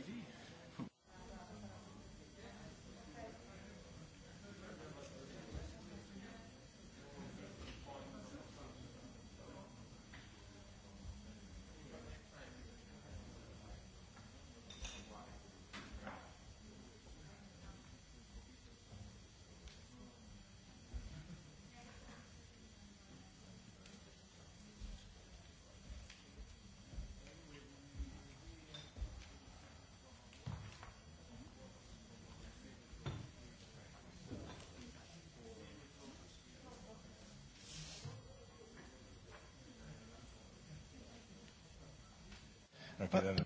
TV. But,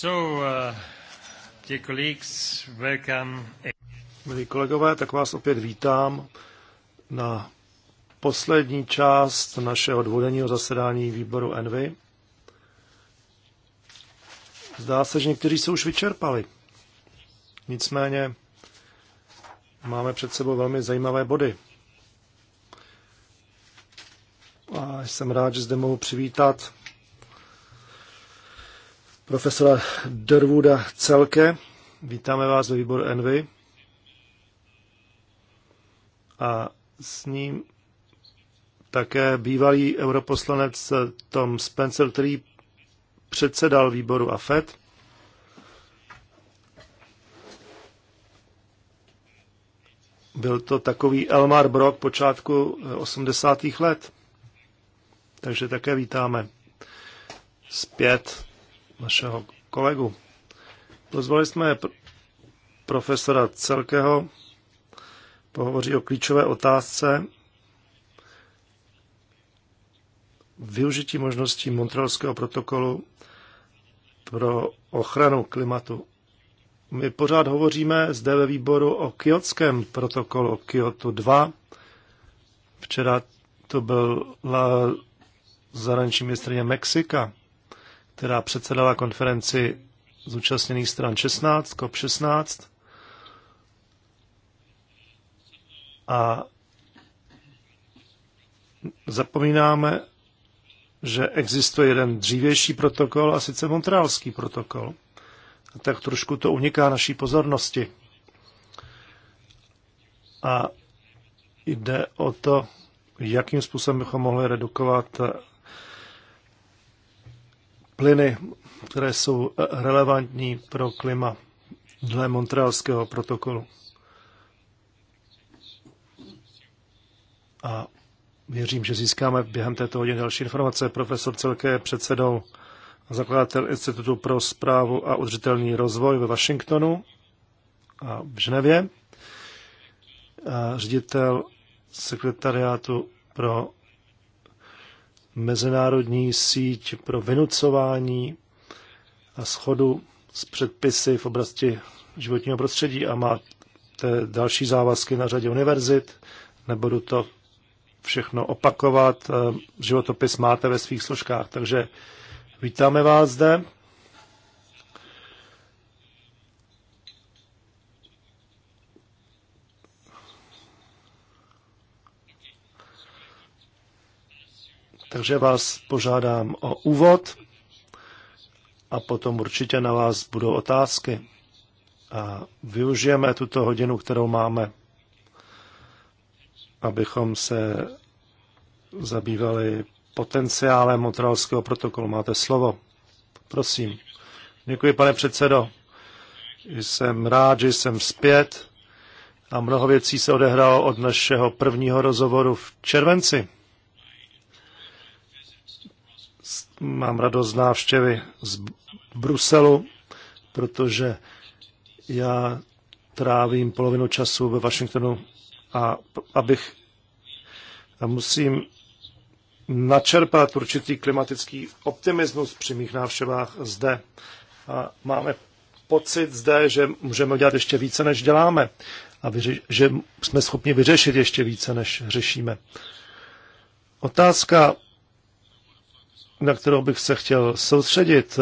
So, uh, dear colleagues, welcome. Milí kolegové, tak vás opět vítám na poslední část našeho dvoudenního zasedání výboru Envy. Zdá se, že někteří se už vyčerpali. Nicméně máme před sebou velmi zajímavé body. A jsem rád, že zde mohu přivítat profesora Dervuda Celke. Vítáme vás ve výboru Envy. A s ním také bývalý europoslanec Tom Spencer, který předsedal výboru AFED. Byl to takový Elmar Brock počátku 80. let. Takže také vítáme zpět našeho kolegu. Pozvali jsme profesora Celkého, pohovoří o klíčové otázce využití možností Montrealského protokolu pro ochranu klimatu. My pořád hovoříme zde ve výboru o kyotském protokolu, o Kyoto 2. Včera to byl zahraniční ministrině Mexika která předsedala konferenci zúčastněných stran 16, COP16. A zapomínáme, že existuje jeden dřívější protokol, a sice Montrealský protokol. A tak trošku to uniká naší pozornosti. A jde o to, jakým způsobem bychom mohli redukovat plyny, které jsou eh, relevantní pro klima dle Montrealského protokolu. A věřím, že získáme během této hodiny další informace. Profesor Celke je předsedou a zakladatel Institutu pro zprávu a udržitelný rozvoj ve Washingtonu a v Ženevě. A ředitel sekretariátu pro mezinárodní síť pro vynucování a schodu s předpisy v oblasti životního prostředí a má další závazky na řadě univerzit. Nebudu to všechno opakovat. Životopis máte ve svých složkách, takže vítáme vás zde. Takže vás požádám o úvod a potom určitě na vás budou otázky. A využijeme tuto hodinu, kterou máme, abychom se zabývali potenciálem Montrealského protokolu. Máte slovo. Prosím. Děkuji, pane předsedo. Jsem rád, že jsem zpět a mnoho věcí se odehrálo od našeho prvního rozhovoru v červenci mám radost z návštěvy z Bruselu, protože já trávím polovinu času ve Washingtonu a abych a musím načerpat určitý klimatický optimismus při mých návštěvách zde. A máme pocit zde, že můžeme udělat ještě více, než děláme a vyři- že jsme schopni vyřešit ještě více, než řešíme. Otázka na kterou bych se chtěl soustředit,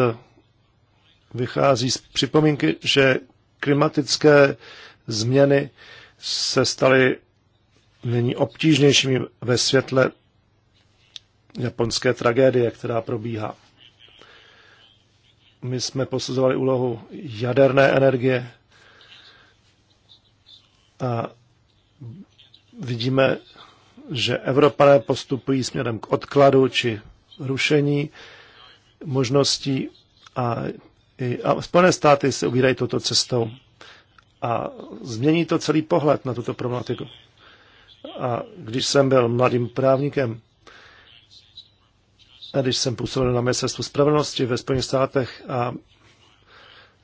vychází z připomínky, že klimatické změny se staly nyní obtížnějšími ve světle japonské tragédie, která probíhá. My jsme posuzovali úlohu jaderné energie a vidíme, že Evropané postupují směrem k odkladu či rušení možností a, i, a Spojené státy se ubírají touto cestou. A změní to celý pohled na tuto problematiku. A když jsem byl mladým právníkem, a když jsem působil na ministerstvu spravedlnosti ve Spojených státech a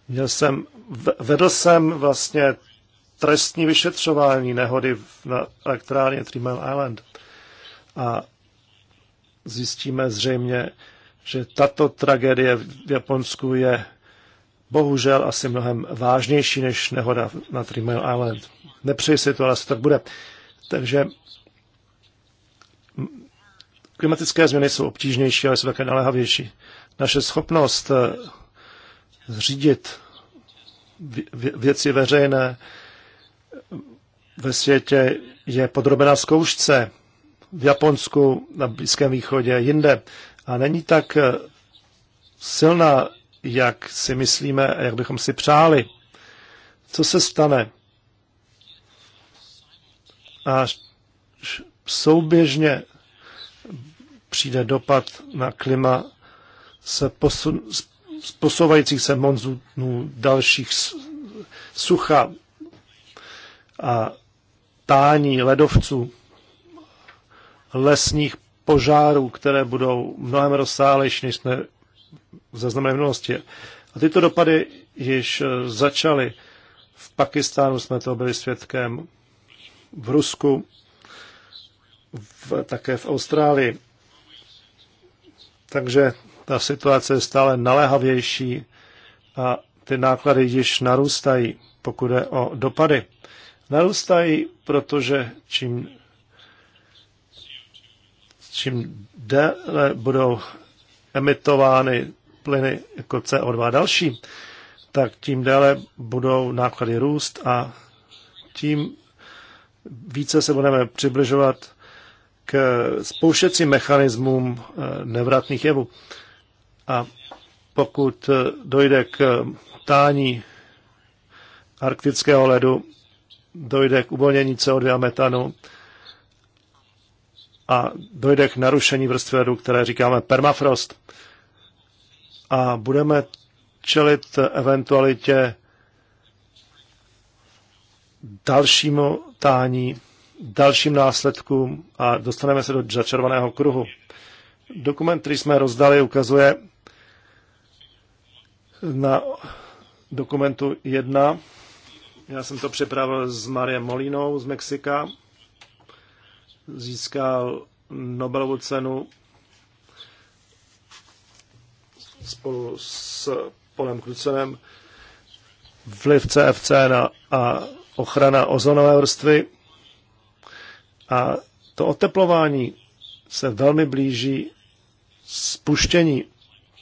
měl jsem, vedl jsem vlastně trestní vyšetřování nehody na elektrárně Three Mile Island. A zjistíme zřejmě, že tato tragédie v Japonsku je bohužel asi mnohem vážnější než nehoda na Three Mile Island. Nepřeji si to, ale se tak bude. Takže klimatické změny jsou obtížnější, ale jsou také naléhavější. Naše schopnost eh, řídit věci veřejné eh, ve světě je podrobena zkoušce v Japonsku, na Blízkém východě, jinde. A není tak eh, silná, jak si myslíme, jak bychom si přáli. Co se stane? A souběžně přijde dopad na klima se posun, posouvajících se monzunů, dalších sucha a tání ledovců lesních požárů, které budou mnohem rozsálejší, než jsme zaznamenali v minulosti. A tyto dopady již eh, začaly. V Pakistánu jsme to byli svědkem, v Rusku, v, také v Austrálii. Takže ta situace je stále naléhavější a ty náklady již narůstají, pokud je o dopady. Narůstají, protože čím čím déle budou emitovány plyny jako CO2 a další, tak tím déle budou náklady růst a tím více se budeme přibližovat k spouštěcím mechanismům eh, nevratných jevů. A pokud eh, dojde k tání arktického ledu, dojde k uvolnění CO2 a metanu a dojde k narušení vrstvy ledu, které říkáme permafrost. A budeme čelit eventualitě dalšímu tání, dalším následkům a dostaneme se do začervaného kruhu. Dokument, který jsme rozdali, ukazuje na dokumentu 1. Já jsem to připravil s Mariem Molinou z Mexika získal Nobelovu cenu spolu s Polem Krucenem vliv CFC na, a ochrana ozonové vrstvy. A to oteplování se velmi blíží spuštění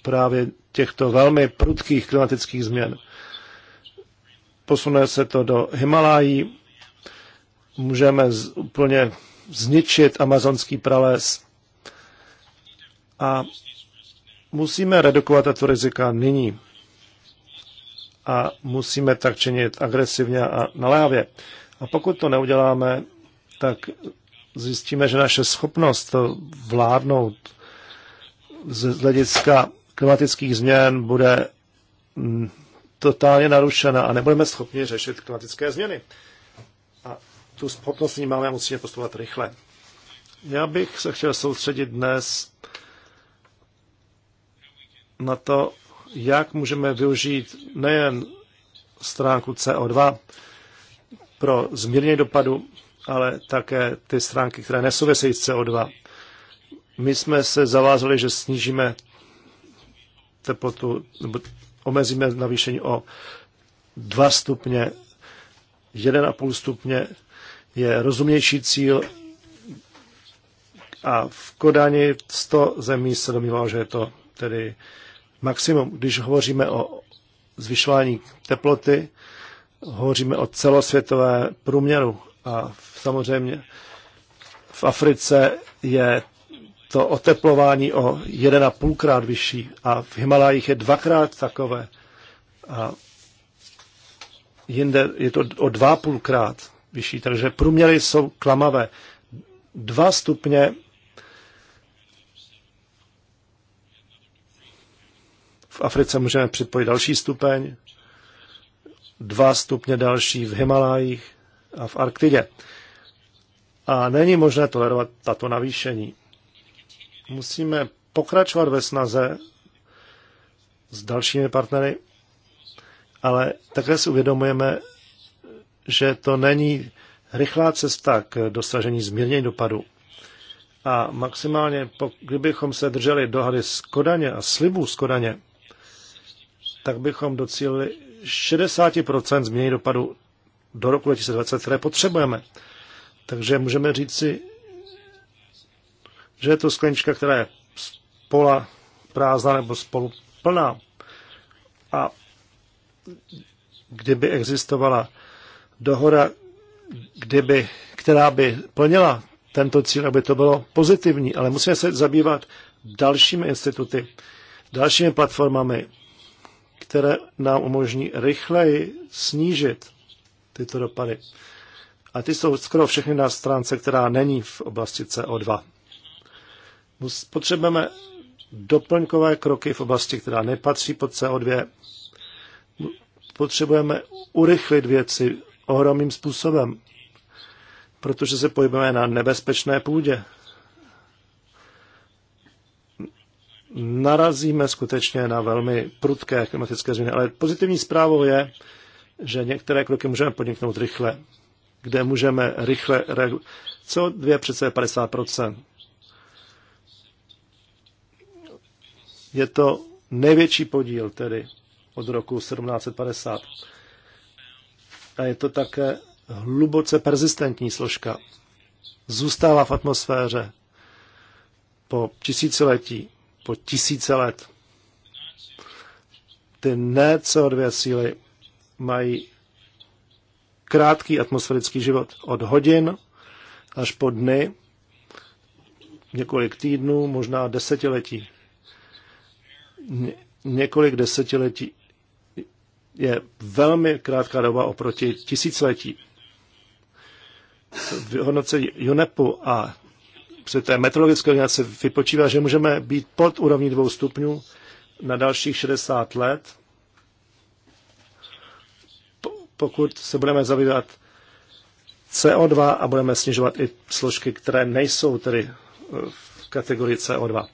právě těchto velmi prudkých klimatických změn. Posune se to do Himalají, můžeme úplně zničit amazonský prales. A musíme redukovat tato rizika nyní. A musíme tak činit agresivně a naléhavě. A pokud to neuděláme, tak zjistíme, že naše schopnost vládnout z hlediska klimatických změn bude mm, totálně narušena a nebudeme schopni řešit klimatické změny. A tu schopnost ní máme a musíme postupovat rychle. Já bych se chtěl soustředit dnes na to, jak můžeme využít nejen stránku CO2 pro zmírnění dopadu, ale také ty stránky, které nesouvisejí s CO2. My jsme se zavázali, že snížíme teplotu, nebo omezíme navýšení o 2 stupně, 1,5 stupně je rozumnější cíl a v Kodani 100 zemí se domnívalo, že je to tedy maximum. Když hovoříme o zvyšování teploty, hovoříme o celosvětové průměru a samozřejmě v Africe je to oteplování o 1,5 krát vyšší a v Himalajích je dvakrát takové a jinde je to o 2,5 krát vyšší, takže průměry jsou klamavé. Dva stupně v Africe můžeme připojit další stupeň, dva stupně další v Himalájích a v Arktidě. A není možné tolerovat tato navýšení. Musíme pokračovat ve snaze s dalšími partnery, ale také si uvědomujeme, že to není rychlá cesta k dosažení zmírnění dopadu. A maximálně, kdybychom se drželi dohady z Kodaně a slibů z Kodaně, tak bychom docílili 60% změny dopadu do roku 2020, které potřebujeme. Takže můžeme říci, že je to sklenička, která je spola prázdná nebo spolu plná. A kdyby existovala dohoda, kdyby, která by plnila tento cíl, aby to bylo pozitivní, ale musíme se zabývat dalšími instituty, dalšími platformami, které nám umožní rychleji snížit tyto dopady. A ty jsou skoro všechny na stránce, která není v oblasti CO2. Potřebujeme doplňkové kroky v oblasti, která nepatří pod CO2. Potřebujeme urychlit věci, ohromným způsobem, protože se pohybujeme na nebezpečné půdě. Narazíme skutečně na velmi prudké klimatické změny, ale pozitivní zprávou je, že některé kroky můžeme podniknout rychle, kde můžeme rychle reagovat. co dvě přece 50%. Je to největší podíl tedy od roku 1750 a je to také hluboce persistentní složka. Zůstává v atmosféře po tisíciletí, po tisíce let. Ty ne CO2 síly mají krátký atmosférický život od hodin až po dny, několik týdnů, možná desetiletí. Ně- několik desetiletí je velmi krátká doba oproti tisíciletí. Vyhodnocení UNEPu a při té meteorologické organizace vypočívá, že můžeme být pod úrovní dvou stupňů na dalších 60 let, pokud se budeme zabývat CO2 a budeme snižovat i složky, které nejsou tedy eh, v kategorii CO2.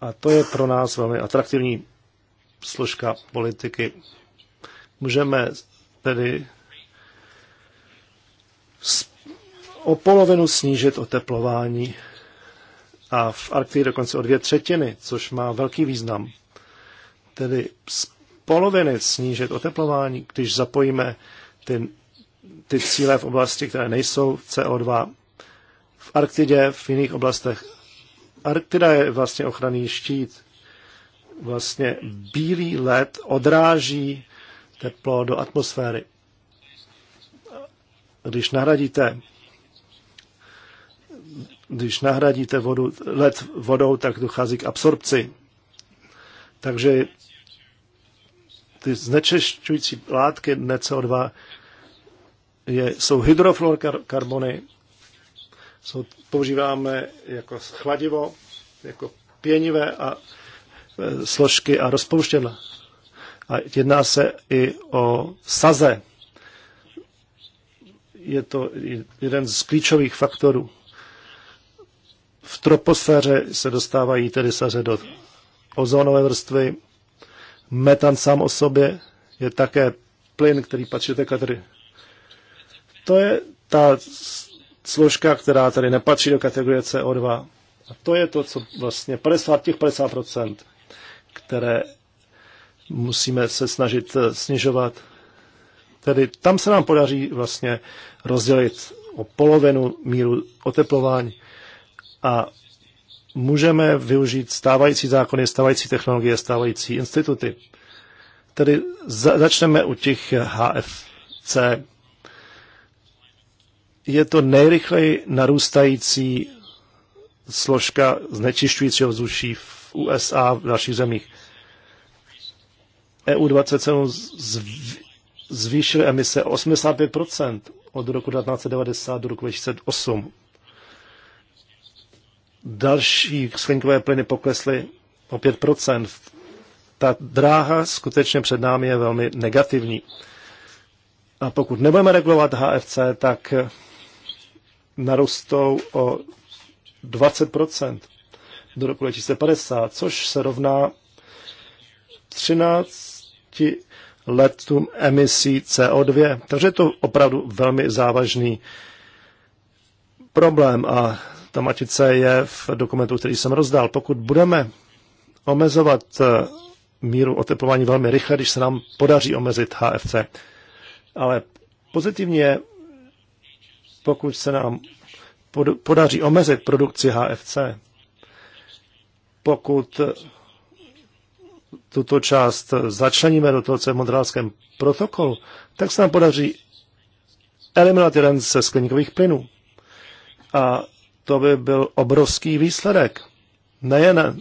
A to je pro nás velmi atraktivní složka politiky. Můžeme tedy o polovinu snížit oteplování a v Arktidě dokonce o dvě třetiny, což má velký význam. Tedy z poloviny snížit oteplování, když zapojíme ty, ty cíle v oblasti, které nejsou CO2 v Arktidě, v jiných oblastech. Arktida je vlastně ochranný štít vlastně bílý led odráží teplo do atmosféry. Když nahradíte když nahradíte vodu, led vodou, tak dochází k absorpci. Takže ty znečišťující látky NCO2 je, jsou hydrofluorkarbony, jsou, používáme jako chladivo, jako pěnivé a Eh, složky a rozpouštědla. A jedná se i o saze. Je to jeden z klíčových faktorů. V troposféře se dostávají tedy saře do ozónové vrstvy. Metan sám o sobě je také plyn, který patří do té kategorie. To je ta složka, která tady nepatří do kategorie CO2. A to je to, co vlastně 50, těch 50% které musíme se snažit eh, snižovat. Tedy tam se nám podaří vlastně rozdělit o polovinu míru oteplování a můžeme využít stávající zákony, stávající technologie, stávající instituty. Tedy za- začneme u těch HFC. Je to nejrychleji narůstající složka znečišťujícího vzduší v USA v dalších zemích. EU27 zvýšil emise o 85% od roku 1990 do roku 2008. Další skleníkové plyny poklesly o 5%. Ta dráha skutečně před námi je velmi negativní. A pokud nebudeme regulovat HFC, tak narostou o 20 do roku 2050, což se rovná 13 letům emisí CO2. Takže je to opravdu velmi závažný problém a ta matice je v dokumentu, který jsem rozdal. Pokud budeme omezovat eh, míru oteplování velmi rychle, když se nám podaří omezit HFC. Ale pozitivně je, pokud se nám podaří omezit produkci HFC, pokud tuto část začleníme do toho, co je v Montrealském protokolu, tak se nám podaří eliminovat jeden ze skleníkových plynů. A to by byl obrovský výsledek. Nejen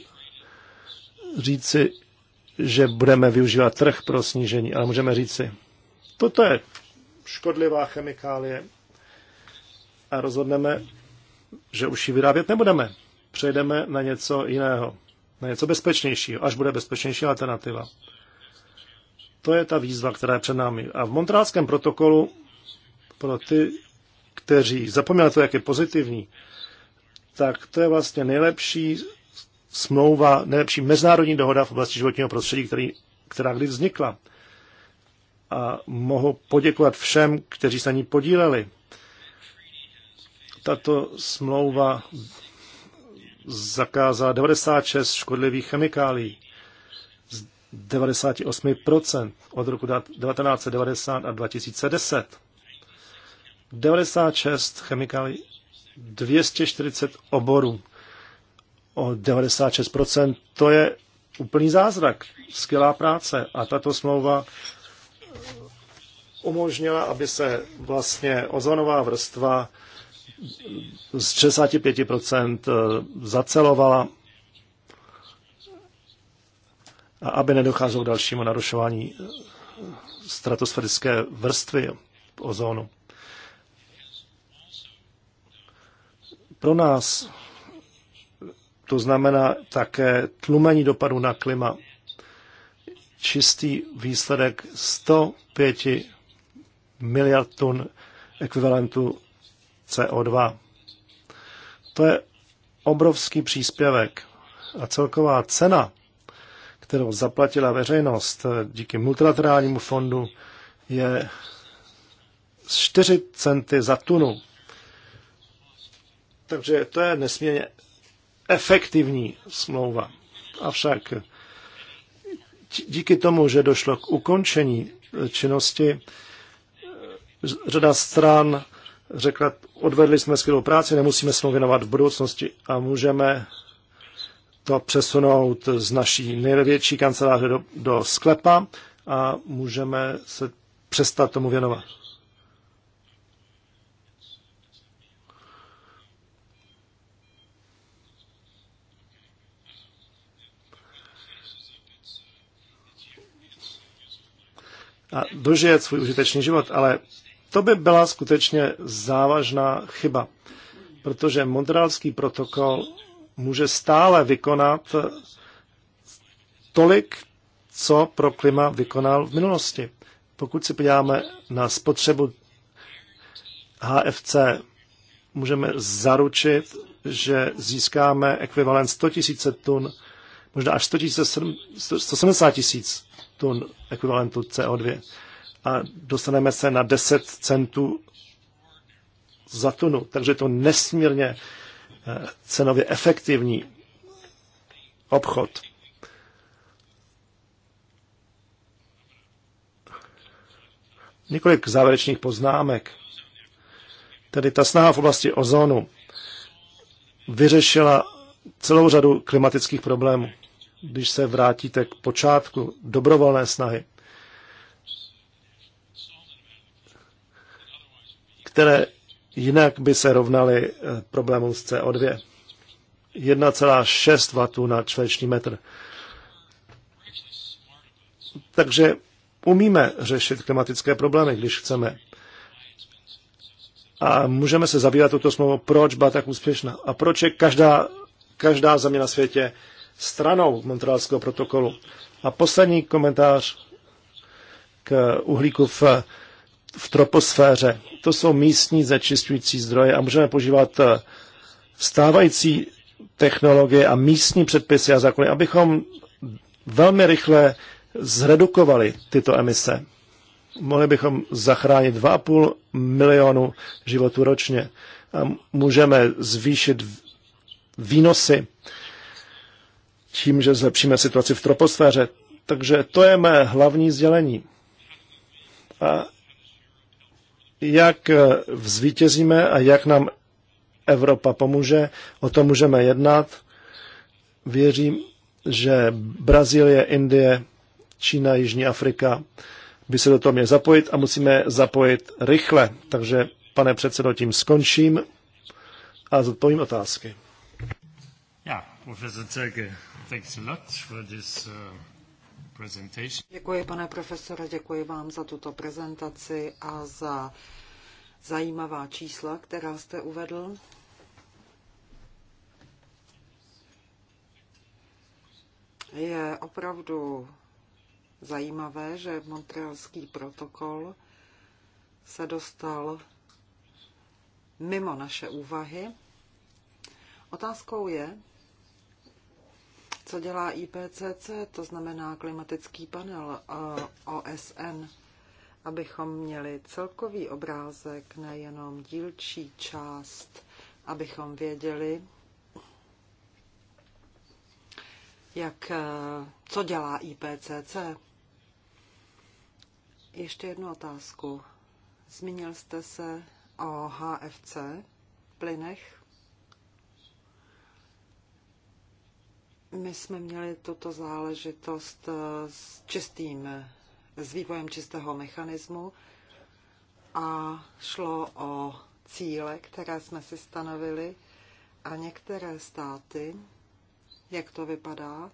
říci, že budeme využívat trh pro snížení, ale můžeme říci, toto je škodlivá chemikálie a rozhodneme, že už ji vyrábět nebudeme přejdeme na něco jiného, na něco bezpečnějšího, až bude bezpečnější alternativa. To je ta výzva, která je před námi. A v Montrealském protokolu pro ty, kteří zapomněli to, jak je pozitivní, tak to je vlastně nejlepší smlouva, nejlepší mezinárodní dohoda v oblasti životního prostředí, který, která kdy vznikla. A mohu poděkovat všem, kteří se na ní podíleli. Tato smlouva zakázala 96 škodlivých chemikálií z 98% od roku 1990 a 2010. 96 chemikálií, 240 oborů o 96%, to je úplný zázrak, skvělá práce. A tato smlouva umožnila, aby se vlastně ozonová vrstva z 65% eh, zacelovala a aby nedocházelo k dalšímu narušování eh, stratosférické vrstvy ozónu. Pro nás to znamená také tlumení dopadu na klima. Čistý výsledek 105 miliard tun ekvivalentu CO2. To je obrovský příspěvek a celková cena, kterou zaplatila veřejnost díky multilaterálnímu fondu, je 4 centy za tunu. Takže to je nesmírně efektivní smlouva. Avšak díky tomu, že došlo k ukončení činnosti, řada stran řekla, odvedli jsme skvělou práci, nemusíme se tomu věnovat v budoucnosti a můžeme to přesunout z naší největší kanceláře do, do sklepa a můžeme se přestat tomu věnovat. A dožijet svůj užitečný život, ale to by byla skutečně závažná chyba, protože Montrealský protokol může stále vykonat tolik, co pro klima vykonal v minulosti. Pokud si podíváme na spotřebu HFC, můžeme zaručit, že získáme ekvivalent 100 000 tun, možná až 100 000, 170 000 tun ekvivalentu CO2 a dostaneme se na 10 centů za tunu. Takže to nesmírně eh, cenově efektivní obchod. Několik závěrečných poznámek. Tedy ta snaha v oblasti ozonu vyřešila celou řadu klimatických problémů. Když se vrátíte k počátku dobrovolné snahy, které jinak by se rovnaly eh, problémům s CO2. 1,6 W na čtvereční metr. Takže umíme řešit klimatické problémy, když chceme. A můžeme se zabývat tuto smlouvu, proč byla tak úspěšná a proč je každá, každá země na světě stranou Montrealského protokolu. A poslední komentář k uhlíku v v troposféře. To jsou místní znečistující zdroje a můžeme požívat eh, stávající technologie a místní předpisy a zákony, abychom velmi rychle zredukovali tyto emise. Mohli bychom zachránit 2,5 milionu životů ročně. A můžeme zvýšit výnosy tím, že zlepšíme situaci v troposféře. Takže to je mé hlavní sdělení. A jak eh, vzvítězíme a jak nám Evropa pomůže. O tom můžeme jednat. Věřím, že Brazílie, Indie, Čína, Jižní Afrika by se do toho měly zapojit a musíme zapojit rychle. Takže, pane předsedo, tím skončím a zodpovím otázky. Ja, Professor Zelke, thanks a lot for this uh... Děkuji, pane profesore, děkuji vám za tuto prezentaci a za zajímavá čísla, která jste uvedl. Je opravdu zajímavé, že Montrealský protokol se dostal mimo naše úvahy. Otázkou je, co dělá IPCC, to znamená klimatický panel OSN, abychom měli celkový obrázek, nejenom dílčí část, abychom věděli, jak, e, co dělá IPCC. Ještě jednu otázku. Zmínil jste se o HFC plynech. My jsme měli tuto záležitost eh, s čistým, s vývojem čistého mechanismu a šlo o cíle, které jsme si stanovili a některé státy, jak to vypadá,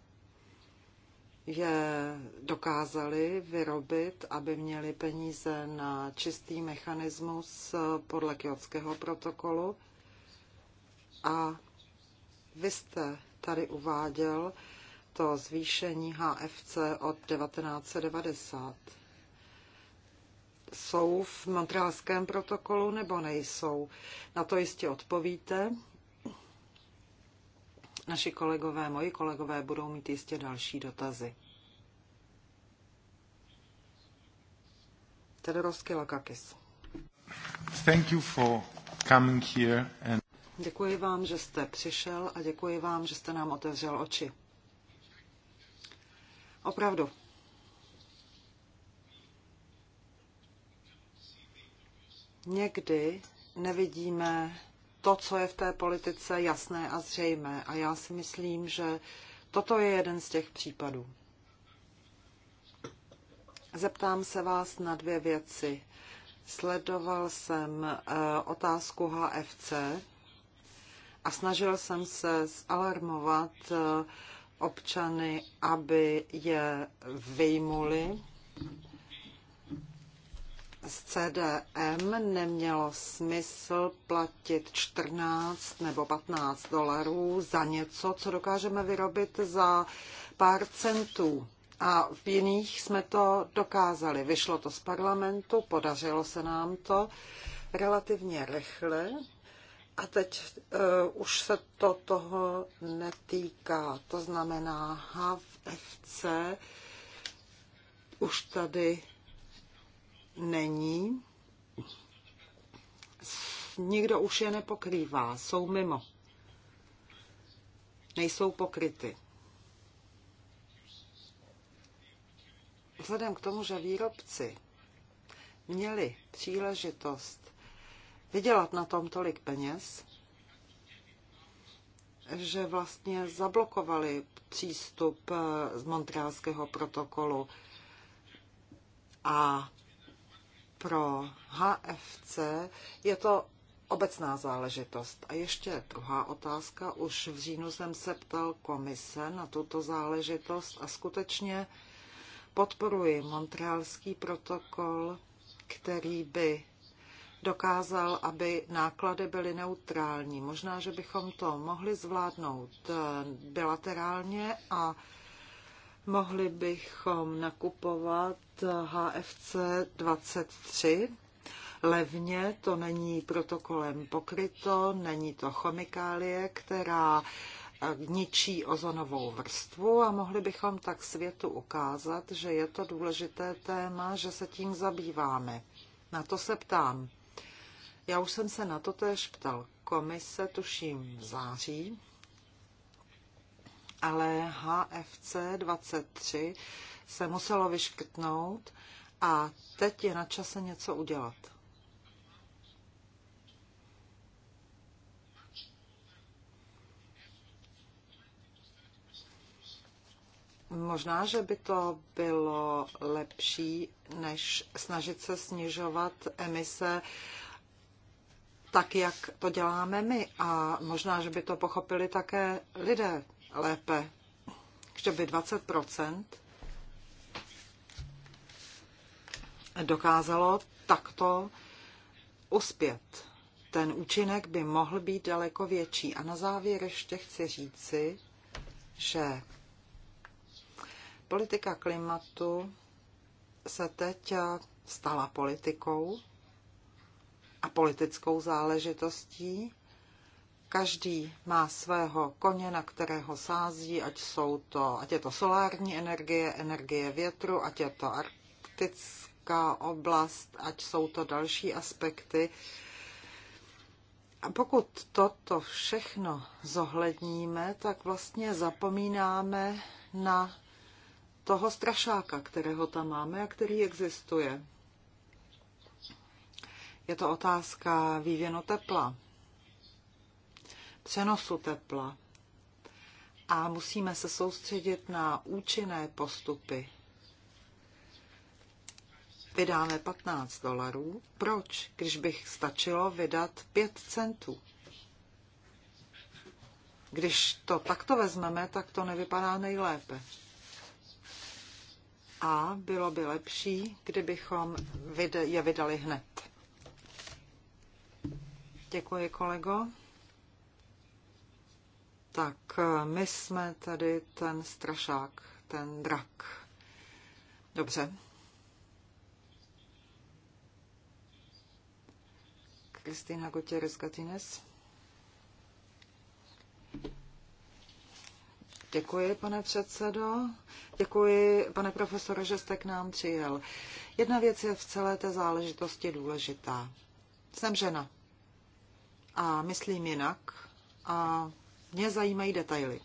je dokázali vyrobit, aby měli peníze na čistý mechanismus eh, podle kyotského protokolu. A vy jste tady uváděl, to zvýšení HFC od 1990. Jsou v Montrealském protokolu nebo nejsou? Na to jistě odpovíte. Naši kolegové, moji kolegové budou mít jistě další dotazy. Tedorovský Lakakis. Thank you for coming here and Děkuji vám, že jste přišel a děkuji vám, že jste nám otevřel oči. Opravdu. Někdy nevidíme to, co je v té politice jasné a zřejmé. A já si myslím, že toto je jeden z těch případů. Zeptám se vás na dvě věci. Sledoval jsem eh, otázku HFC a snažil jsem se zalarmovat eh, občany, aby je vyjmuli z CDM nemělo smysl platit 14 nebo 15 dolarů za něco, co dokážeme vyrobit za pár centů. A v jiných jsme to dokázali. Vyšlo to z parlamentu, podařilo se nám to relativně rychle, a teď uh, už se to toho netýká. To znamená, HFC už tady není. Nikdo už je nepokrývá, jsou mimo. Nejsou pokryty. Vzhledem k tomu, že výrobci měli příležitost vydělat na tom tolik peněz, že vlastně zablokovali přístup eh, z Montrealského protokolu a pro HFC je to obecná záležitost. A ještě druhá otázka. Už v říjnu jsem se ptal komise na tuto záležitost a skutečně podporuji Montrealský protokol, který by dokázal, aby náklady byly neutrální. Možná, že bychom to mohli zvládnout eh, bilaterálně a mohli bychom nakupovat HFC eh, 23 levně, to není protokolem pokryto, není to chemikálie, která eh, ničí ozonovou vrstvu a mohli bychom tak světu ukázat, že je to důležité téma, že se tím zabýváme. Na to se ptám. Já už jsem se na to též ptal komise, tuším v září, ale HFC 23 se muselo vyškrtnout a teď je na čase něco udělat. Možná, že by to bylo lepší, než snažit se snižovat emise tak, jak to děláme my. A možná, že by to pochopili také lidé lépe, že by 20 dokázalo takto uspět. Ten účinek by mohl být daleko větší. A na závěr ještě chci říci, že politika klimatu se teď stala politikou a politickou záležitostí. Každý má svého koně, na kterého sází, ať, jsou to, ať je to solární energie, energie větru, ať je to arktická oblast, ať jsou to další aspekty. A pokud toto všechno zohledníme, tak vlastně zapomínáme na toho strašáka, kterého tam máme a který existuje. Je to otázka vývěnu tepla, přenosu tepla. A musíme se soustředit na účinné postupy. Vydáme 15 dolarů. Proč, když bych stačilo vydat 5 centů? Když to takto vezmeme, tak to nevypadá nejlépe. A bylo by lepší, kdybychom je vydali hned. Děkuji, kolego. Tak eh, my jsme tady ten strašák, ten drak. Dobře. Kristýna Gutierrez Gatines. Děkuji, pane předsedo. Děkuji, pane profesore, že jste k nám přijel. Jedna věc je v celé té záležitosti důležitá. Jsem žena a myslím jinak a mě zajímají detaily.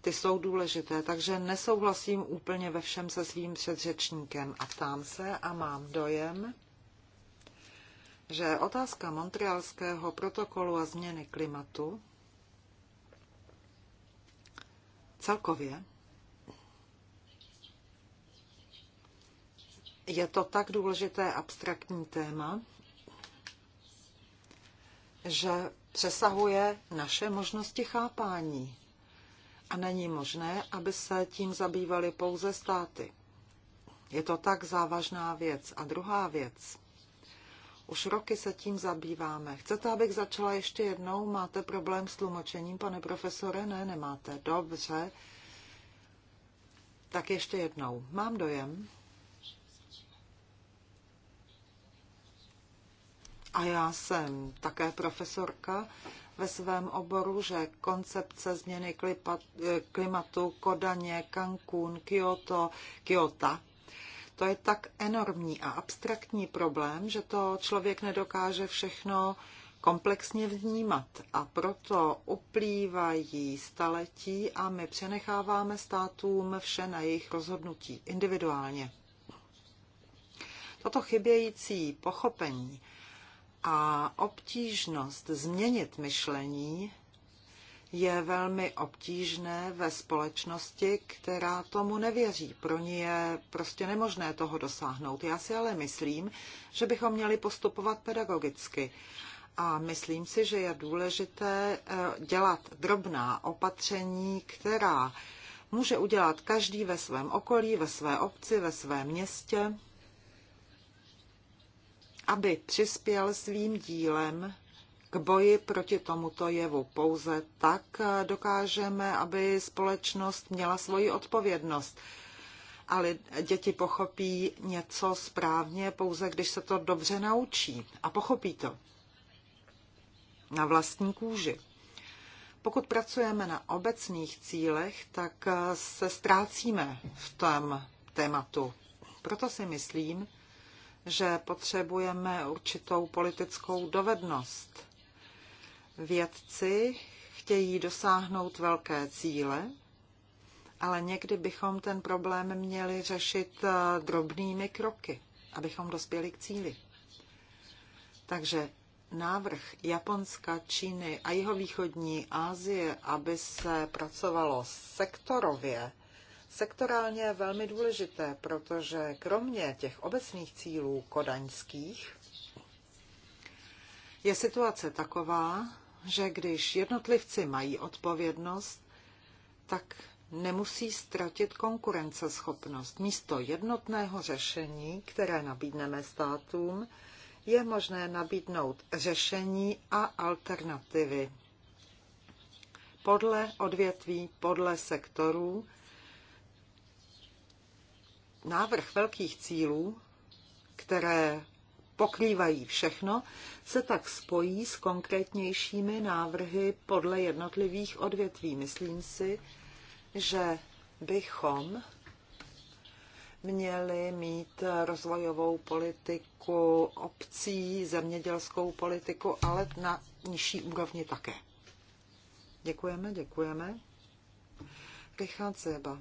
Ty jsou důležité, takže nesouhlasím úplně ve všem se svým předřečníkem a ptám se a mám dojem, že otázka Montrealského protokolu a změny klimatu celkově je to tak důležité abstraktní téma, že přesahuje naše možnosti chápání. A není možné, aby se tím zabývaly pouze státy. Je to tak závažná věc. A druhá věc. Už roky se tím zabýváme. Chcete, abych začala ještě jednou? Máte problém s tlumočením, pane profesore? Ne, nemáte. Dobře. Tak ještě jednou. Mám dojem, a já jsem také profesorka ve svém oboru, že koncepce změny klimatu Kodaně, Cancún, Kyoto, Kyoto, to je tak enormní a abstraktní problém, že to člověk nedokáže všechno komplexně vnímat a proto uplývají staletí a my přenecháváme státům vše na jejich rozhodnutí individuálně. Toto chybějící pochopení a obtížnost změnit myšlení je velmi obtížné ve společnosti, která tomu nevěří. Pro ní je prostě nemožné toho dosáhnout. Já si ale myslím, že bychom měli postupovat pedagogicky. A myslím si, že je důležité eh, dělat drobná opatření, která může udělat každý ve svém okolí, ve své obci, ve svém městě aby přispěl svým dílem k boji proti tomuto jevu. Pouze tak dokážeme, aby společnost měla svoji odpovědnost. Ale děti pochopí něco správně pouze, když se to dobře naučí. A pochopí to na vlastní kůži. Pokud pracujeme na obecných cílech, tak se ztrácíme v tom tématu. Proto si myslím, že potřebujeme určitou politickou dovednost. Vědci chtějí dosáhnout velké cíle, ale někdy bychom ten problém měli řešit eh, drobnými kroky, abychom dospěli k cíli. Takže návrh Japonska, Číny a jeho východní Asie, aby se pracovalo sektorově, sektorálně velmi důležité, protože kromě těch obecných cílů kodaňských je situace taková, že když jednotlivci mají odpovědnost, tak nemusí ztratit konkurenceschopnost. Místo jednotného řešení, které nabídneme státům, je možné nabídnout řešení a alternativy podle odvětví, podle sektorů, návrh velkých cílů, které pokrývají všechno, se tak spojí s konkrétnějšími návrhy podle jednotlivých odvětví. Myslím si, že bychom měli mít rozvojovou politiku obcí, zemědělskou politiku, ale na nižší úrovni také. Děkujeme, děkujeme. Richard Zeba.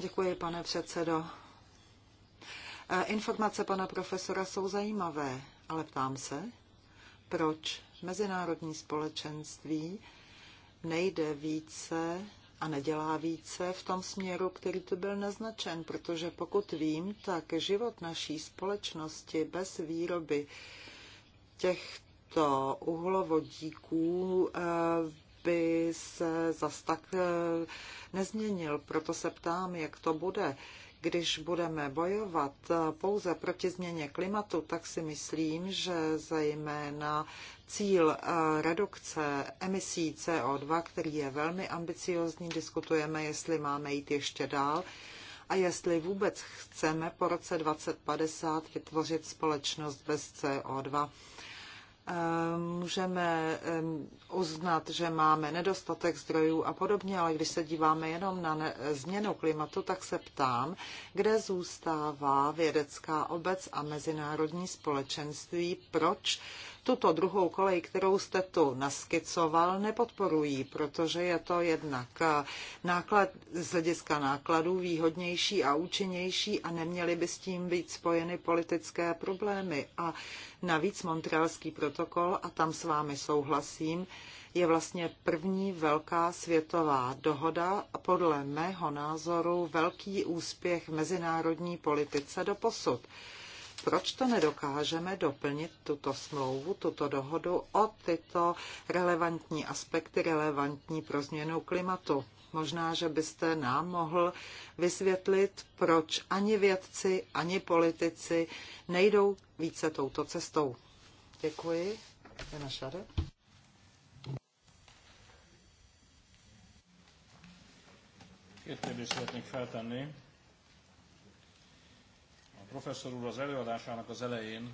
Děkuji, pane předsedo. E, informace pana profesora jsou zajímavé, ale ptám se, proč mezinárodní společenství nejde více a nedělá více v tom směru, který tu byl naznačen, protože pokud vím, tak život naší společnosti bez výroby těchto uhlovodíků e, by se zas tak eh, nezměnil. Proto se ptám, jak to bude. Když budeme bojovat eh, pouze proti změně klimatu, tak si myslím, že zejména cíl eh, redukce emisí CO2, který je velmi ambiciozní, diskutujeme, jestli máme jít ještě dál a jestli vůbec chceme po roce 2050 vytvořit společnost bez CO2 můžeme uznat, že máme nedostatek zdrojů a podobně, ale když se díváme jenom na změnu klimatu, tak se ptám, kde zůstává vědecká obec a mezinárodní společenství, proč tuto druhou kolej, kterou jste tu naskicoval, nepodporují, protože je to jednak eh, náklad, z hlediska nákladů výhodnější a účinnější a neměly by s tím být spojeny politické problémy. A navíc Montrealský protokol, a tam s vámi souhlasím, je vlastně první velká světová dohoda a podle mého názoru velký úspěch mezinárodní politice do posud. Proč to nedokážeme doplnit tuto smlouvu, tuto dohodu o tyto relevantní aspekty, relevantní pro změnu klimatu? Možná, že byste nám mohl vysvětlit, proč ani vědci, ani politici nejdou více touto cestou. Děkuji. Jana Šare. Kettő szeretnék feltenni professzor úr az előadásának az elején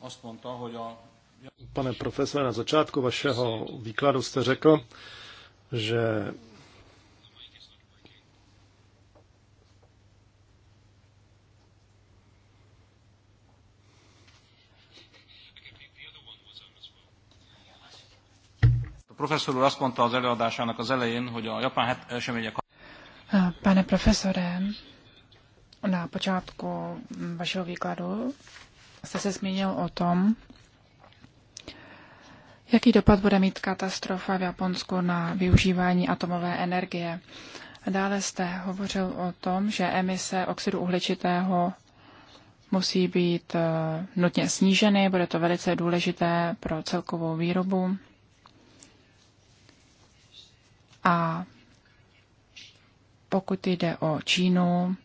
azt mondta, hogy a... Pane profesor, na začátku vašeho výkladu jste řekl, že Profesor úr azt mondta az előadásának az elején, hogy a japán események... Pane profesore, na počátku vašeho výkladu jste se zmínil o tom, jaký dopad bude mít katastrofa v Japonsku na využívání atomové energie. Dále jste hovořil o tom, že emise oxidu uhličitého musí být eh, nutně sníženy, bude to velice důležité pro celkovou výrobu. A pokud jde o Čínu,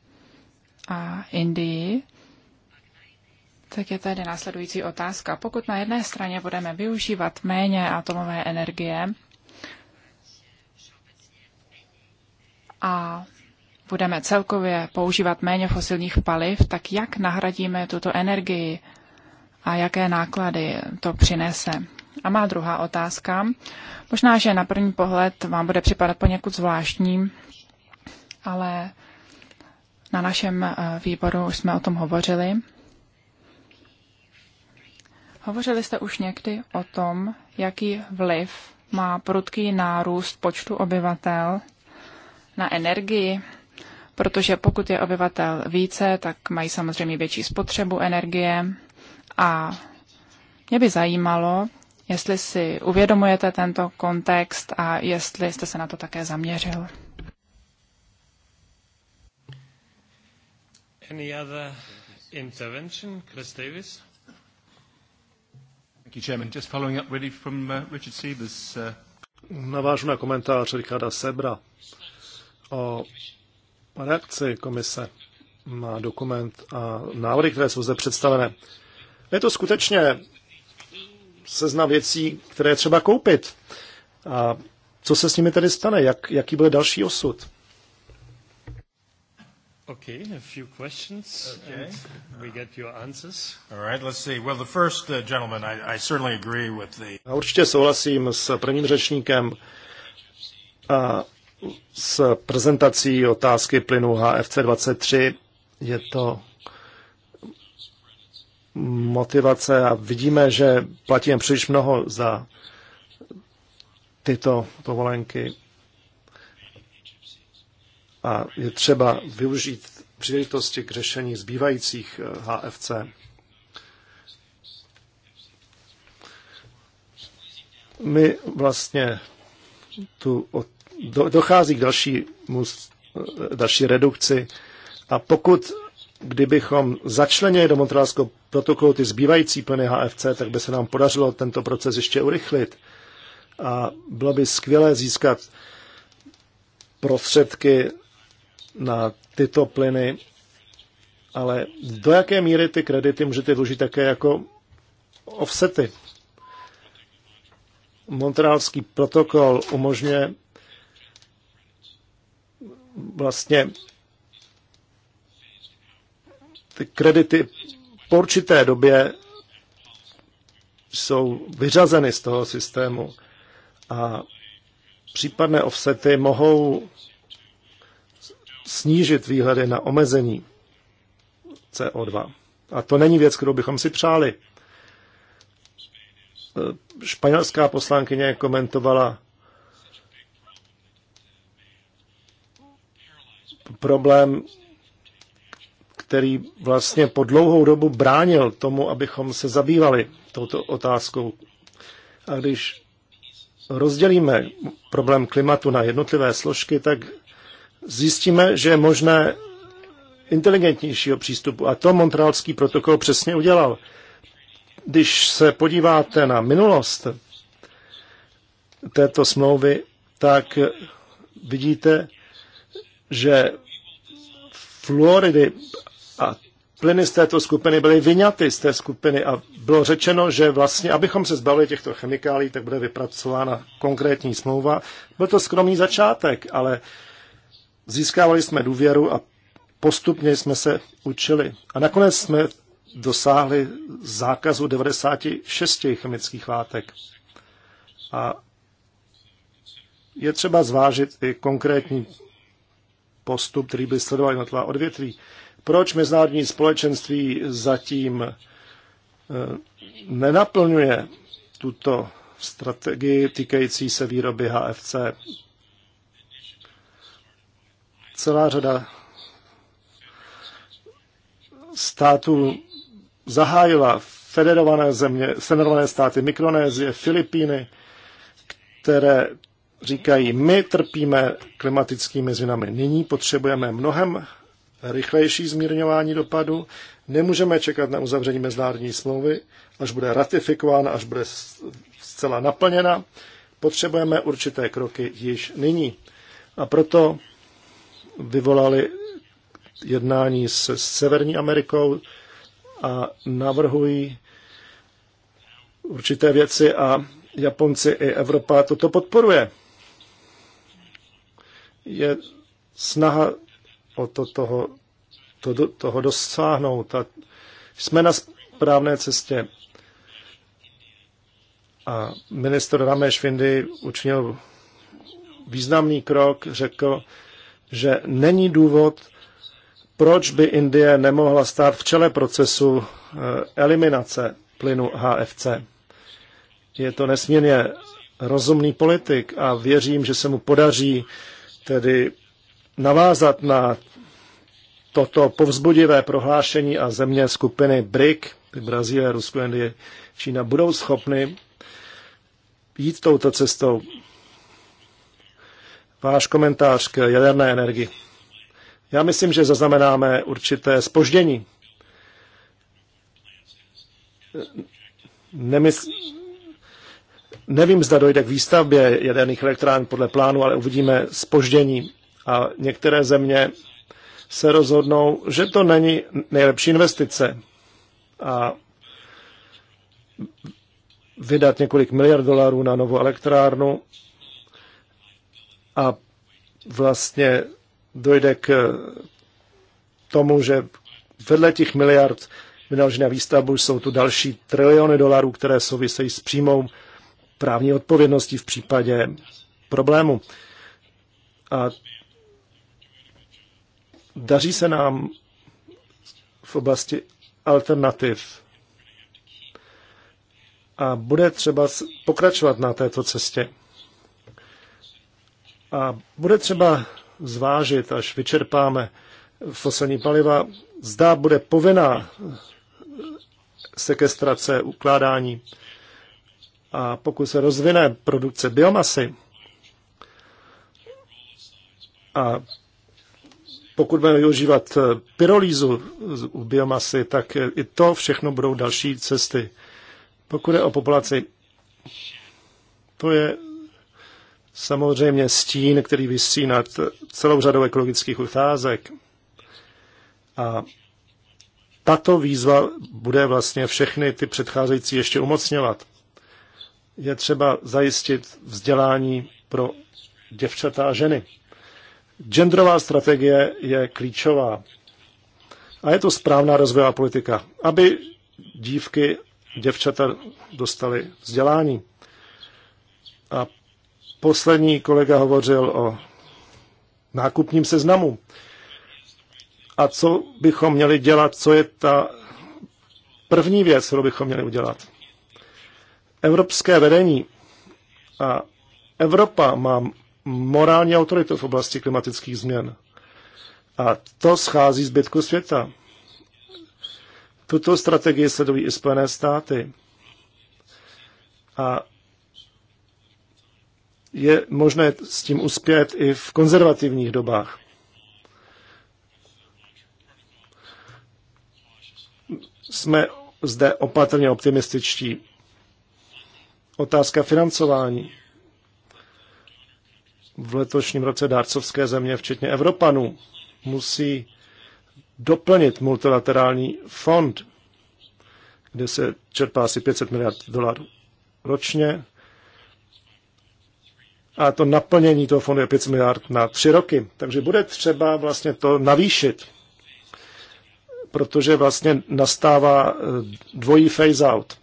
a Indii, tak je tady následující otázka. Pokud na jedné straně budeme využívat méně atomové energie a budeme celkově používat méně fosilních paliv, tak jak nahradíme tuto energii a jaké náklady to přinese? A má druhá otázka. Možná, že na první pohled vám bude připadat poněkud zvláštní, ale na našem eh, výboru už jsme o tom hovořili. Hovořili jste už někdy o tom, jaký vliv má prudký nárůst počtu obyvatel na energii, protože pokud je obyvatel více, tak mají samozřejmě větší spotřebu energie a mě by zajímalo, jestli si uvědomujete tento kontext a jestli jste se na to také zaměřil. Any other intervention? Chris Davis. Thank you, Chairman. Just following up really from uh, Richard Sievers. Uh, Navážu na komentář Richarda Sebra o reakci komise na dokument a návrhy, které jsou zde představené. Je to skutečně seznam věcí, které třeba koupit. A co se s nimi tedy stane? Jak, jaký bude další osud? Okay, a few questions, okay. and we get your answers. All right, let's see. Well, the first uh, gentleman, I, I certainly agree with the... A určitě souhlasím s prvním řečníkem a s prezentací otázky plynu HFC23. Je to motivace a vidíme, že platíme příliš mnoho za tyto povolenky a je třeba využít příležitosti k řešení zbývajících HFC. Eh, My vlastně tu od, do, dochází k mus, eh, další redukci a pokud kdybychom začlenili do Montrealského protokolu ty zbývající plny HFC, tak by se nám podařilo tento proces ještě urychlit. A bylo by skvělé získat prostředky na tyto plyny, ale do jaké míry ty kredity můžete dlužit také jako offsety? Montrealský protokol umožňuje vlastně ty kredity po určité době jsou vyřazeny z toho systému a případné offsety mohou snížit výhledy na omezení CO2. A to není věc, kterou bychom si přáli. E, španělská poslankyně komentovala problém, který vlastně po dlouhou dobu bránil tomu, abychom se zabývali touto otázkou. A když rozdělíme problém klimatu na jednotlivé složky, tak zjistíme, že je možné inteligentnějšího přístupu. A to Montrealský protokol přesně udělal. Když se podíváte na minulost této smlouvy, tak vidíte, že fluoridy a plyny z této skupiny byly vyňaty z té skupiny a bylo řečeno, že vlastně, abychom se zbavili těchto chemikálí, tak bude vypracována konkrétní smlouva. Byl to skromný začátek, ale Získávali jsme důvěru a postupně jsme se učili. A nakonec jsme dosáhli zákazu 96 chemických látek. A je třeba zvážit i konkrétní postup, který by sledoval jednotlivá odvětví. Proč mezinárodní společenství zatím eh, nenaplňuje tuto strategii týkající se výroby HFC? celá řada států zahájila federované země, federované státy Mikronézie, Filipíny, které říkají, my trpíme klimatickými změnami. Nyní potřebujeme mnohem rychlejší zmírňování dopadu. Nemůžeme čekat na uzavření mezinárodní smlouvy, až bude ratifikována, až bude zcela naplněna. Potřebujeme určité kroky již nyní. A proto vyvolali jednání s Severní Amerikou a navrhují určité věci a Japonci i Evropa toto podporuje. Je snaha o to, toho, to, toho dosáhnout. A jsme na správné cestě. A minister Rameš Findy učinil významný krok, řekl, že není důvod, proč by Indie nemohla stát v čele procesu eh, eliminace plynu HFC. Je to nesmírně rozumný politik a věřím, že se mu podaří tedy navázat na toto povzbudivé prohlášení a země skupiny BRIC, Brazílie, Rusko, Indie, Čína, budou schopny jít touto cestou váš komentář k jaderné energii. Já myslím, že zaznamenáme určité spoždění. Nemysl... Nevím, zda dojde k výstavbě jaderných elektrán podle plánu, ale uvidíme spoždění. A některé země se rozhodnou, že to není nejlepší investice. A vydat několik miliard dolarů na novou elektrárnu a vlastně dojde k tomu, že vedle těch miliard vynaložených na výstavbu jsou tu další triliony dolarů, které souvisejí s přímou právní odpovědností v případě problému. A daří se nám v oblasti alternativ. A bude třeba pokračovat na této cestě. A bude třeba zvážit, až vyčerpáme fosilní paliva, zda bude povinná sekestrace, ukládání. A pokud se rozvine produkce biomasy a pokud budeme využívat pyrolízu u biomasy, tak i to všechno budou další cesty. Pokud je o populaci, to je samozřejmě stín, který vysí nad celou řadou ekologických otázek. A tato výzva bude vlastně všechny ty předcházející ještě umocňovat. Je třeba zajistit vzdělání pro děvčata a ženy. Genderová strategie je klíčová. A je to správná rozvojová politika, aby dívky, děvčata dostali vzdělání. A Poslední kolega hovořil o nákupním seznamu. A co bychom měli dělat, co je ta první věc, kterou bychom měli udělat? Evropské vedení a Evropa má morální autoritu v oblasti klimatických změn. A to schází zbytku světa. Tuto strategii sledují i Spojené státy. A je možné s tím uspět i v konzervativních dobách. Jsme zde opatrně optimističtí. Otázka financování. V letošním roce dárcovské země, včetně Evropanů, musí doplnit multilaterální fond, kde se čerpá asi 500 miliard dolarů ročně a to naplnění toho fondu je 5 miliard na tři roky. Takže bude třeba vlastně to navýšit, protože vlastně nastává eh, dvojí phase-out.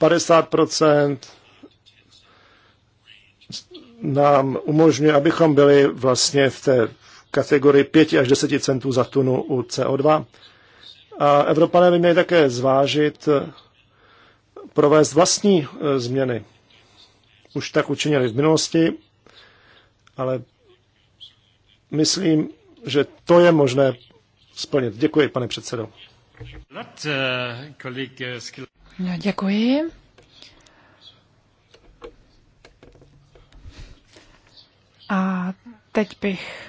50% nám umožňuje, abychom byli vlastně v té kategorii 5 až 10 centů za tunu u CO2. A Evropané by měli také zvážit eh, provést vlastní eh, změny už tak učinili v minulosti, ale myslím, že to je možné splnit. Děkuji, pane předsedo. No, děkuji. A teď bych...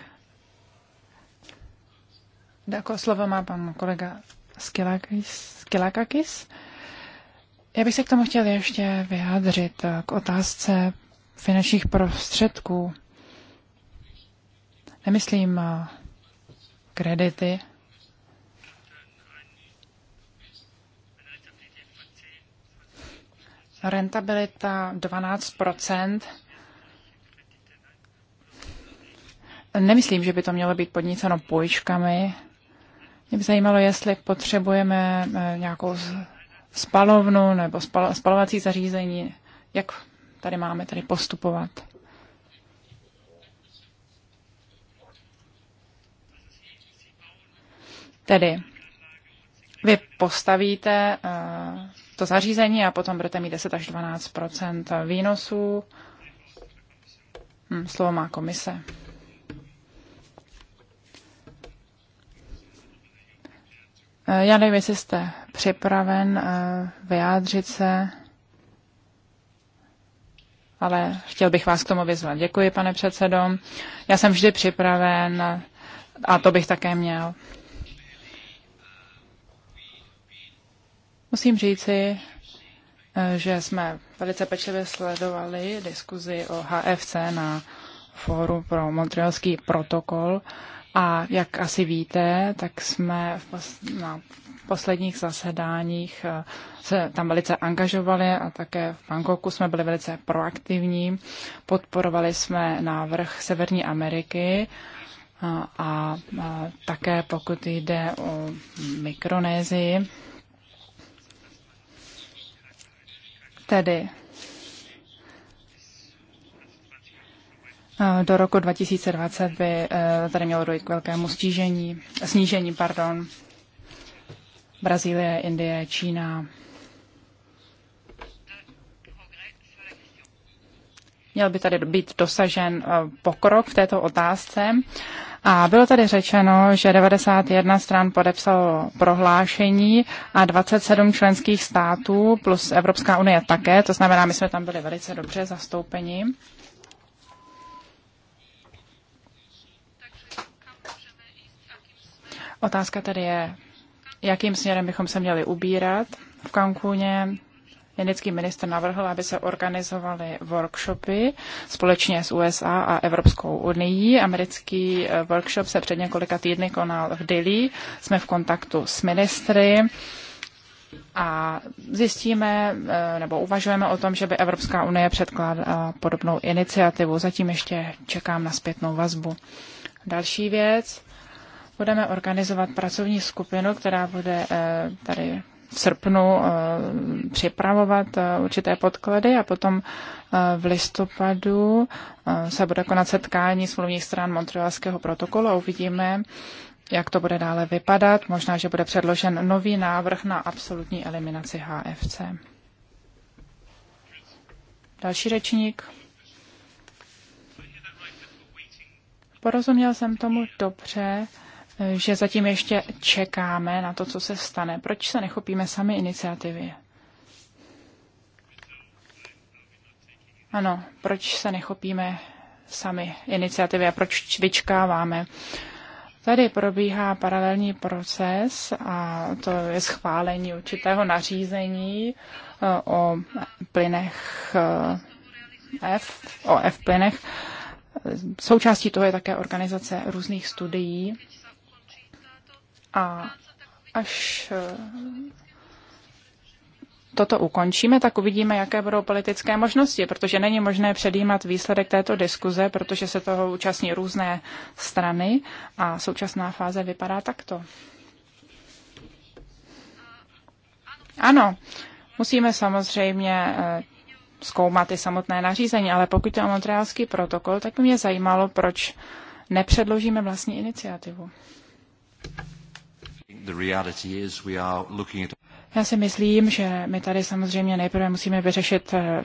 Jako slovo má pan kolega Skilakakis. Skilakakis. Já bych se k tomu chtěl ještě vyjádřit eh, k otázce finančních prostředků. Nemyslím eh, kredity. Rentabilita 12 Nemyslím, že by to mělo být podníceno půjčkami. Mě by zajímalo, jestli potřebujeme eh, nějakou spalovnu nebo spal, spalovací zařízení, jak tady máme tady postupovat. Tedy vy postavíte eh, to zařízení a potom budete mít 10 až 12 výnosů. Hm, slovo má komise. Eh, já nevím, jestli jste připraven eh, vyjádřit se, ale chtěl bych vás k tomu vyzvat. Děkuji, pane předsedo. Já jsem vždy připraven eh, a to bych také měl. Musím říci, že jsme velice pečlivě sledovali diskuzi o HFC na fóru pro montrealský protokol a jak asi víte, tak jsme v pos- na posledních zasedáních eh, se tam velice angažovali a také v Bangkoku jsme byli velice proaktivní. Podporovali jsme návrh Severní Ameriky eh, a, a eh, také pokud jde o Mikronézii, tedy do roku 2020 by eh, tady mělo dojít k velkému stížení, snížení. Pardon. Brazílie, Indie, Čína. Měl by tady být dosažen eh, pokrok v této otázce. A bylo tady řečeno, že 91 stran podepsalo prohlášení a 27 členských států plus Evropská unie také, to znamená, my jsme tam byli velice dobře zastoupeni. Otázka tady je, jakým směrem bychom se měli ubírat. V Cancúně indický minister navrhl, aby se organizovaly workshopy společně s USA a Evropskou unii. Americký eh, workshop se před několika týdny konal v Dili. Jsme v kontaktu s ministry a zjistíme eh, nebo uvažujeme o tom, že by Evropská unie předkládala podobnou iniciativu. Zatím ještě čekám na zpětnou vazbu. Další věc budeme organizovat pracovní skupinu, která bude eh, tady v srpnu eh, připravovat eh, určité podklady a potom v listopadu se bude konat setkání smluvních stran Montrealského protokolu a uvidíme, jak to bude dále vypadat. Možná, že bude předložen nový návrh na absolutní eliminaci HFC. Další řečník. Porozuměl jsem tomu dobře, že zatím ještě čekáme na to, co se stane. Proč se nechopíme sami iniciativy? Ano, proč se nechopíme sami iniciativy a proč vyčkáváme? Tady probíhá paralelní proces a to je schválení určitého nařízení eh, o plynech eh, F, o F plynech. Součástí toho je také organizace různých studií a až eh, toto ukončíme, tak uvidíme, jaké budou politické možnosti, protože není možné předjímat výsledek této diskuze, protože se toho účastní různé strany a současná fáze vypadá takto. Ano, musíme samozřejmě eh, zkoumat i samotné nařízení, ale pokud je o montrealský protokol, tak by mě zajímalo, proč nepředložíme vlastní iniciativu. Já si myslím, že my tady samozřejmě nejprve musíme vyřešit eh,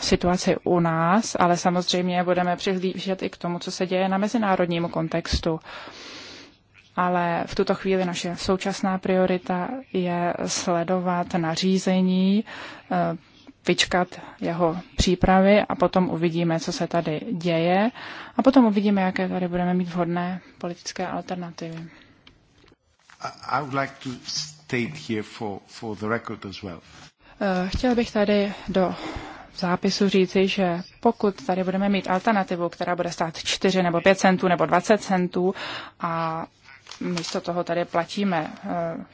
situaci u nás, ale samozřejmě budeme přihlížet i k tomu, co se děje na mezinárodním kontextu. Ale v tuto chvíli naše současná priorita je sledovat nařízení, eh, vyčkat jeho přípravy a potom uvidíme, co se tady děje a potom uvidíme, jaké tady budeme mít vhodné politické alternativy. I would like to state here for, for the record as well. Eh, Chtěl bych tady do zápisu říci, že pokud tady budeme mít alternativu, která bude stát 4 nebo 5 centů nebo 20 centů a místo toho tady platíme eh,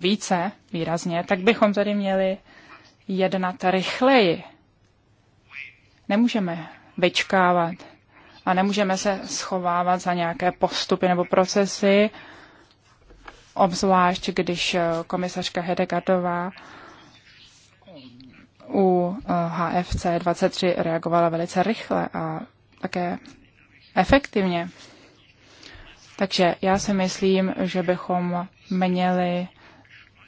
více výrazně, tak bychom tady měli jednat rychleji. Nemůžeme vyčkávat a nemůžeme se schovávat za nějaké postupy nebo procesy, obzvlášť když eh, komisařka Hedegardová u HFC eh, 23 reagovala velice rychle a také efektivně. Takže já si myslím, že bychom měli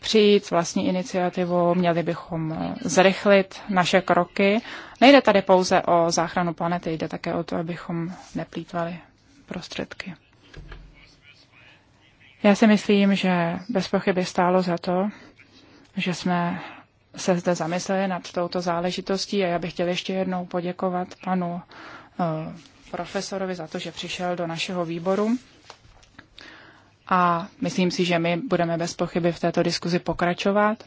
přijít s vlastní iniciativou, měli bychom eh, zrychlit naše kroky. Nejde tady pouze o záchranu planety, jde také o to, abychom neplýtvali prostředky. Já si myslím, že bez pochyby stálo za to, že jsme se zde zamysleli nad touto záležitostí a já bych chtěl ještě jednou poděkovat panu eh, profesorovi za to, že přišel do našeho výboru. A myslím si, že my budeme bez pochyby v této diskuzi pokračovat.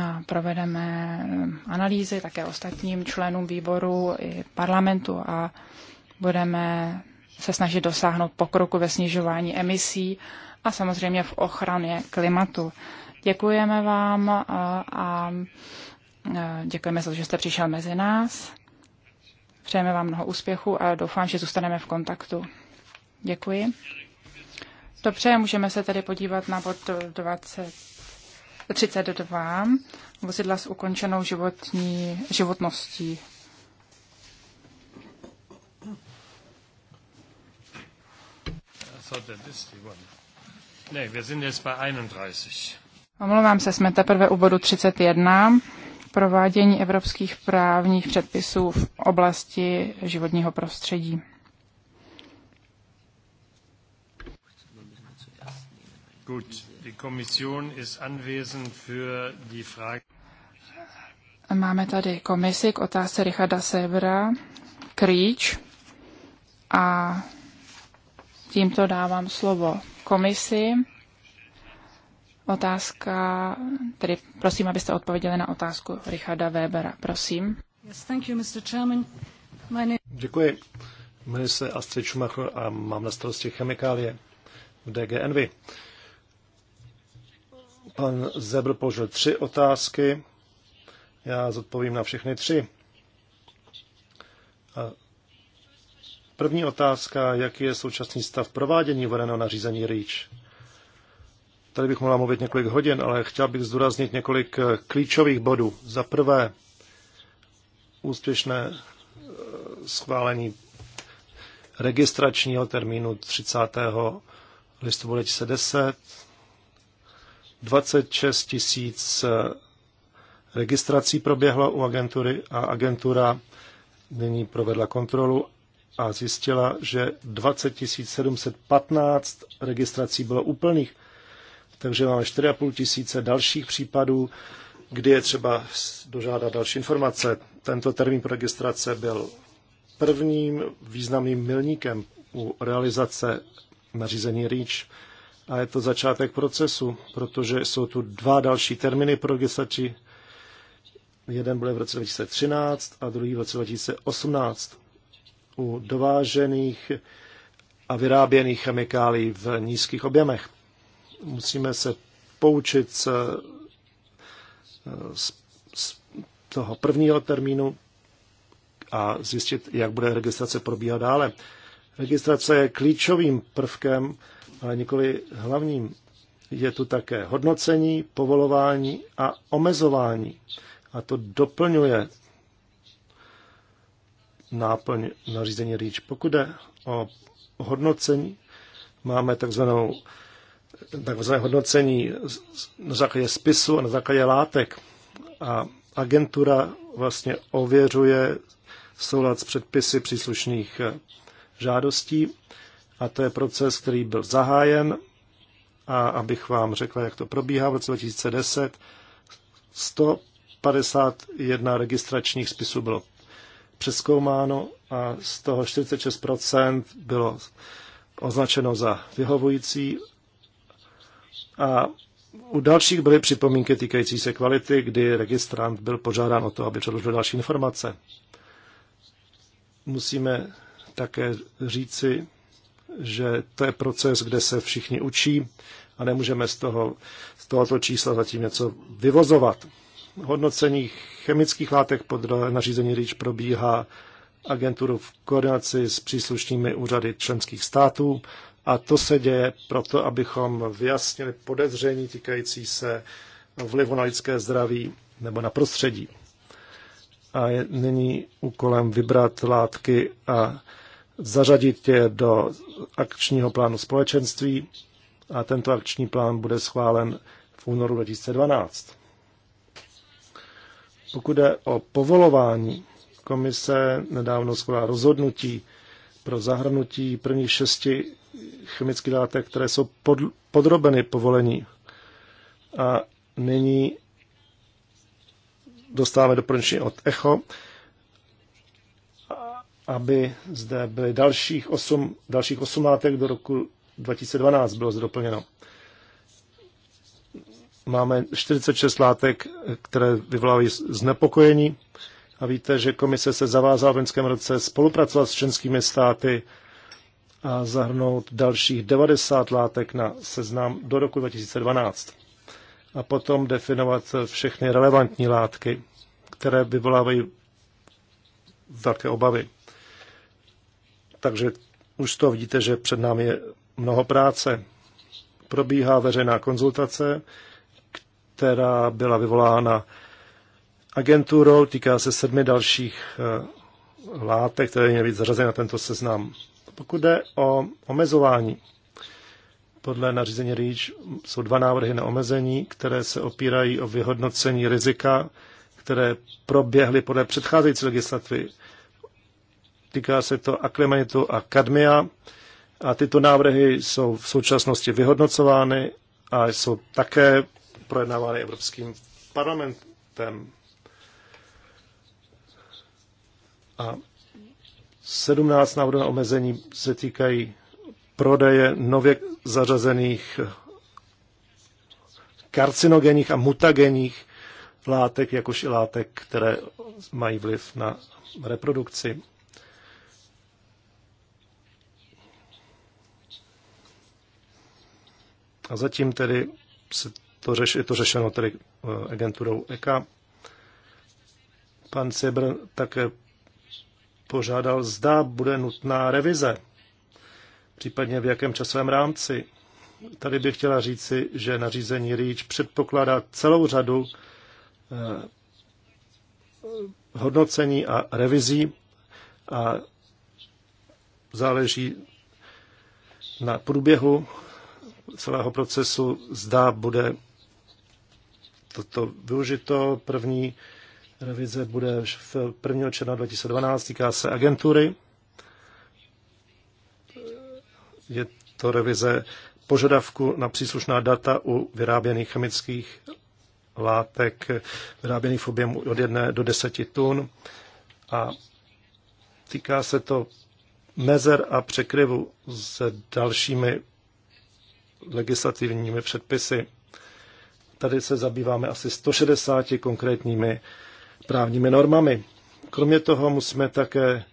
A provedeme eh, analýzy také ostatním členům výboru i parlamentu a budeme se snažit dosáhnout pokroku ve snižování emisí a samozřejmě v ochraně klimatu. Děkujeme vám eh, a eh, děkujeme za to, že jste přišel mezi nás. Přejeme vám mnoho úspěchu a doufám, že zůstaneme v kontaktu. Děkuji. Dobře, můžeme se tedy podívat na bod 20, 32, vozidla s ukončenou životní, životností. that is the one. Ne, wir sind jetzt bei 31. Omlouvám se, jsme teprve u bodu 31. Provádění evropských právních předpisů v oblasti životního prostředí. Gut, die Kommission ist anwesend für die Frage. Máme tady komisi k otázce Richarda Sebra, Kríč a Tímto dávám slovo komisi. Otázka, tedy prosím, abyste odpověděli na otázku Richarda Webera. Prosím. Yes, thank you, Mr. Chairman. My name... Děkuji. Jmenuji se Astrid Schumacher a mám na starosti chemikálie v DGNV. Pan Zebr položil tři otázky. Já zodpovím na všechny tři. A První otázka, jaký je současný stav provádění vodeného nařízení REACH? Tady bych mohla mluvit několik hodin, ale chtěl bych zdůraznit několik eh, klíčových bodů. Za prvé, úspěšné eh, schválení registračního termínu 30. listopadu 2010, 26 tisíc eh, registrací proběhlo u agentury a agentura nyní provedla kontrolu a zjistila, že 20 715 registrací bylo úplných. Takže máme 4,5 tisíce dalších případů, kdy je třeba dožádat další informace. Tento termín pro registrace byl prvním významným milníkem u realizace nařízení REACH a je to začátek procesu, protože jsou tu dva další termíny pro registraci. Jeden bude v roce 2013 a druhý v roce 2018 u dovážených a vyráběných chemikálií v nízkých objemech. Musíme se poučit z, z, z toho prvního termínu a zjistit, jak bude registrace probíhat dále. Registrace je klíčovým prvkem, ale nikoli hlavním. Je tu také hodnocení, povolování a omezování. A to doplňuje náplň nařízení REACH. Pokud jde o hodnocení, máme takzvanou takzvané hodnocení na základě spisu a na základě látek. A agentura vlastně ověřuje soulad s předpisy příslušných eh, žádostí a to je proces, který byl zahájen a abych vám řekla, jak to probíhá v roce 2010, 151 registračních spisů bylo přeskoumáno a z toho 46% bylo označeno za vyhovující a u dalších byly připomínky týkající se kvality, kdy registrant byl požádán o to, aby předložil další informace. Musíme také říci, že to je proces, kde se všichni učí a nemůžeme z, toho, z tohoto čísla zatím něco vyvozovat hodnocení chemických látek podle nařízení REACH probíhá agenturu v koordinaci s příslušnými úřady členských států a to se děje proto, abychom vyjasnili podezření týkající se vlivu na lidské zdraví nebo na prostředí. A je nyní úkolem vybrat látky a zařadit je do akčního plánu společenství a tento akční plán bude schválen v únoru 2012. Pokud jde o povolování, komise nedávno schválila rozhodnutí pro zahrnutí prvních šesti chemických látek, které jsou pod, podrobeny povolení. A nyní dostáváme doporučení od ECHO, aby zde byly dalších, osm, dalších osm látek do roku 2012 bylo zdoplněno máme 46 látek, které vyvolávají znepokojení. A víte, že komise se zavázala v loňském roce spolupracovat s členskými státy a zahrnout dalších 90 látek na seznam do roku 2012. A potom definovat všechny relevantní látky, které vyvolávají velké obavy. Takže už to vidíte, že před námi je mnoho práce. Probíhá veřejná konzultace, která byla vyvolána agenturou, týká se sedmi dalších eh, látek, které měly být zařazeny na tento seznam. Pokud jde o omezování, podle nařízení REACH jsou dva návrhy na omezení, které se opírají o vyhodnocení rizika, které proběhly podle předcházející legislativy. Týká se to aklimanitu a kadmia a tyto návrhy jsou v současnosti vyhodnocovány a jsou také projednávány Evropským parlamentem. A 17 návrhů na omezení se týkají prodeje nově zařazených karcinogenních a mutagenních látek, jakož i látek, které mají vliv na reprodukci. A zatím tedy se to, řeš, je to řešeno tedy eh, agenturou ECA. Pan Sebr také požádal, zda bude nutná revize, případně v jakém časovém rámci. Tady bych chtěla říci, že nařízení REACH předpokládá celou řadu eh, hodnocení a revizí a záleží na průběhu celého procesu, zda bude toto využito. První revize bude v 1. června 2012, týká se agentury. Je to revize požadavku na příslušná data u vyráběných chemických látek, vyráběných v objemu od 1 do 10 tun. A týká se to mezer a překryvu s dalšími legislativními předpisy Tady se zabýváme asi 160 konkrétními právními normami. Kromě toho musíme také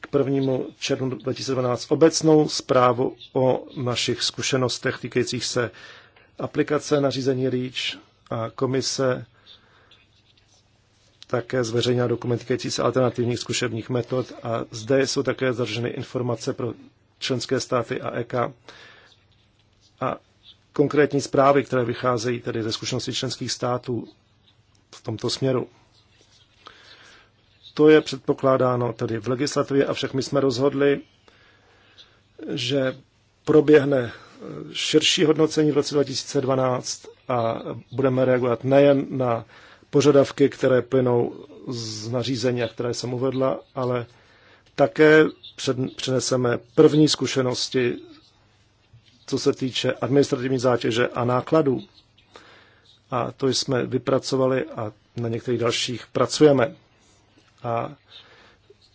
k prvnímu červnu 2012 obecnou zprávu o našich zkušenostech týkajících se aplikace nařízení REACH a komise také zveřejnila dokument týkající se alternativních zkušebních metod a zde jsou také zdrženy informace pro členské státy a EK a konkrétní zprávy, které vycházejí tedy ze zkušenosti členských států v tomto směru. To je předpokládáno tedy v legislativě, však my jsme rozhodli, že proběhne širší hodnocení v roce 2012 a budeme reagovat nejen na požadavky, které plynou z nařízení, které jsem uvedla, ale také přeneseme první zkušenosti co se týče administrativní zátěže a nákladů. A to jsme vypracovali a na některých dalších pracujeme. A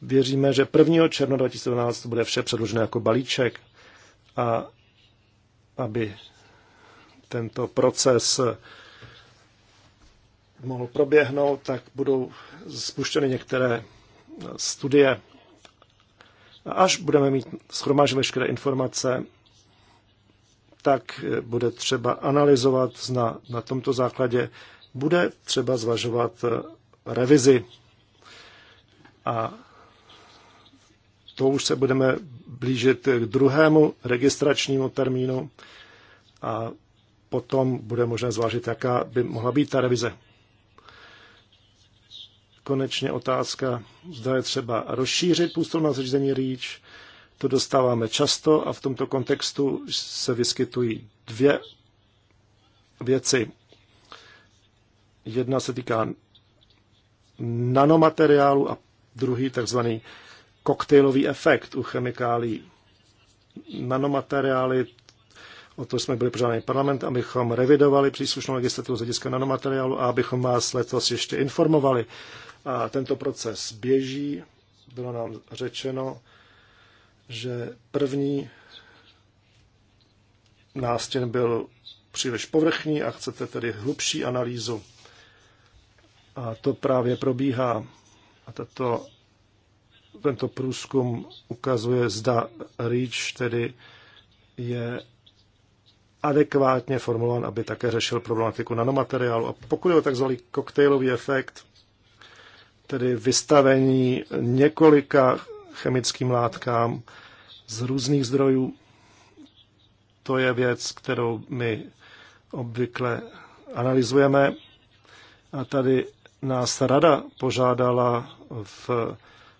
věříme, že 1. června to bude vše předloženo jako balíček a aby tento proces mohl proběhnout, tak budou spuštěny některé studie. A až budeme mít schromážit veškeré informace, tak eh, bude třeba analyzovat na, na tomto základě, bude třeba zvažovat eh, revizi. A to už se budeme blížit k druhému registračnímu termínu a potom bude možné zvážit, jaká by mohla být ta revize. Konečně otázka, zda je třeba rozšířit půstovná zřízení REACH to dostáváme často a v tomto kontextu se vyskytují dvě věci. Jedna se týká nanomateriálu a druhý takzvaný koktejlový efekt u chemikálií. Nanomateriály, o to jsme byli požádáni parlament, abychom revidovali příslušnou legislativu z hlediska nanomateriálu a abychom vás letos ještě informovali. A tento proces běží, bylo nám řečeno, že první nástěn byl příliš povrchní a chcete tedy hlubší analýzu. A to právě probíhá. A tato, tento průzkum ukazuje, zda REACH tedy je adekvátně formulovan, aby také řešil problematiku nanomateriálu. A pokud je o tzv. koktejlový efekt, tedy vystavení několika chemickým látkám, z různých zdrojů. To je věc, kterou my obvykle analyzujeme. A tady nás rada požádala v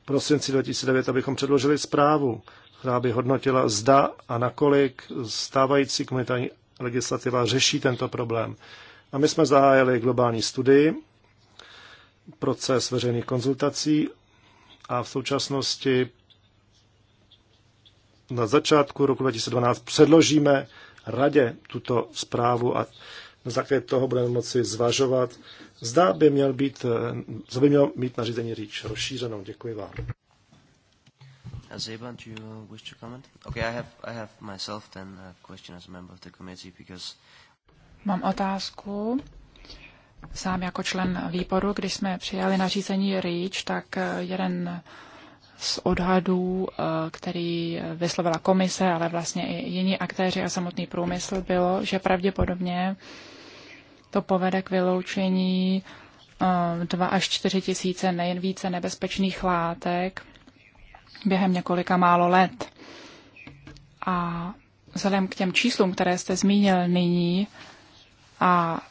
prosinci 2009, abychom předložili zprávu, která by hodnotila zda a nakolik stávající komunitární legislativa řeší tento problém. A my jsme zahájili globální studii, proces veřejných konzultací a v současnosti na začátku roku 2012 předložíme radě tuto zprávu a na základě toho budeme moci zvažovat, zda by měl být, eh, zda by měl mít nařízení říč rozšířenou. Děkuji vám. Zeba, do you uh, wish to comment? Okay, I have, I have myself then a question as a member of the committee because... Mám otázku. Sám jako člen výboru, když jsme přijali nařízení REACH, tak eh, jeden z odhadů, eh, který vyslovila komise, ale vlastně i jiní aktéři a samotný průmysl bylo, že pravděpodobně to povede k vyloučení 2 eh, až 4 tisíce nejvíce nebezpečných látek během několika málo let. A vzhledem k těm číslům, které jste zmínil nyní, a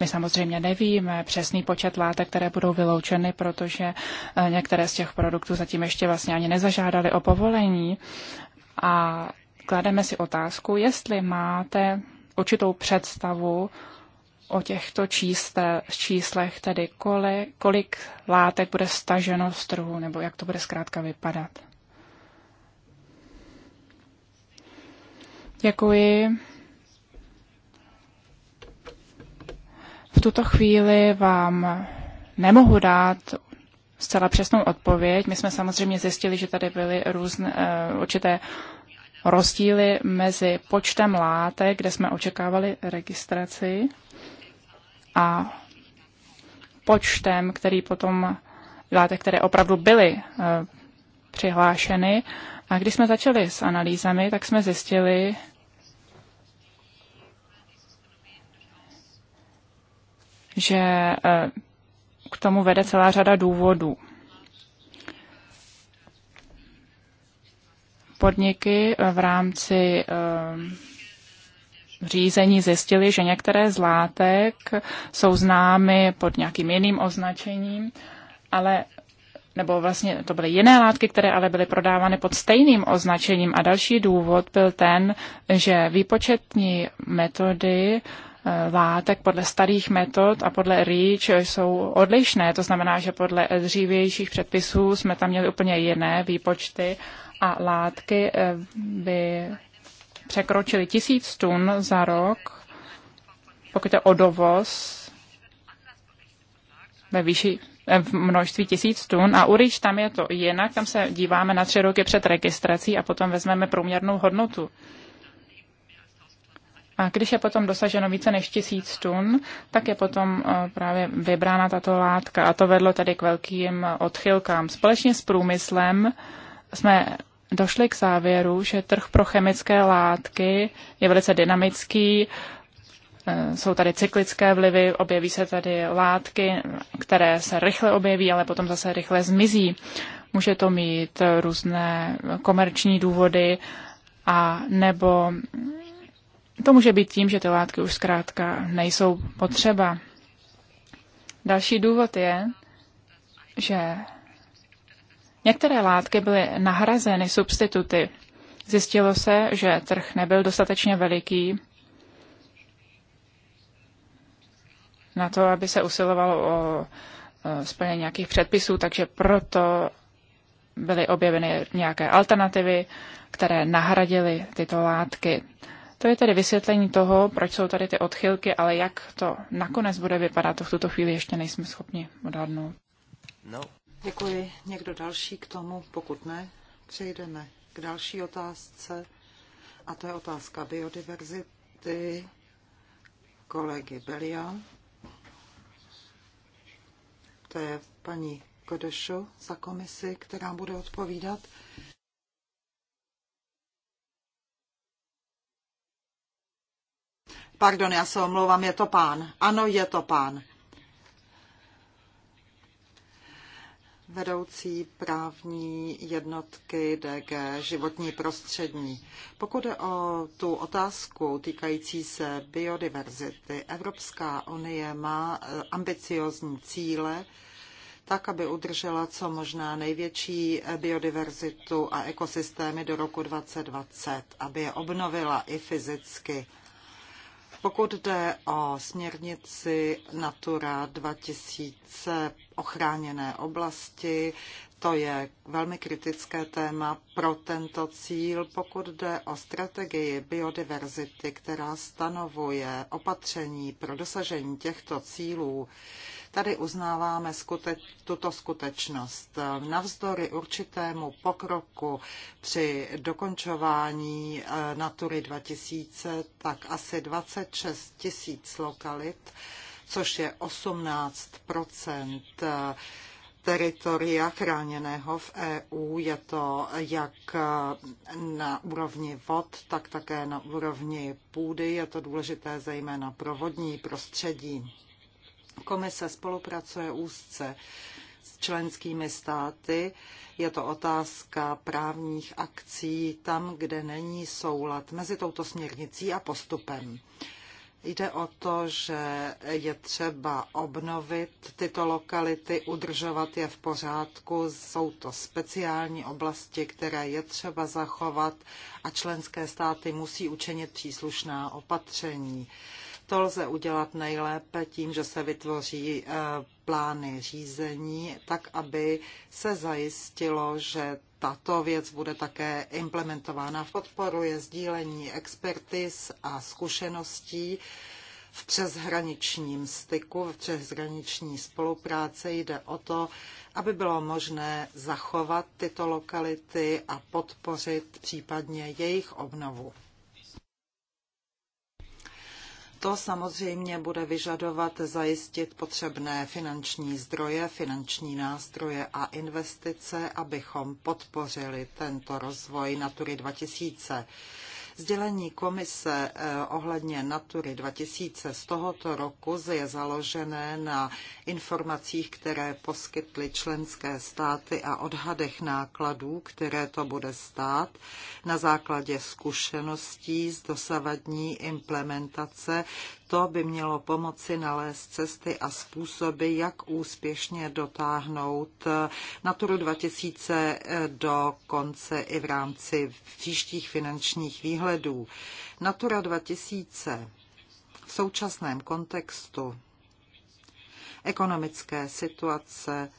my samozřejmě nevíme přesný počet látek, které budou vyloučeny, protože eh, některé z těch produktů zatím ještě vlastně ani nezažádali o povolení. A klademe si otázku, jestli máte určitou představu o těchto čísle, číslech, tedy kolik, kolik látek bude staženo z trhu, nebo jak to bude zkrátka vypadat. Děkuji. V tuto chvíli vám nemohu dát zcela přesnou odpověď. My jsme samozřejmě zjistili, že tady byly různé, eh, určité rozdíly mezi počtem látek, kde jsme očekávali registraci, a počtem, který potom látek, které opravdu byly eh, přihlášeny. A když jsme začali s analýzami, tak jsme zjistili, že eh, k tomu vede celá řada důvodů. Podniky eh, v rámci eh, řízení zjistili, že některé z látek jsou známy pod nějakým jiným označením, ale nebo vlastně to byly jiné látky, které ale byly prodávány pod stejným označením. A další důvod byl ten, že výpočetní metody uh, látek podle starých metod a podle REACH jsou odlišné. To znamená, že podle dřívějších předpisů jsme tam měli úplně jiné výpočty a látky eh, by překročily tisíc tun za rok, pokud je o dovoz ve výši eh, v množství tisíc tun a u REACH tam je to jinak, tam se díváme na tři roky před registrací a potom vezmeme průměrnou hodnotu. A když je potom dosaženo více než tisíc tun, tak je potom eh, právě vybrána tato látka a to vedlo tedy k velkým eh, odchylkám. Společně s průmyslem jsme došli k závěru, že trh pro chemické látky je velice dynamický, eh, jsou tady cyklické vlivy, objeví se tady látky, které se rychle objeví, ale potom zase rychle zmizí. Může to mít různé komerční důvody a nebo to může být tím, že ty látky už zkrátka nejsou potřeba. Další důvod je, že některé látky byly nahrazeny substituty. Zjistilo se, že trh nebyl dostatečně veliký na to, aby se usilovalo o splnění nějakých předpisů, takže proto byly objeveny nějaké alternativy, které nahradily tyto látky. To je tedy vysvětlení toho, proč jsou tady ty odchylky, ale jak to nakonec bude vypadat, to v tuto chvíli ještě nejsme schopni odhadnout. No. Děkuji. Někdo další k tomu? Pokud ne, přejdeme k další otázce. A to je otázka biodiverzity kolegy Belia. To je paní Kodešu za komisi, která bude odpovídat. Pardon, já se omlouvám, je to pán. Ano, je to pán. vedoucí právní jednotky DG životní prostředí. Pokud je o tu otázku týkající se biodiverzity, Evropská unie má eh, ambiciozní cíle, tak, aby udržela co možná největší eh, biodiverzitu a ekosystémy do roku 2020, aby je obnovila i fyzicky. Pokud jde o směrnici Natura 2000 ochráněné oblasti, to je velmi kritické téma pro tento cíl, pokud jde o strategii biodiverzity, která stanovuje opatření pro dosažení těchto cílů. Tady uznáváme skute- tuto skutečnost. Navzdory určitému pokroku při dokončování eh, Natury 2000, tak asi 26 tisíc lokalit, což je 18 eh, teritoria chráněného v EU. Je to jak eh, na úrovni vod, tak také na úrovni půdy. Je to důležité zejména pro vodní prostředí. Komise spolupracuje úzce s členskými státy. Je to otázka právních akcí tam, kde není soulad mezi touto směrnicí a postupem. Jde o to, že je třeba obnovit tyto lokality, udržovat je v pořádku. Jsou to speciální oblasti, které je třeba zachovat a členské státy musí učinit příslušná opatření. To lze udělat nejlépe tím, že se vytvoří e, plány řízení, tak aby se zajistilo, že tato věc bude také implementována. Podporuje sdílení expertiz a zkušeností v přeshraničním styku, v přeshraniční spolupráci. Jde o to, aby bylo možné zachovat tyto lokality a podpořit případně jejich obnovu. To samozřejmě bude vyžadovat zajistit potřebné finanční zdroje, finanční nástroje a investice, abychom podpořili tento rozvoj Natury 2000. Sdělení komise eh, ohledně Natury 2000 z tohoto roku je založené na informacích, které poskytly členské státy a odhadech nákladů, které to bude stát na základě zkušeností z dosavadní implementace to by mělo pomoci nalézt cesty a způsoby, jak úspěšně dotáhnout eh, Naturu 2000 eh, do konce i v rámci příštích finančních výhledů. Natura 2000 v současném kontextu ekonomické situace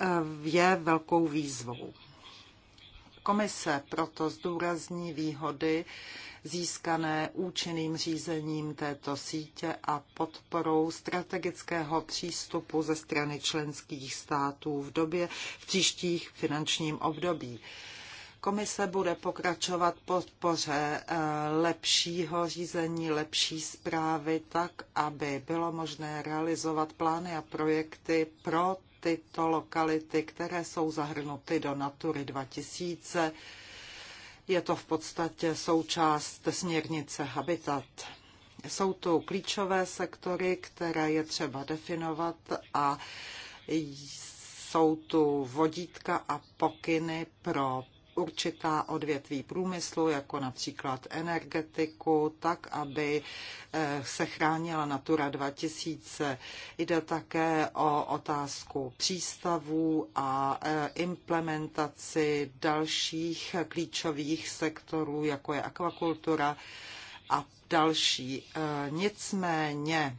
eh, je velkou výzvou. Komise proto zdůrazní výhody získané účinným řízením této sítě a podporou strategického přístupu ze strany členských států v době v příštích finančním období. Komise bude pokračovat podpoře eh, lepšího řízení, lepší zprávy, tak, aby bylo možné realizovat plány a projekty pro tyto lokality, které jsou zahrnuty do Natury 2000. Je to v podstatě součást směrnice Habitat. Jsou tu klíčové sektory, které je třeba definovat a jsou tu vodítka a pokyny pro určitá odvětví průmyslu, jako například energetiku, tak, aby eh, se chránila Natura 2000. Jde také o otázku přístavů a eh, implementaci dalších klíčových sektorů, jako je akvakultura a další. Eh, nicméně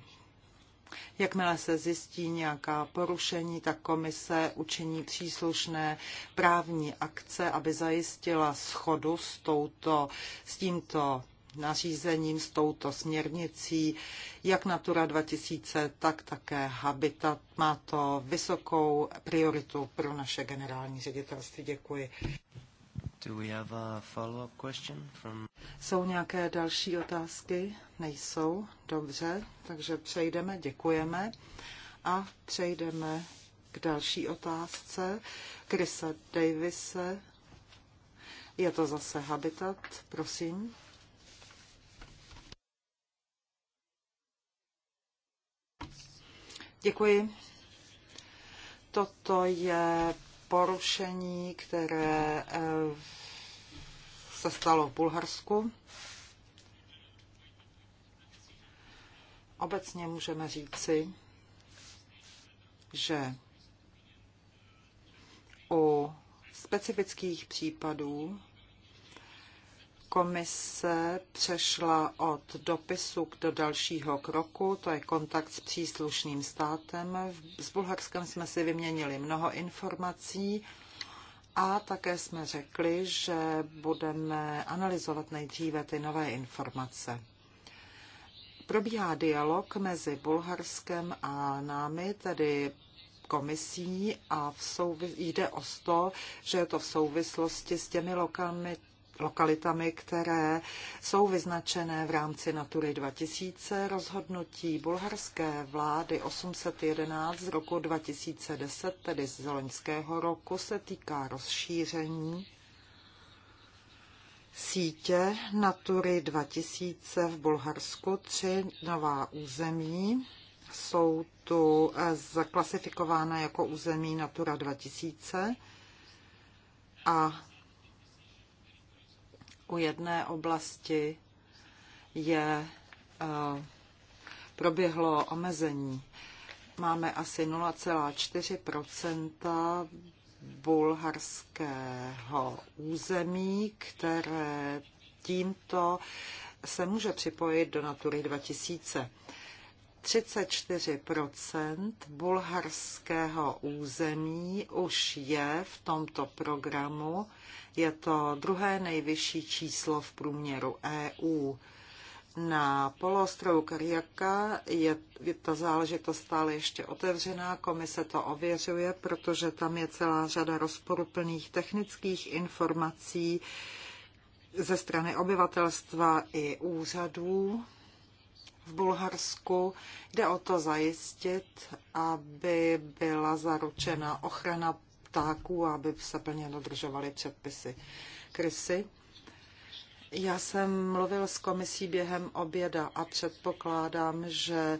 Jakmile se zjistí nějaká porušení, tak komise učiní příslušné právní akce, aby zajistila schodu s, touto, s tímto nařízením, s touto směrnicí, jak Natura 2000, tak také Habitat. Má to vysokou prioritu pro naše generální ředitelství. Děkuji. Do we have a follow-up question from... Jsou nějaké další otázky? Nejsou. Dobře, takže přejdeme, děkujeme a přejdeme k další otázce. Krise Davise, je to zase Habitat, prosím. Děkuji. Toto je porušení, které eh, se stalo v Bulharsku. Obecně můžeme říci, že u specifických případů Komise přešla od dopisu k do dalšího kroku, to je kontakt s příslušným státem. S Bulharskem jsme si vyměnili mnoho informací a také jsme řekli, že budeme analyzovat nejdříve ty nové informace. Probíhá dialog mezi Bulharskem a námi, tedy komisí a v souvi- jde o to, že je to v souvislosti s těmi lokami lokalitami, které jsou vyznačené v rámci Natury 2000. Rozhodnutí bulharské vlády 811 z roku 2010, tedy z loňského roku, se týká rozšíření sítě Natury 2000 v Bulharsku, tři nová území jsou tu eh, zaklasifikována jako území Natura 2000 a u jedné oblasti je, eh, proběhlo omezení. Máme asi 0,4 bulharského území, které tímto se může připojit do Natury 2000. 34 bulharského území už je v tomto programu. Je to druhé nejvyšší číslo v průměru EU. Na poloostrovu Kariaka je, je ta záležitost stále ještě otevřená, komise to ověřuje, protože tam je celá řada rozporuplných technických informací ze strany obyvatelstva i úřadů v Bulharsku. Jde o to zajistit, aby byla zaručena ochrana ptáků a aby se plně dodržovaly předpisy. Krysy. Já jsem mluvil s komisí během oběda a předpokládám, že eh,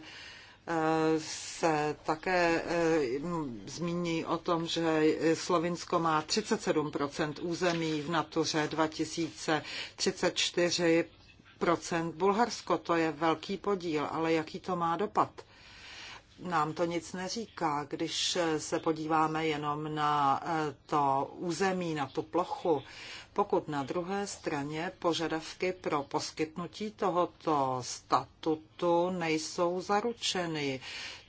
se také eh, zmíní o tom, že Slovinsko má 37 území v natuře 2034 Bulharsko to je velký podíl, ale jaký to má dopad? Nám to nic neříká, když se podíváme jenom na eh, to území, na tu plochu. Pokud na druhé straně požadavky pro poskytnutí tohoto statutu nejsou zaručeny,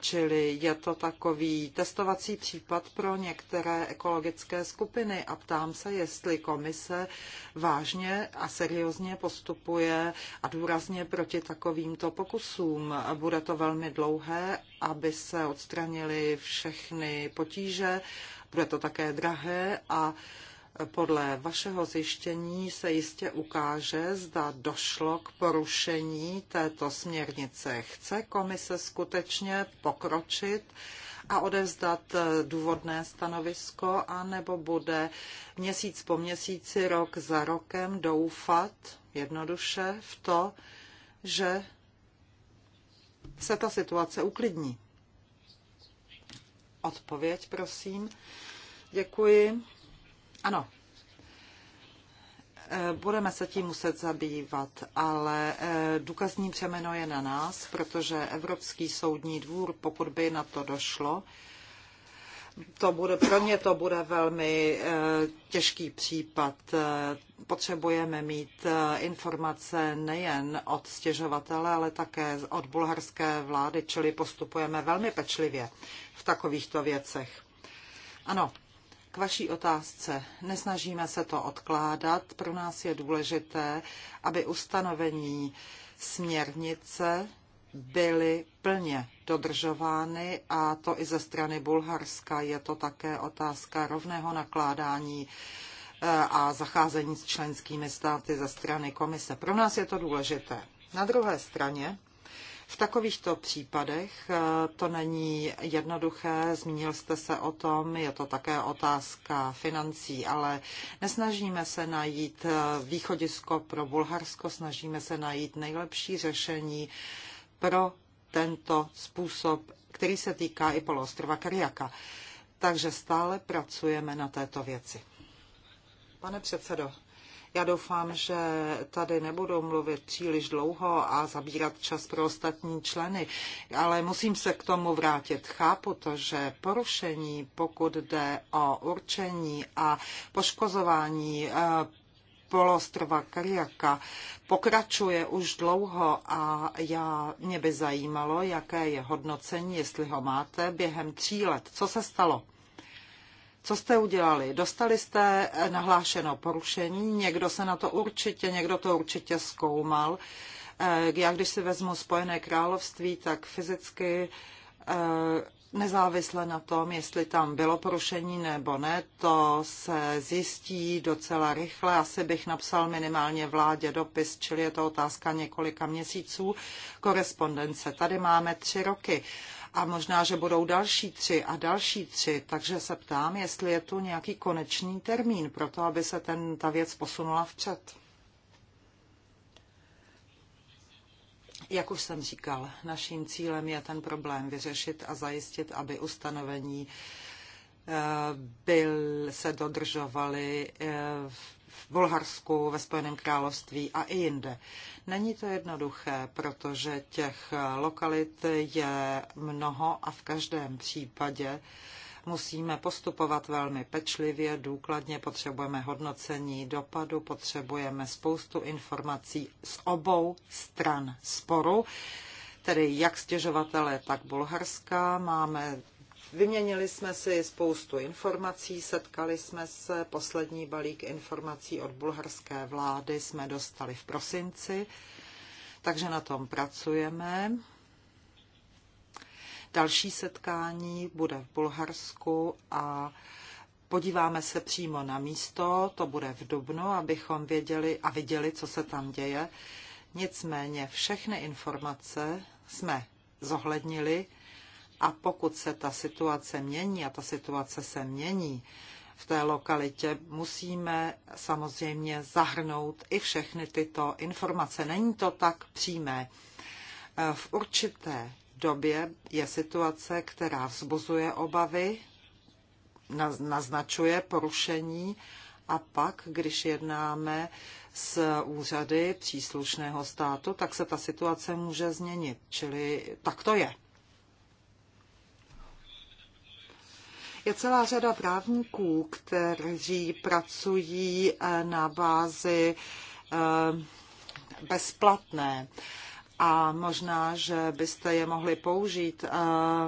Čili je to takový testovací případ pro některé ekologické skupiny a ptám se, jestli komise vážně a seriózně postupuje a důrazně proti takovýmto pokusům. Bude to velmi dlouhé, aby se odstranily všechny potíže, bude to také drahé a podle vašeho zjištění se jistě ukáže, zda došlo k porušení této směrnice. Chce komise skutečně pokročit a odevzdat eh, důvodné stanovisko, anebo bude měsíc po měsíci, rok za rokem doufat jednoduše v to, že se ta situace uklidní? Odpověď, prosím. Děkuji. Ano, eh, budeme se tím muset zabývat, ale eh, důkazní břemeno je na nás, protože Evropský soudní dvůr, pokud by na to došlo, to bude, pro ně to bude velmi eh, těžký případ. Potřebujeme mít informace nejen od stěžovatele, ale také od bulharské vlády, čili postupujeme velmi pečlivě v takovýchto věcech. Ano, vaší otázce. Nesnažíme se to odkládat. Pro nás je důležité, aby ustanovení směrnice byly plně dodržovány a to i ze strany Bulharska. Je to také otázka rovného nakládání eh, a zacházení s členskými státy ze strany komise. Pro nás je to důležité. Na druhé straně v takovýchto případech eh, to není jednoduché, zmínil jste se o tom, je to také otázka financí, ale nesnažíme se najít eh, východisko pro Bulharsko, snažíme se najít nejlepší řešení pro tento způsob, který se týká i poloostrova Kariaka. Takže stále pracujeme na této věci. Pane předsedo, já doufám, že tady nebudu mluvit příliš dlouho a zabírat čas pro ostatní členy, ale musím se k tomu vrátit. Chápu to, že porušení, pokud jde o určení a poškozování eh, polostrova Kariaka pokračuje už dlouho a já, mě by zajímalo, jaké je hodnocení, jestli ho máte, během tří let. Co se stalo? Co jste udělali? Dostali jste eh, nahlášeno porušení, někdo se na to určitě, někdo to určitě zkoumal. Eh, já když si vezmu Spojené království, tak fyzicky eh, nezávisle na tom, jestli tam bylo porušení nebo ne, to se zjistí docela rychle. Asi bych napsal minimálně vládě dopis, čili je to otázka několika měsíců korespondence. Tady máme tři roky a možná, že budou další tři a další tři, takže se ptám, jestli je tu nějaký konečný termín pro to, aby se ten, ta věc posunula vpřed. Jak už jsem říkal, naším cílem je ten problém vyřešit a zajistit, aby ustanovení eh, byl, se dodržovaly eh, v v Bulharsku, ve Spojeném království a i jinde. Není to jednoduché, protože těch lokalit je mnoho a v každém případě musíme postupovat velmi pečlivě, důkladně, potřebujeme hodnocení dopadu, potřebujeme spoustu informací z obou stran sporu, tedy jak stěžovatele, tak Bulharska. Máme Vyměnili jsme si spoustu informací, setkali jsme se, poslední balík informací od bulharské vlády jsme dostali v prosinci, takže na tom pracujeme. Další setkání bude v Bulharsku a podíváme se přímo na místo, to bude v Dubnu, abychom věděli a viděli, co se tam děje. Nicméně všechny informace jsme zohlednili, a pokud se ta situace mění, a ta situace se mění v té lokalitě, musíme samozřejmě zahrnout i všechny tyto informace. Není to tak přímé. V určité době je situace, která vzbuzuje obavy, naznačuje porušení a pak, když jednáme s úřady příslušného státu, tak se ta situace může změnit. Čili tak to je. Je celá řada právníků, kteří pracují eh, na bázi eh, bezplatné a možná, že byste je mohli použít, eh,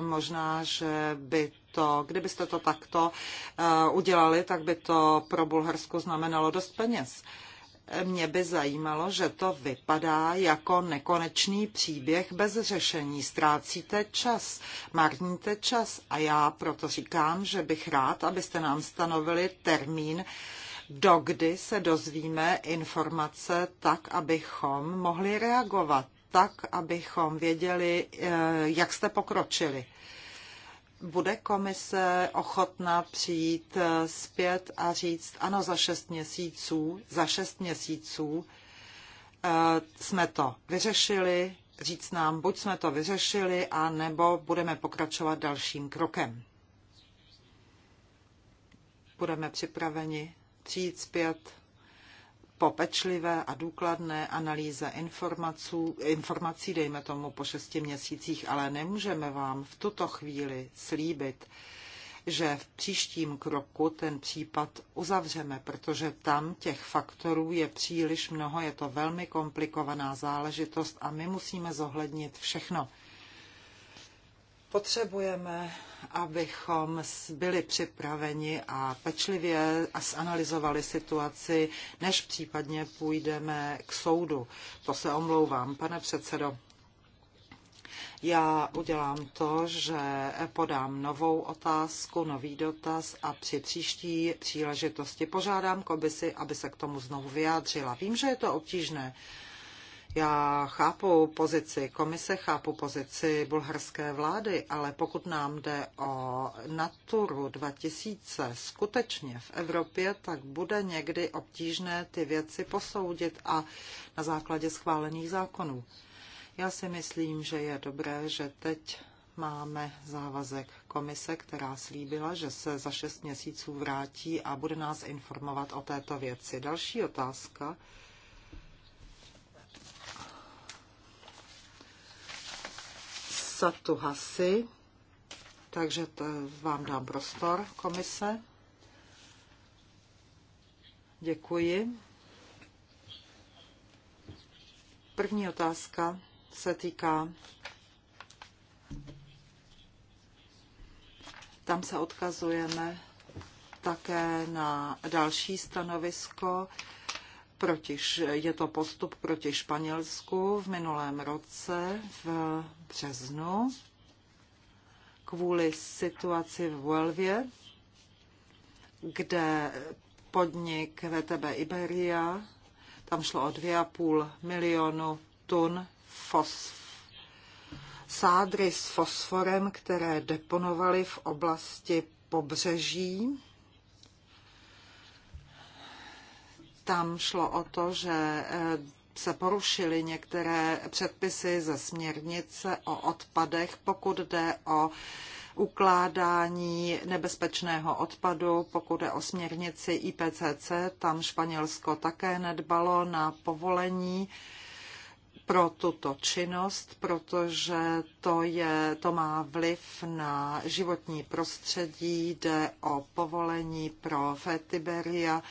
možná, že by to, kdybyste to takto udělali, tak by to pro Bulharsko znamenalo dost peněz mě by zajímalo, že to vypadá jako nekonečný příběh bez řešení. Ztrácíte čas, marníte čas a já proto říkám, že bych rád, abyste nám stanovili termín, dokdy se dozvíme informace tak, abychom mohli reagovat, tak, abychom věděli, eh, jak jste pokročili bude komise ochotná přijít eh, zpět a říct, ano, za šest měsíců, za šest měsíců eh, jsme to vyřešili, říct nám, buď jsme to vyřešili, a nebo budeme pokračovat dalším krokem. Budeme připraveni přijít zpět po pečlivé a důkladné analýze informací, informací, dejme tomu po šesti měsících, ale nemůžeme vám v tuto chvíli slíbit, že v příštím kroku ten případ uzavřeme, protože tam těch faktorů je příliš mnoho, je to velmi komplikovaná záležitost a my musíme zohlednit všechno. Potřebujeme, abychom byli připraveni a pečlivě a zanalizovali situaci, než případně půjdeme k soudu. To se omlouvám, pane předsedo. Já udělám to, že podám novou otázku, nový dotaz a při příští příležitosti požádám komisi, aby se k tomu znovu vyjádřila. Vím, že je to obtížné, já chápu pozici komise, chápu pozici bulharské vlády, ale pokud nám jde o Naturu 2000 skutečně v Evropě, tak bude někdy obtížné ty věci posoudit a na základě schválených zákonů. Já si myslím, že je dobré, že teď máme závazek komise, která slíbila, že se za šest měsíců vrátí a bude nás informovat o této věci. Další otázka Satu Hasi, takže to vám dám prostor, komise. Děkuji. První otázka se týká. Tam se odkazujeme také na další stanovisko proti, je to postup proti Španělsku v minulém roce v březnu kvůli situaci v Huelvě, kde podnik VTB Iberia, tam šlo o 2,5 milionu tun fosf, sádry s fosforem, které deponovali v oblasti pobřeží Tam šlo o to, že eh, se porušily některé předpisy ze směrnice o odpadech, pokud jde o ukládání nebezpečného odpadu, pokud jde o směrnici IPCC, tam Španělsko také nedbalo na povolení pro tuto činnost, protože to, je, to má vliv na životní prostředí, jde o povolení pro Fetiberia,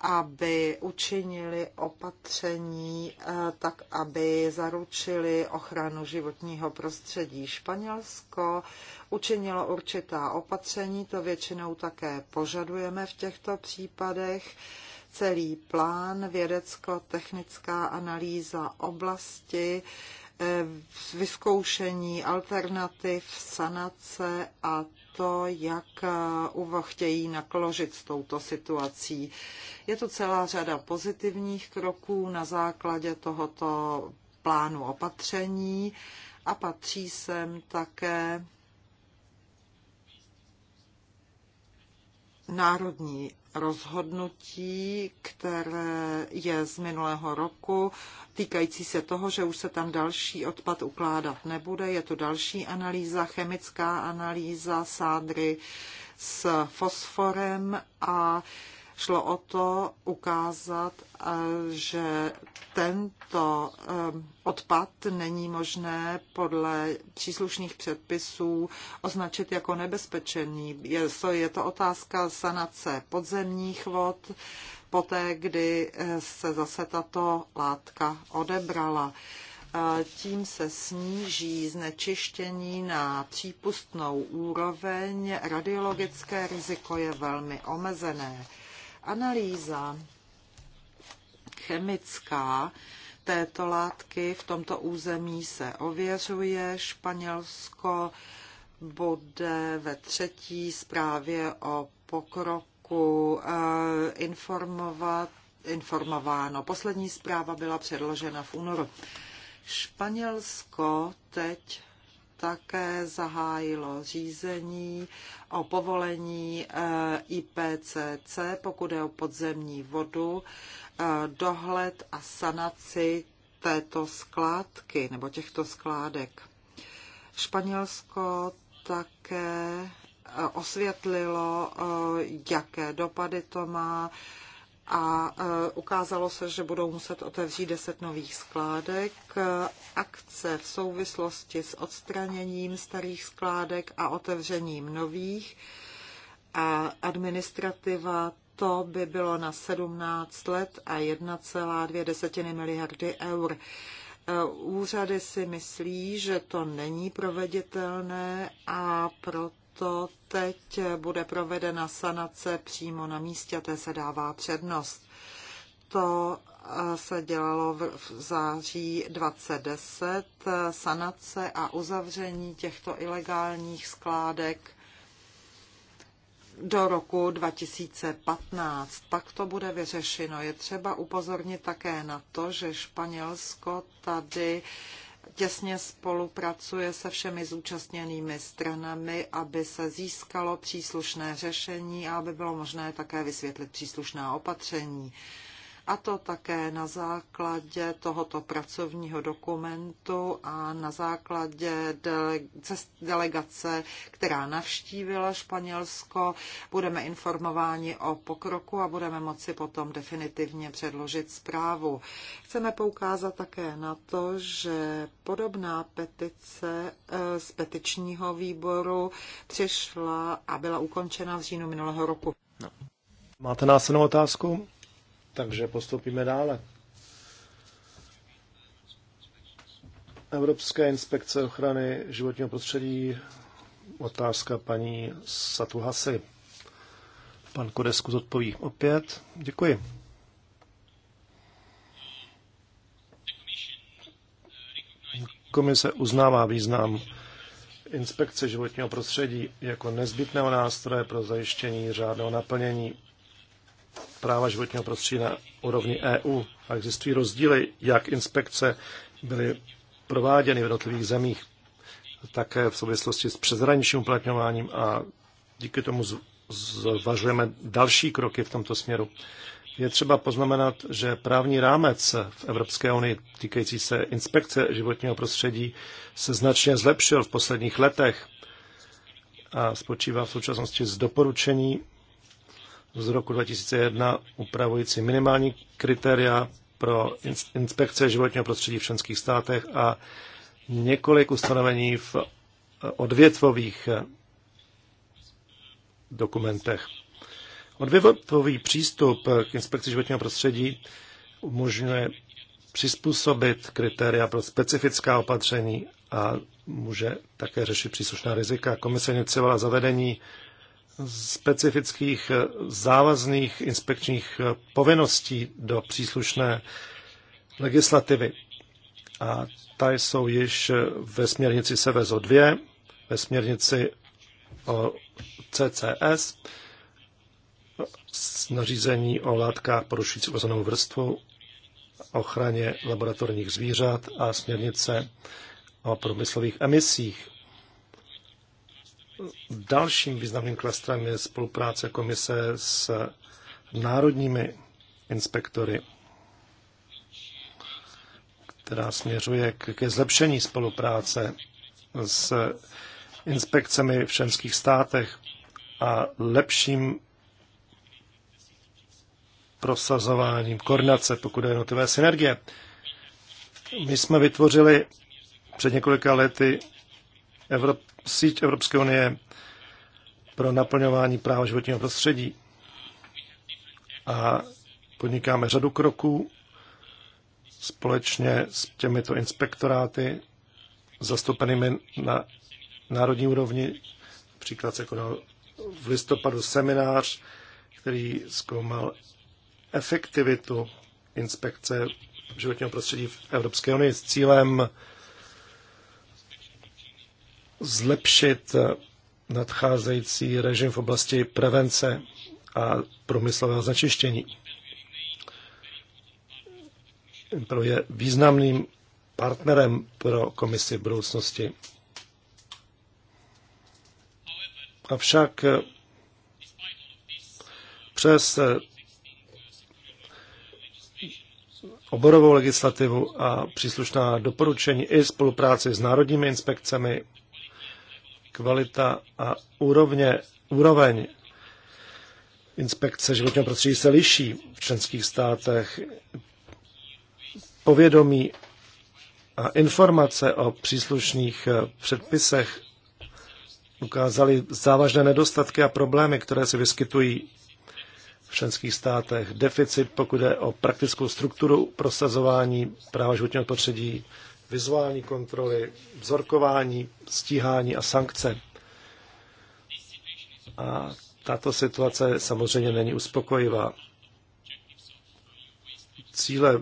aby učinili opatření eh, tak, aby zaručili ochranu životního prostředí. Španělsko učinilo určitá opatření, to většinou také požadujeme v těchto případech. Celý plán, vědecko-technická analýza oblasti, eh, vyzkoušení alternativ, sanace a to, jak eh, chtějí nakložit s touto situací. Je tu celá řada pozitivních kroků na základě tohoto plánu opatření a patří sem také národní rozhodnutí, které je z minulého roku, týkající se toho, že už se tam další odpad ukládat nebude. Je to další analýza, chemická analýza sádry s fosforem a uh, Šlo o to ukázat, eh, že tento eh, odpad není možné podle příslušných předpisů označit jako nebezpečený. Je to otázka sanace podzemních vod, poté, kdy eh, se zase tato látka odebrala tím se sníží znečištění na přípustnou úroveň, radiologické riziko je velmi omezené. Analýza chemická této látky v tomto území se ověřuje. Španělsko bude ve třetí zprávě o pokroku eh, informovat, informováno. Poslední zpráva byla předložena v únoru. Španělsko teď také zahájilo řízení o povolení eh, IPCC, pokud je o podzemní vodu, eh, dohled a sanaci této skládky nebo těchto skládek. Španělsko také eh, osvětlilo, jaké dopady to má, a eh, ukázalo se, že budou muset otevřít deset nových skládek. Akce v souvislosti s odstraněním starých skládek a otevřením nových a administrativa to by bylo na 17 let a 1,2 miliardy eur. Eh, úřady si myslí, že to není proveditelné a proto proto teď bude provedena sanace přímo na místě, té se dává přednost. To eh, se dělalo v září 2010, sanace a uzavření těchto ilegálních skládek do roku 2015. Pak to bude vyřešeno. Je třeba upozornit také na to, že Španělsko tady uh, těsně spolupracuje se všemi zúčastněnými stranami, aby se získalo příslušné řešení a aby bylo možné také vysvětlit příslušná opatření a to také na základě tohoto pracovního dokumentu a na základě delegace, která navštívila Španělsko. Budeme informováni o pokroku a budeme moci potom definitivně předložit zprávu. Chceme poukázat také na to, že podobná petice eh, z petičního výboru přišla a byla ukončena v říjnu minulého roku. No. Máte následnou otázku? takže postoupíme dále. Evropské inspekce ochrany životního prostředí, otázka paní Satuhasy. Pan Kodesku zodpoví opět. Děkuji. Komise uznává význam inspekce životního prostředí jako nezbytného nástroje pro zajištění řádného naplnění práva životního prostředí na úrovni EU. A existují rozdíly, jak inspekce byly prováděny v jednotlivých zemích, také v souvislosti s přezraničním uplatňováním a díky tomu zvažujeme další kroky v tomto směru. Je třeba poznamenat, že právní rámec v Evropské unii týkající se inspekce životního prostředí se značně zlepšil v posledních letech a spočívá v současnosti z doporučení z roku 2001 upravující minimální kritéria pro inspekce životního prostředí v členských státech a několik ustanovení v eh, odvětvových eh, dokumentech. Odvětvový přístup eh, k inspekci životního prostředí umožňuje přizpůsobit kritéria pro specifická opatření a může také řešit příslušná rizika. Komise iniciovala zavedení specifických eh, závazných inspekčních eh, povinností do příslušné legislativy. A ta jsou již eh, ve směrnici Sevezo 2, ve směrnici o CCS, nařízení o látkách porušující ozonovou vrstvu, ochraně laboratorních zvířat a směrnice o průmyslových emisích Dalším významným klastrem je spolupráce komise s národními inspektory, která směřuje ke zlepšení spolupráce s inspekcemi v členských státech a lepším prosazováním koordinace, pokud je jednotlivé synergie. My jsme vytvořili před několika lety Evrop, síť Evropské unie pro naplňování práva životního prostředí. A podnikáme řadu kroků společně s těmito inspektoráty zastoupenými na národní úrovni. Příklad se konal v listopadu seminář, který zkoumal efektivitu inspekce životního prostředí v Evropské unii s cílem zlepšit eh, nadcházející režim v oblasti prevence a průmyslového znečištění. Pro je významným partnerem pro komisi v budoucnosti. Avšak eh, přes eh, oborovou legislativu a příslušná doporučení i spolupráci s národními inspekcemi kvalita a úrovně, úroveň inspekce životního prostředí se liší v členských státech. Povědomí a informace o příslušných eh, předpisech ukázaly závažné nedostatky a problémy, které se vyskytují v členských státech. Deficit, pokud je o praktickou strukturu prosazování práva životního prostředí, vizuální kontroly, vzorkování, stíhání a sankce. A tato situace samozřejmě není uspokojivá. Cíle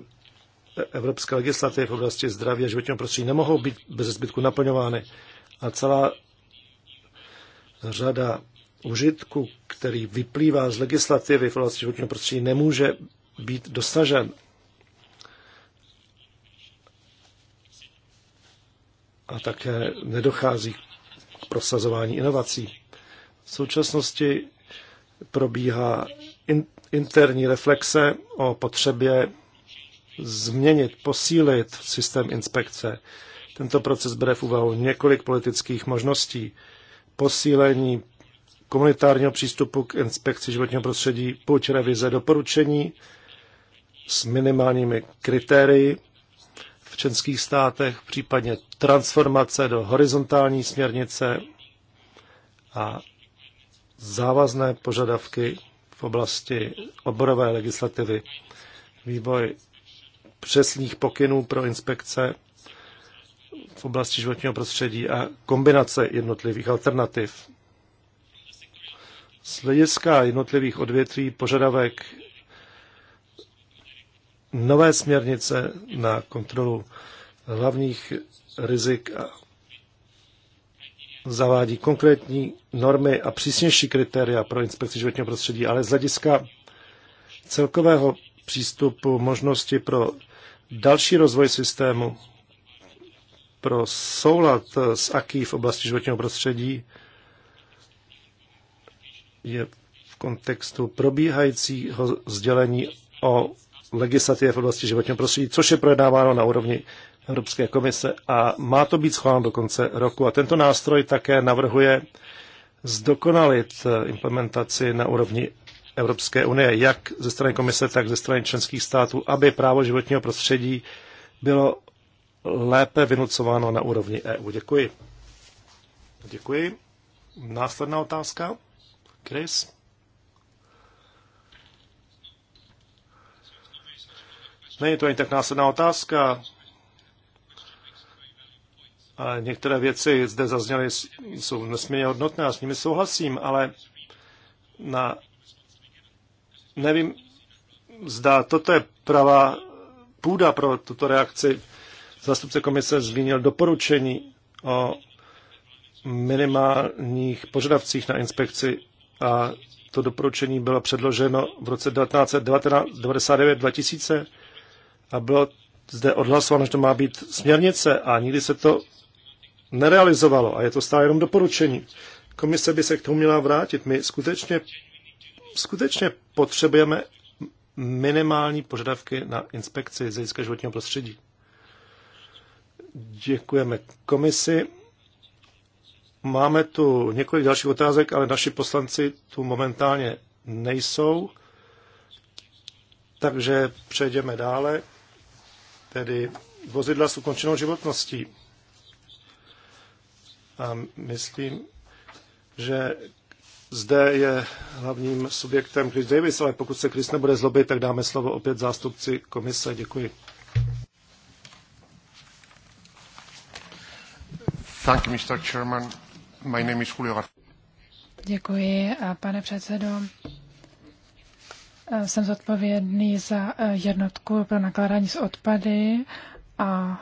evropské legislativy v oblasti zdraví a životního prostředí nemohou být bez zbytku naplňovány. A celá řada užitku, který vyplývá z legislativy v oblasti životního prostředí, nemůže být dosažen a také nedochází k prosazování inovací. V současnosti probíhá in, interní reflexe o potřebě změnit, posílit systém inspekce. Tento proces bere v úvahu několik politických možností. Posílení komunitárního přístupu k inspekci životního prostředí, buď revize doporučení s minimálními kritérii v členských státech, případně transformace do horizontální směrnice a závazné požadavky v oblasti oborové legislativy, vývoj přesných pokynů pro inspekce v oblasti životního prostředí a kombinace jednotlivých alternativ. Z hlediska jednotlivých odvětví požadavek nové směrnice na kontrolu hlavních rizik a zavádí konkrétní normy a přísnější kritéria pro inspekci životního prostředí, ale z hlediska celkového přístupu možnosti pro další rozvoj systému pro soulad s AKI v oblasti životního prostředí je v kontextu probíhajícího sdělení o legislativě v oblasti životního prostředí, což je projednáváno na úrovni Evropské komise a má to být schváleno do konce roku. A tento nástroj také navrhuje zdokonalit eh, implementaci na úrovni Evropské unie, jak ze strany komise, tak ze strany členských států, aby právo životního prostředí bylo lépe vynucováno na úrovni EU. Děkuji. Děkuji. Následná otázka. Chris? Není to ani tak následná otázka, ale některé věci zde zazněly, jsou nesmírně hodnotné a s nimi souhlasím, ale na, nevím, zda toto je pravá půda pro tuto reakci. Zastupce komise zmínil doporučení o minimálních požadavcích na inspekci a to doporučení bylo předloženo v roce 1999-2000 a bylo zde odhlasováno, že to má být směrnice a nikdy se to nerealizovalo a je to stále jenom doporučení. Komise by se k tomu měla vrátit. My skutečně, skutečně potřebujeme minimální požadavky na inspekci z hlediska životního prostředí. Děkujeme komisi. Máme tu několik dalších otázek, ale naši poslanci tu momentálně nejsou. Takže přejdeme dále tedy vozidla s ukončenou životností. A myslím, že zde je hlavním subjektem Chris Davis, ale pokud se Chris nebude zlobit, tak dáme slovo opět zástupci komise. Děkuji. Thank you, Mr. Chairman. My name is Julio Děkuji, pane předsedo. Eh, jsem zodpovědný za eh, jednotku pro nakládání s odpady a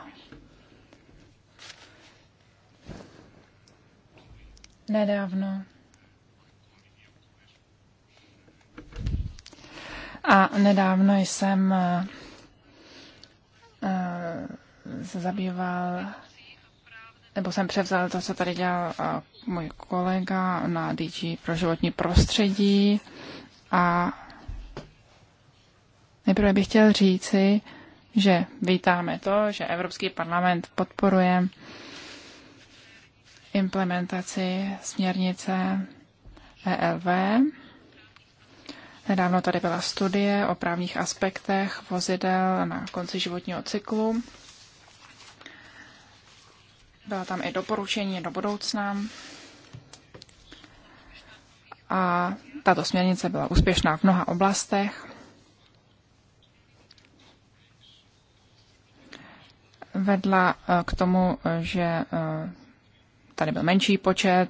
nedávno. A nedávno jsem eh, se zabýval, nebo jsem převzal to, co tady dělal můj kolega na DG pro životní prostředí a Nejprve bych chtěl říci, že vítáme to, že Evropský parlament podporuje implementaci směrnice ELV. Nedávno tady byla studie o právních aspektech vozidel na konci životního cyklu. Byla tam i doporučení do budoucna. A tato směrnice byla úspěšná v mnoha oblastech. vedla eh, k tomu, eh, že eh, tady byl menší počet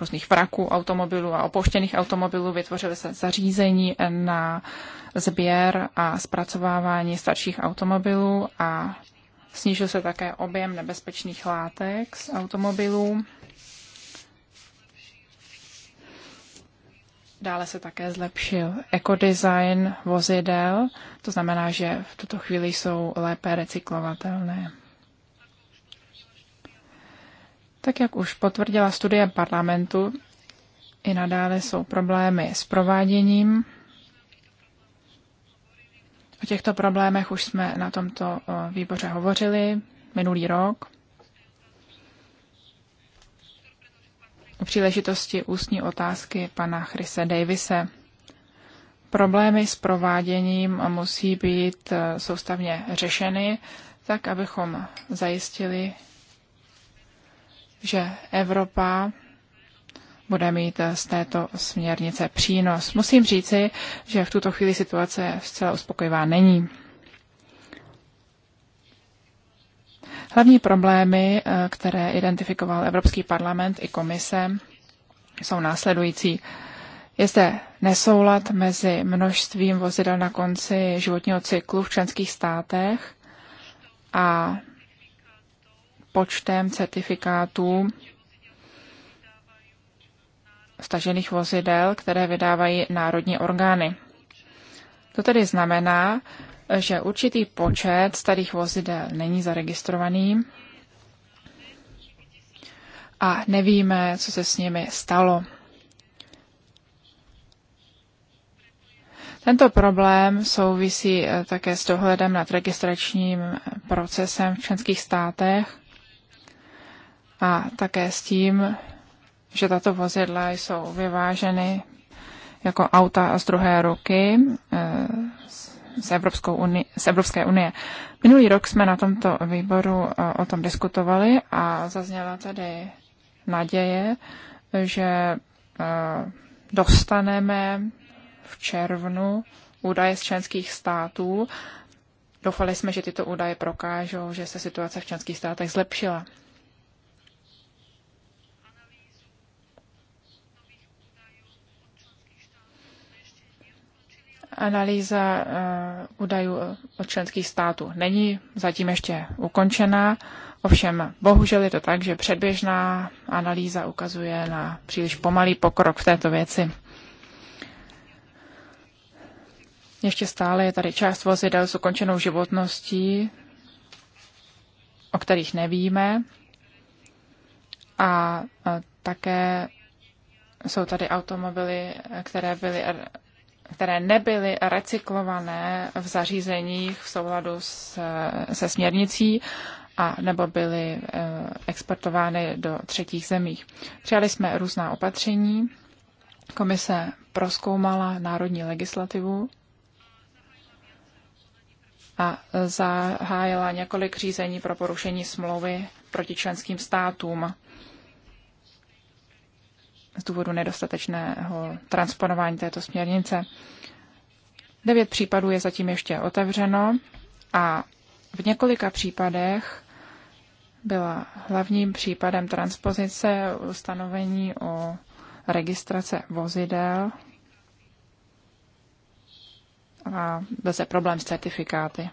různých vraků automobilů a opouštěných automobilů, vytvořily se zařízení na sběr a zpracovávání starších automobilů a snížil se také objem nebezpečných látek z automobilů. Dále se také zlepšil ekodesign vozidel, to znamená, že v tuto chvíli jsou lépe recyklovatelné. Tak jak už potvrdila studie parlamentu, i nadále jsou problémy s prováděním. O těchto problémech už jsme na tomto eh, výboře hovořili minulý rok. u příležitosti ústní otázky pana Chrise Davise. Problémy s prováděním musí být eh, soustavně řešeny, tak abychom zajistili, že Evropa bude mít eh, z této směrnice přínos. Musím říci, že v tuto chvíli situace zcela uspokojivá není. Hlavní problémy, eh, které identifikoval Evropský parlament i komise, jsou následující. Je zde nesoulad mezi množstvím vozidel na konci životního cyklu v členských státech a počtem certifikátů stažených vozidel, které vydávají národní orgány. To tedy znamená, že určitý počet starých vozidel není zaregistrovaný a nevíme, co se s nimi stalo. Tento problém souvisí eh, také s dohledem nad registračním procesem v členských státech a také s tím, že tato vozidla jsou vyváženy jako auta z druhé ruky z eh, z, Evropskou uni- z Evropské unie. Minulý rok jsme na tomto výboru eh, o tom diskutovali a zazněla tady naděje, že eh, dostaneme v červnu údaje z členských států. Doufali jsme, že tyto údaje prokážou, že se situace v členských státech zlepšila. Analýza eh, údajů eh, od členských států není zatím ještě ukončená, ovšem bohužel je to tak, že předběžná analýza ukazuje na příliš pomalý pokrok v této věci. Ještě stále je tady část vozidel s ukončenou životností, o kterých nevíme. A eh, také jsou tady automobily, které byly které nebyly recyklované v zařízeních v souladu s, se směrnicí a nebo byly eh, exportovány do třetích zemích. Přijali jsme různá opatření. Komise proskoumala národní legislativu a zahájila několik řízení pro porušení smlouvy proti členským státům z důvodu nedostatečného transponování této směrnice. Devět případů je zatím ještě otevřeno a v několika případech byla hlavním případem transpozice ustanovení o registrace vozidel a byl se problém s certifikáty.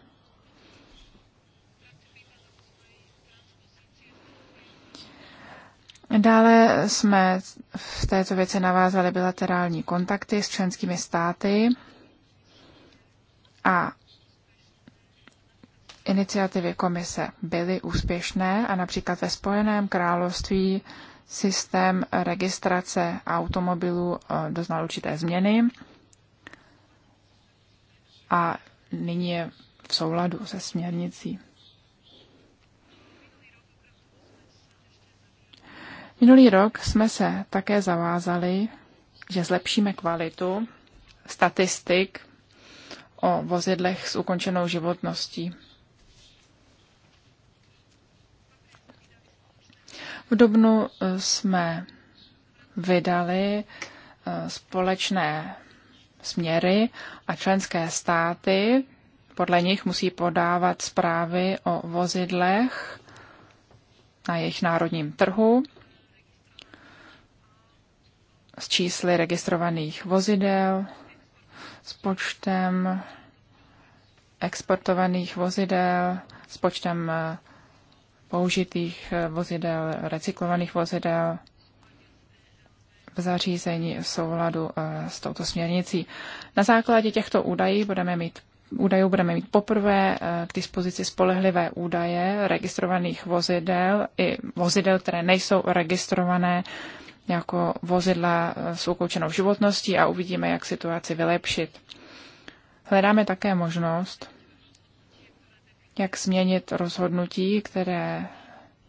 Dále jsme v této věci navázali bilaterální kontakty s členskými státy a iniciativy komise byly úspěšné a například ve Spojeném království systém registrace automobilů eh, doznal určité změny a nyní je v souladu se směrnicí. Minulý rok jsme se také zavázali, že zlepšíme kvalitu statistik o vozidlech s ukončenou životností. V dubnu eh, jsme vydali eh, společné směry a členské státy podle nich musí podávat zprávy o vozidlech na jejich národním trhu s čísly registrovaných vozidel, s počtem exportovaných vozidel, s počtem eh, použitých eh, vozidel, recyklovaných vozidel v zařízení v souladu eh, s touto směrnicí. Na základě těchto údajů budeme mít údajů budeme mít poprvé k dispozici spolehlivé údaje registrovaných vozidel i vozidel, které nejsou registrované jako vozidla eh, s ukončenou životností a uvidíme, jak situaci vylepšit. Hledáme také možnost, jak změnit rozhodnutí, které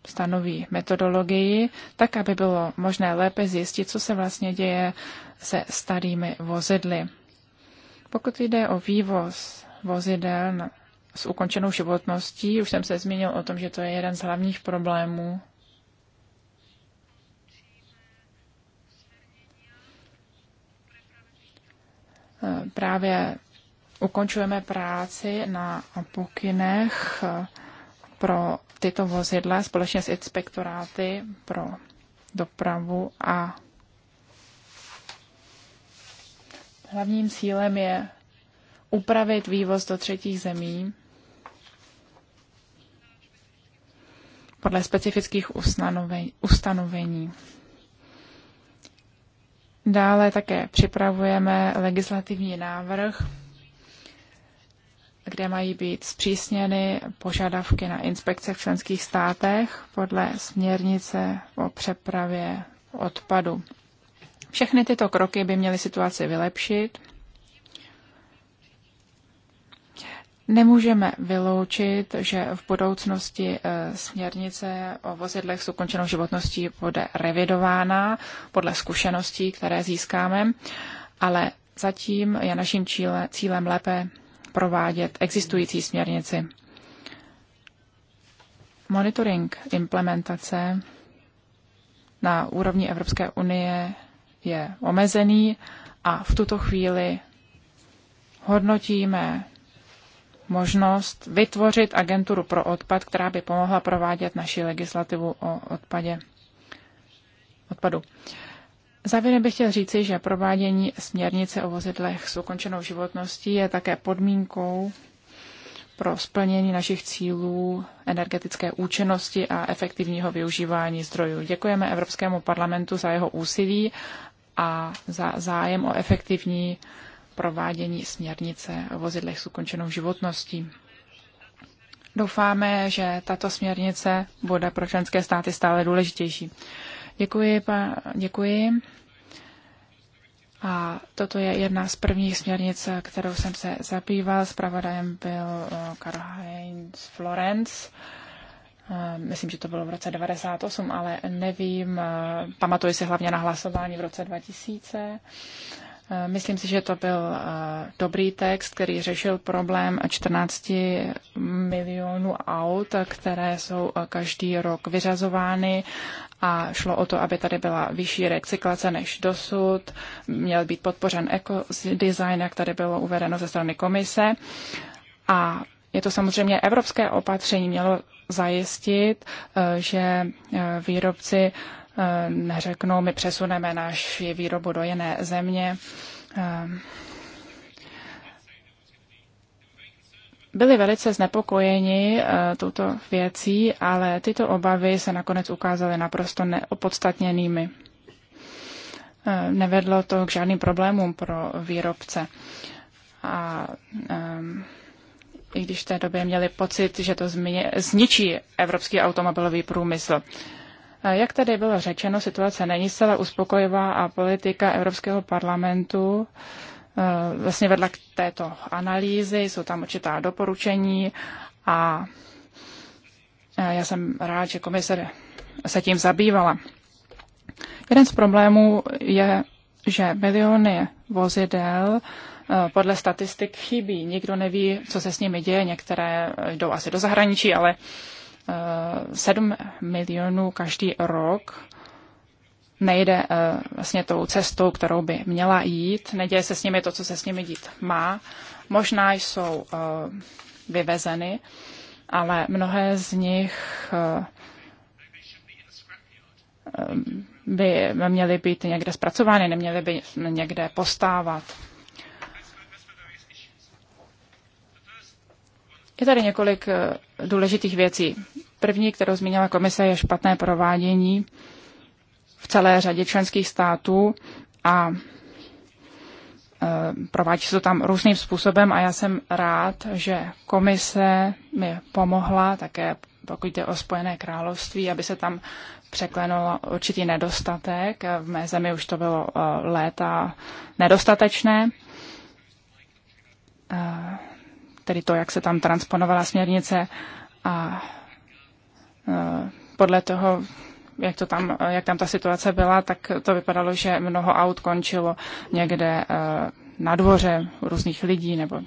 stanoví metodologii, tak aby bylo možné lépe zjistit, co se vlastně děje se starými vozidly. Pokud jde o vývoz vozidel s ukončenou životností, už jsem se zmínil o tom, že to je jeden z hlavních problémů Eh, právě ukončujeme práci na pokynech eh, pro tyto vozidla společně s inspektoráty pro dopravu a hlavním cílem je upravit vývoz do třetích zemí podle specifických ustanovení. Dále také připravujeme legislativní návrh, kde mají být zpřísněny požadavky na inspekce v členských státech podle směrnice o přepravě odpadu. Všechny tyto kroky by měly situaci vylepšit Nemůžeme vyloučit, že v budoucnosti eh, směrnice o vozidlech s ukončenou životností bude revidována podle zkušeností, které získáme, ale zatím je naším cílem lépe provádět existující směrnici. Monitoring implementace na úrovni Evropské unie je omezený a v tuto chvíli hodnotíme možnost vytvořit agenturu pro odpad, která by pomohla provádět naši legislativu o odpadě, odpadu. Závěrem bych chtěl říci, že provádění směrnice o vozidlech s ukončenou životností je také podmínkou pro splnění našich cílů energetické účinnosti a efektivního využívání zdrojů. Děkujeme Evropskému parlamentu za jeho úsilí a za zájem o efektivní provádění směrnice o vozidlech s ukončenou životností. Doufáme, že tato směrnice bude pro členské státy stále důležitější. Děkuji, pa, děkuji. A toto je jedna z prvních směrnic, kterou jsem se zabýval. Zpravodajem byl eh, Karl Heinz Florence. Eh, myslím, že to bylo v roce 98, ale nevím. Eh, Pamatuji si hlavně na hlasování v roce 2000. Eh, myslím si, že to byl eh, dobrý text, který řešil problém 14 milionů aut, které jsou eh, každý rok vyřazovány a šlo o to, aby tady byla vyšší recyklace než dosud. Měl být podpořen ekodesign, jak tady bylo uvedeno ze strany komise. A je to samozřejmě evropské opatření, mělo zajistit, že výrobci Eh, neřeknou, my přesuneme naši výrobu do jiné země. Eh, byli velice znepokojeni eh, touto věcí, ale tyto obavy se nakonec ukázaly naprosto neopodstatněnými. Nevedlo to k žádným problémům pro výrobce. A i když v té době měli pocit, že to zničí evropský automobilový průmysl. Eh, jak tady bylo řečeno, situace není zcela uspokojivá a politika Evropského parlamentu eh, vlastně vedla k této analýzy, jsou tam určitá doporučení a eh, já jsem rád, že komise se tím zabývala. Jeden z problémů je, že miliony vozidel podle statistik chybí. Nikdo neví, co se s nimi děje. Některé jdou asi do zahraničí, ale 7 milionů každý rok nejde eh, vlastně tou cestou, kterou by měla jít. Neděje se s nimi to, co se s nimi dít má. Možná jsou eh, vyvezeny, ale mnohé z nich eh, by měly být někde zpracovány, neměly by někde postávat. Je tady několik eh, důležitých věcí. První, kterou zmínila komise, je špatné provádění v celé řadě členských států a eh, provádí se to tam různým způsobem a já jsem rád, že komise mi pomohla také pokud jde o Spojené království, aby se tam překlenul určitý nedostatek. V mé zemi už to bylo eh, léta nedostatečné tedy to, jak se tam transponovala směrnice a e, podle toho, jak, to tam, jak tam ta situace byla, tak to vypadalo, že mnoho aut končilo někde e, na dvoře různých lidí, nebo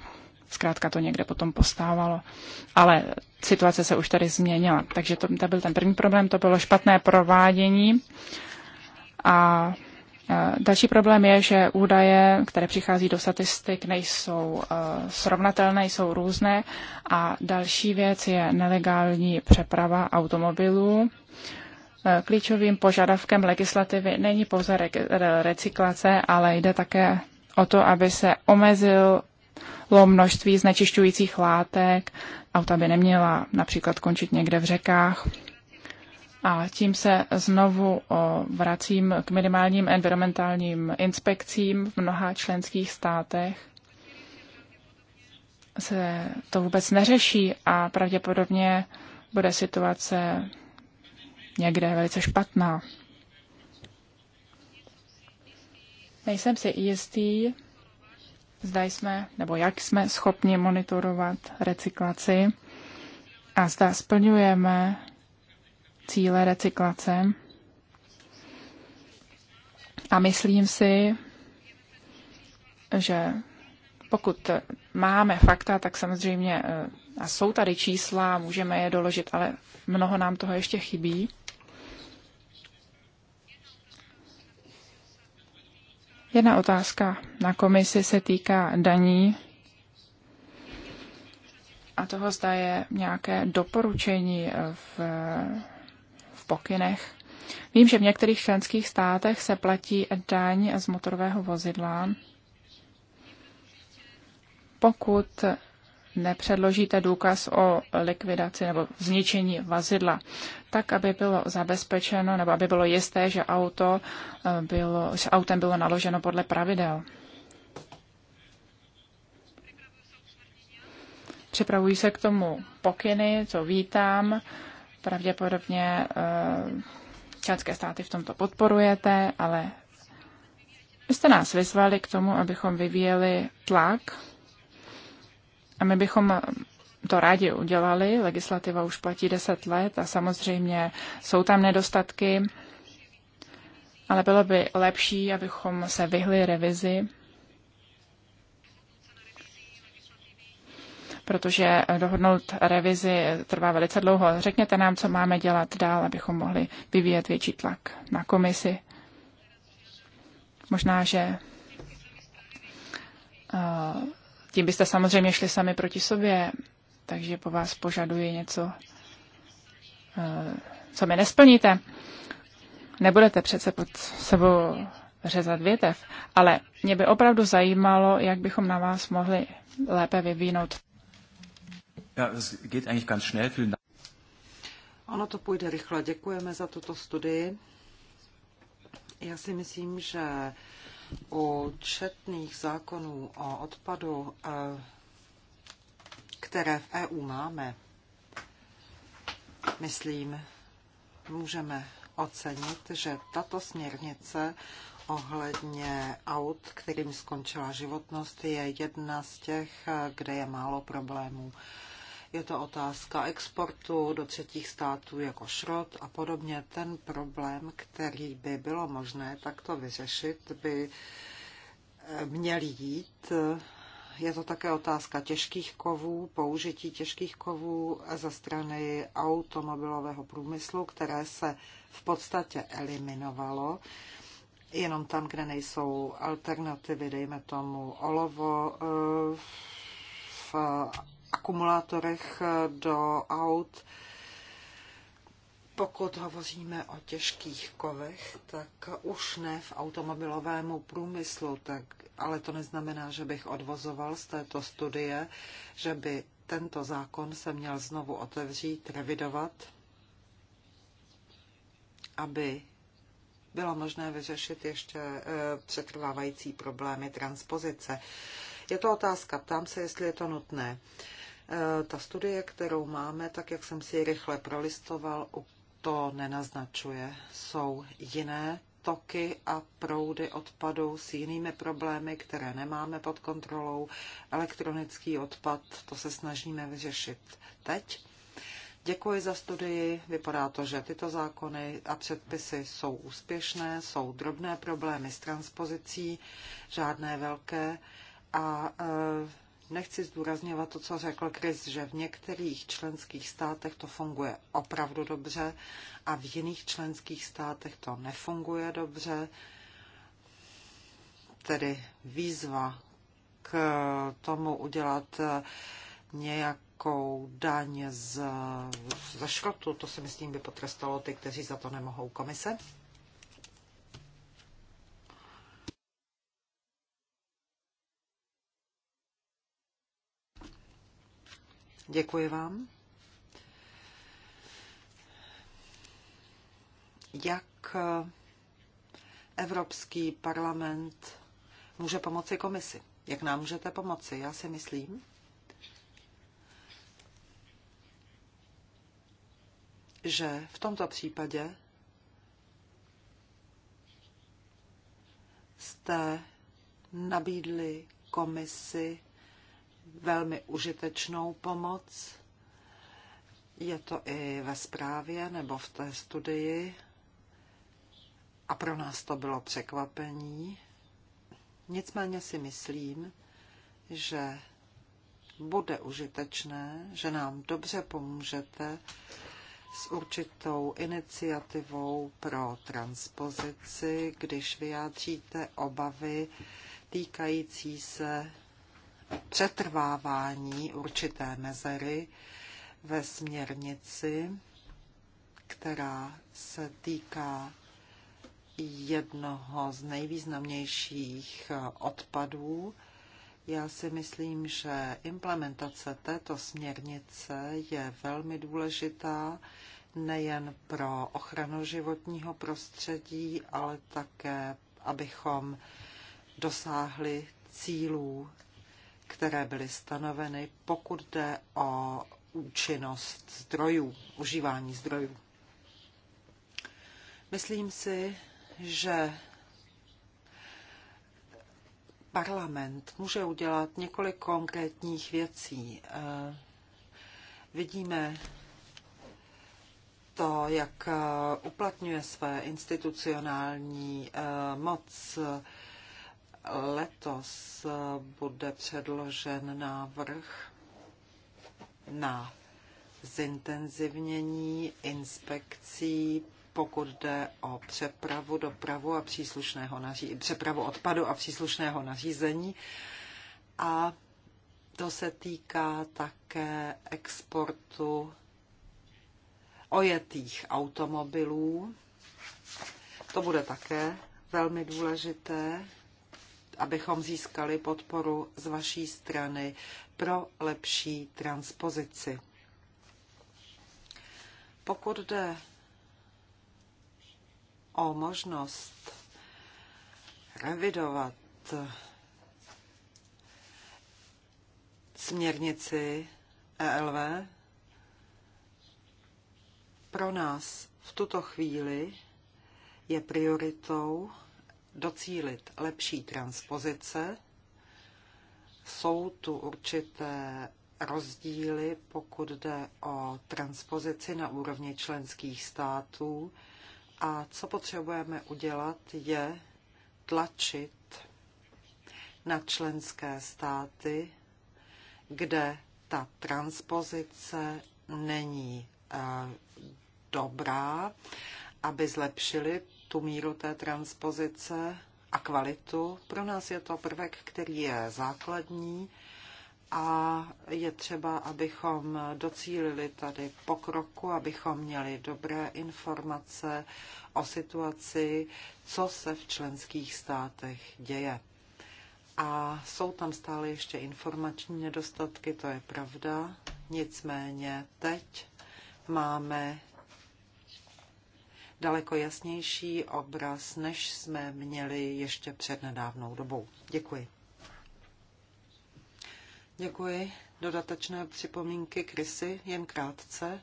zkrátka to někde potom postávalo. Ale situace se už tady změnila. Takže to, to byl ten první problém, to bylo špatné provádění a Eh, další problém je, že údaje, které přichází do statistik, nejsou eh, srovnatelné, jsou různé. A další věc je nelegální přeprava automobilů. Eh, klíčovým požadavkem legislativy není pouze recyklace, ale jde také o to, aby se omezilo množství znečišťujících látek. Auta by neměla například končit někde v řekách. A tím se znovu vracím k minimálním environmentálním inspekcím v mnoha členských státech. Se to vůbec neřeší a pravděpodobně bude situace někde velice špatná. Nejsem si jistý, zda jsme nebo jak jsme schopni monitorovat recyklaci a zda splňujeme cíle recyklace. A myslím si, že pokud máme fakta, tak samozřejmě eh, a jsou tady čísla, můžeme je doložit, ale mnoho nám toho ještě chybí. Jedna otázka na komisi se týká daní a toho zda je nějaké doporučení v pokynech. Vím, že v některých členských státech se platí daň z motorového vozidla, pokud nepředložíte důkaz o likvidaci nebo zničení vazidla, tak aby bylo zabezpečeno nebo aby bylo jisté, že auto eh, bylo, s autem bylo naloženo podle pravidel. Připravují se k tomu pokyny, co vítám pravděpodobně eh, členské státy v tomto podporujete, ale vy jste nás vyzvali k tomu, abychom vyvíjeli tlak a my bychom to rádi udělali. Legislativa už platí 10 let a samozřejmě jsou tam nedostatky, ale bylo by lepší, abychom se vyhli revizi protože dohodnout revizi trvá velice dlouho. Řekněte nám, co máme dělat dál, abychom mohli vyvíjet větší tlak na komisi. Možná, že eh, tím byste samozřejmě šli sami proti sobě, takže po vás požaduji něco, eh, co mi nesplníte. Nebudete přece pod sebou řezat větev, ale mě by opravdu zajímalo, jak bychom na vás mohli lépe vyvínout Ja, geht eigentlich ganz schnell. Vielen Dank. Ono to půjde rychle. Děkujeme za tuto studii. Já si myslím, že u četných zákonů o odpadu, eh, které v EU máme, myslím, můžeme ocenit, že tato směrnice ohledně aut, kterým skončila životnost, je jedna z těch, eh, kde je málo problémů je to otázka exportu do třetích států jako šrot a podobně. Ten problém, který by bylo možné takto vyřešit, by eh, měl jít. Je to také otázka těžkých kovů, použití těžkých kovů ze strany automobilového průmyslu, které se v podstatě eliminovalo jenom tam, kde nejsou alternativy, dejme tomu olovo eh, v akumulátorech eh, do aut. Pokud hovoříme o těžkých kovech, tak už ne v automobilovému průmyslu, tak, ale to neznamená, že bych odvozoval z této studie, že by tento zákon se měl znovu otevřít, revidovat, aby bylo možné vyřešit ještě eh, přetrvávající problémy transpozice. Je to otázka, ptám se, jestli je to nutné. Eh, ta studie, kterou máme, tak jak jsem si ji rychle prolistoval, to nenaznačuje. Jsou jiné toky a proudy odpadu s jinými problémy, které nemáme pod kontrolou. Elektronický odpad, to se snažíme vyřešit teď. Děkuji za studii. Vypadá to, že tyto zákony a předpisy jsou úspěšné, jsou drobné problémy s transpozicí, žádné velké a e, Nechci zdůrazňovat to, co řekl Chris, že v některých členských státech to funguje opravdu dobře a v jiných členských státech to nefunguje dobře. Tedy výzva k tomu udělat eh, nějakou daň z, ze šrotu, to si myslím by potrestalo ty, kteří za to nemohou komise. Děkuji vám. Jak eh, Evropský parlament může pomoci komisi? Jak nám můžete pomoci? Já si myslím, že v tomto případě jste nabídli komisi velmi užitečnou pomoc. Je to i ve zprávě nebo v té studii. A pro nás to bylo překvapení. Nicméně si myslím, že bude užitečné, že nám dobře pomůžete s určitou iniciativou pro transpozici, když vyjádříte obavy týkající se přetrvávání určité mezery ve směrnici, která se týká jednoho z nejvýznamnějších odpadů. Já si myslím, že implementace této směrnice je velmi důležitá nejen pro ochranu životního prostředí, ale také, abychom dosáhli cílů které byly stanoveny, pokud jde o účinnost zdrojů, užívání zdrojů. Myslím si, že parlament může udělat několik konkrétních věcí. Eh, vidíme to, jak eh, uplatňuje své institucionální eh, moc letos bude předložen návrh na zintenzivnění inspekcí, pokud jde o přepravu, dopravu a příslušného naří- přepravu odpadu a příslušného nařízení. A to se týká také exportu ojetých automobilů. To bude také velmi důležité abychom získali podporu z vaší strany pro lepší transpozici. Pokud jde o možnost revidovat směrnici ELV, pro nás v tuto chvíli je prioritou docílit lepší transpozice. Jsou tu určité rozdíly, pokud jde o transpozici na úrovni členských států. A co potřebujeme udělat, je tlačit na členské státy, kde ta transpozice není eh, dobrá, aby zlepšili tu míru té transpozice a kvalitu. Pro nás je to prvek, který je základní a je třeba, abychom docílili tady pokroku, abychom měli dobré informace o situaci, co se v členských státech děje. A jsou tam stále ještě informační nedostatky, to je pravda. Nicméně teď máme daleko jasnější obraz, než jsme měli ještě před nedávnou dobou. Děkuji. Děkuji. Dodatečné připomínky Krysy, jen krátce.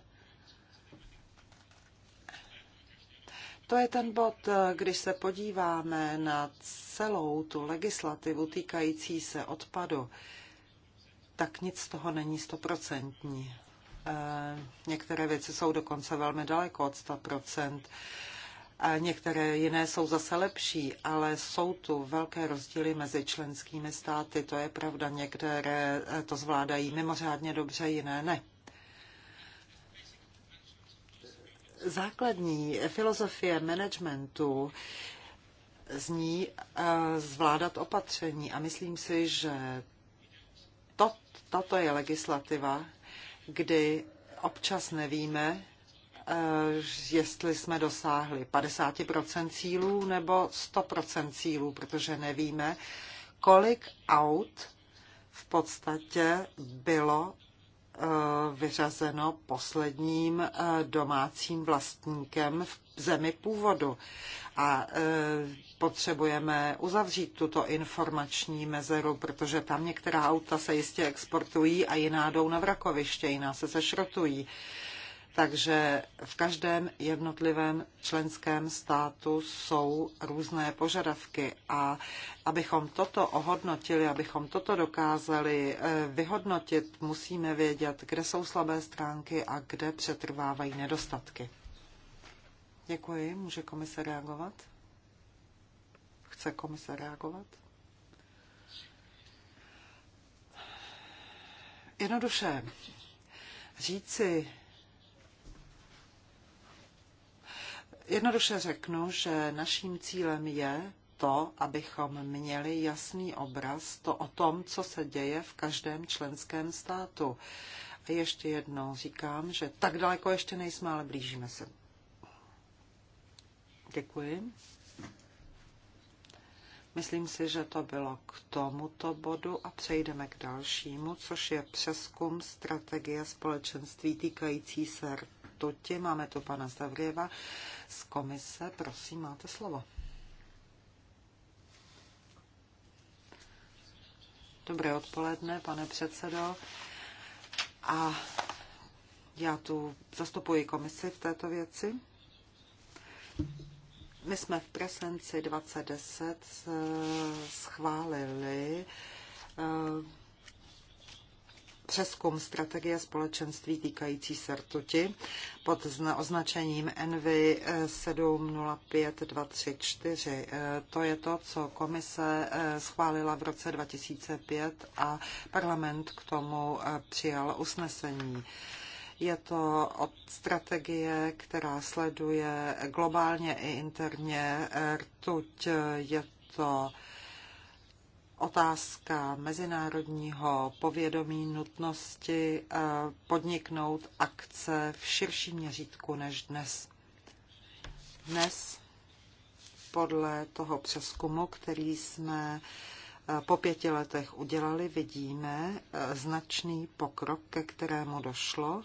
To je ten bod, když se podíváme na celou tu legislativu týkající se odpadu, tak nic z toho není stoprocentní. Eh, některé věci jsou dokonce velmi daleko od 100%. A některé jiné jsou zase lepší, ale jsou tu velké rozdíly mezi členskými státy. To je pravda, některé eh, to zvládají mimořádně dobře, jiné ne. Základní filozofie managementu zní eh, zvládat opatření a myslím si, že to, tato je legislativa, kdy občas nevíme, eh, jestli jsme dosáhli 50% cílů nebo 100% cílů, protože nevíme, kolik aut v podstatě bylo Eh, vyřazeno posledním eh, domácím vlastníkem v zemi původu. A eh, potřebujeme uzavřít tuto informační mezeru, protože tam některá auta se jistě exportují a jiná jdou na vrakoviště, jiná se sešrotují. Takže v každém jednotlivém členském státu jsou různé požadavky a abychom toto ohodnotili, abychom toto dokázali eh, vyhodnotit, musíme vědět, kde jsou slabé stránky a kde přetrvávají nedostatky. Děkuji. Může komise reagovat? Chce komise reagovat? Jednoduše říci, Jednoduše řeknu, že naším cílem je to, abychom měli jasný obraz to o tom, co se děje v každém členském státu. A ještě jednou říkám, že tak daleko ještě nejsme, ale blížíme se. Děkuji. Myslím si, že to bylo k tomuto bodu a přejdeme k dalšímu, což je přeskum strategie společenství týkající se Tuti, Máme tu pana Zavrieva z komise. Prosím, máte slovo. Dobré odpoledne, pane předsedo. A já tu zastupuji komisi v této věci. My jsme v presenci 2010 schválili eh, přeskum strategie společenství týkající se rtuti pod označením Envy 705234. Eh, to je to, co komise eh, schválila v roce 2005 a parlament k tomu eh, přijal usnesení. Je to od strategie, která sleduje globálně i interně rtuť. Je to otázka mezinárodního povědomí nutnosti eh, podniknout akce v širším měřítku než dnes. Dnes podle toho přeskumu, který jsme eh, po pěti letech udělali, vidíme eh, značný pokrok, ke kterému došlo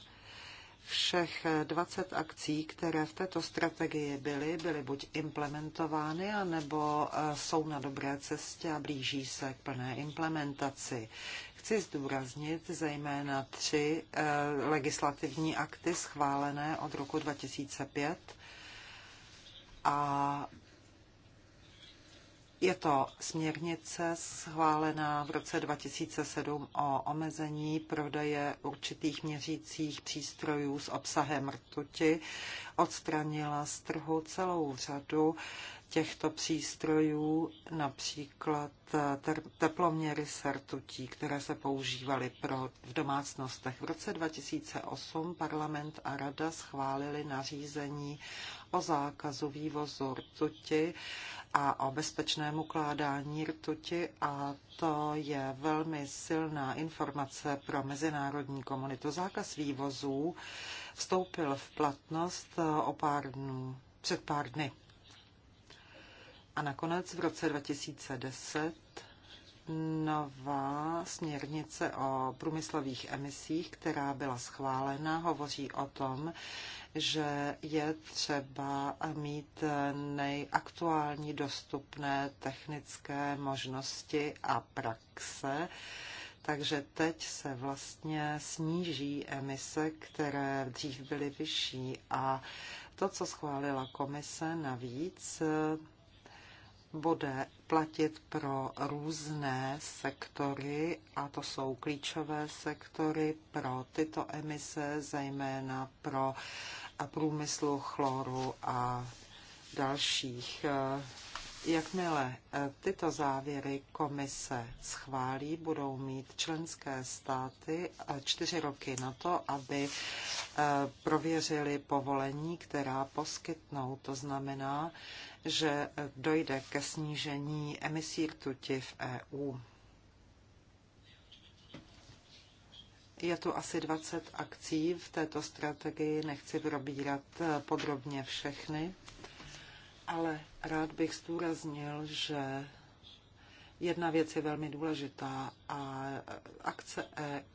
všech 20 akcí, které v této strategii byly, byly buď implementovány, anebo eh, jsou na dobré cestě a blíží se k plné implementaci. Chci zdůraznit zejména tři eh, legislativní akty schválené od roku 2005 a je to směrnice schválená v roce 2007 o omezení prodeje určitých měřících přístrojů s obsahem rtuti. Odstranila z trhu celou řadu těchto přístrojů, například teploměry s rtutí, které se používaly pro, v domácnostech. V roce 2008 parlament a rada schválili nařízení o zákazu vývozu rtuti a o bezpečném ukládání rtuti a to je velmi silná informace pro mezinárodní komunitu. Zákaz vývozů vstoupil v platnost eh, o pár dnů, před pár dny. A nakonec v roce 2010 nová směrnice o průmyslových emisích, která byla schválena, hovoří o tom, že je třeba mít nejaktuální dostupné technické možnosti a praxe, takže teď se vlastně sníží emise, které dřív byly vyšší a to, co schválila komise navíc, bude platit pro různé sektory, a to jsou klíčové sektory pro tyto emise, zejména pro průmyslu chloru a dalších. Jakmile eh, tyto závěry komise schválí, budou mít členské státy eh, čtyři roky na to, aby eh, prověřili povolení, která poskytnou. To znamená, že dojde ke snížení emisí rtuti v EU. Je tu asi 20 akcí v této strategii, nechci probírat podrobně všechny, ale rád bych zdůraznil, že jedna věc je velmi důležitá a akce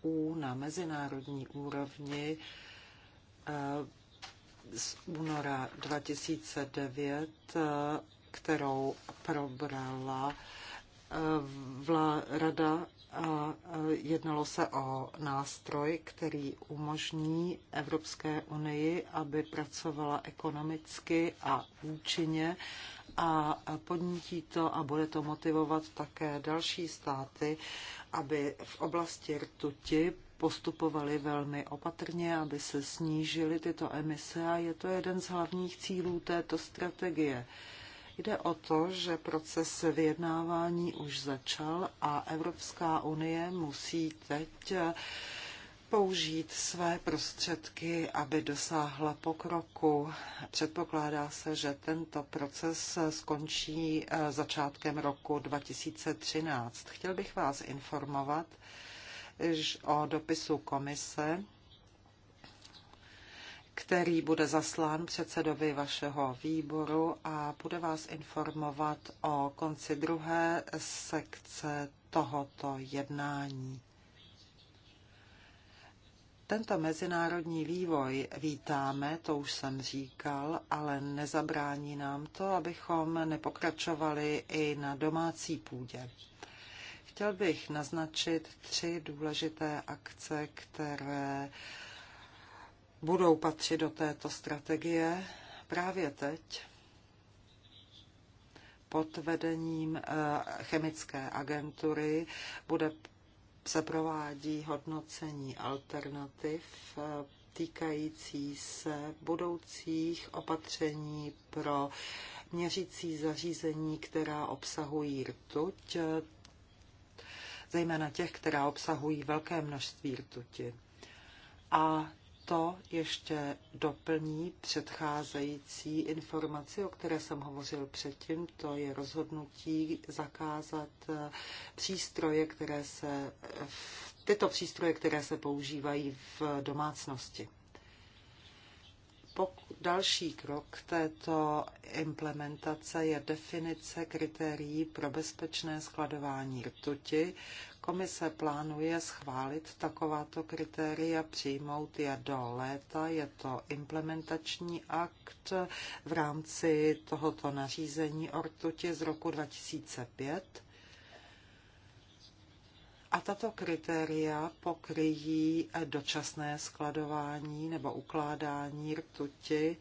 EU na mezinárodní úrovni z února 2009, kterou probrala eh, vla, rada eh, jednalo se o nástroj, který umožní Evropské unii, aby pracovala ekonomicky a účinně a podnítí to a bude to motivovat také další státy, aby v oblasti rtuti postupovali velmi opatrně, aby se snížily tyto emise a je to jeden z hlavních cílů této strategie. Jde o to, že proces vyjednávání už začal a Evropská unie musí teď použít své prostředky, aby dosáhla pokroku. Předpokládá se, že tento proces skončí eh, začátkem roku 2013. Chtěl bych vás informovat, o dopisu komise, který bude zaslán předsedovi vašeho výboru a bude vás informovat o konci druhé sekce tohoto jednání. Tento mezinárodní vývoj vítáme, to už jsem říkal, ale nezabrání nám to, abychom nepokračovali i na domácí půdě. Chtěl bych naznačit tři důležité akce, které budou patřit do této strategie právě teď pod vedením eh, chemické agentury bude se provádí hodnocení alternativ eh, týkající se budoucích opatření pro měřící zařízení, která obsahují rtuť zejména těch, která obsahují velké množství rtuti. A to ještě doplní předcházející informaci, o které jsem hovořil předtím. To je rozhodnutí zakázat eh, přístroje, které se, tyto přístroje, které se používají v domácnosti další krok této implementace je definice kritérií pro bezpečné skladování rtuti. Komise plánuje schválit takováto kritéria, přijmout je do léta. Je to implementační akt v rámci tohoto nařízení o rtuti z roku 2005 a tato kritéria pokryjí eh, dočasné skladování nebo ukládání rtuti,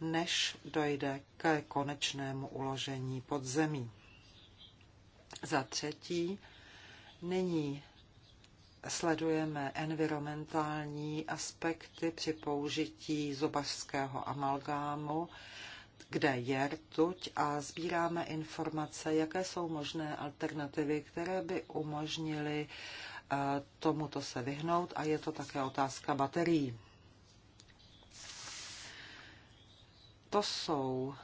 než dojde k konečnému uložení pod zemí. Za třetí, nyní sledujeme environmentální aspekty při použití zubařského amalgámu kde je rtuť a sbíráme informace, jaké jsou možné alternativy, které by umožnily eh, tomuto se vyhnout a je to také otázka baterií. To jsou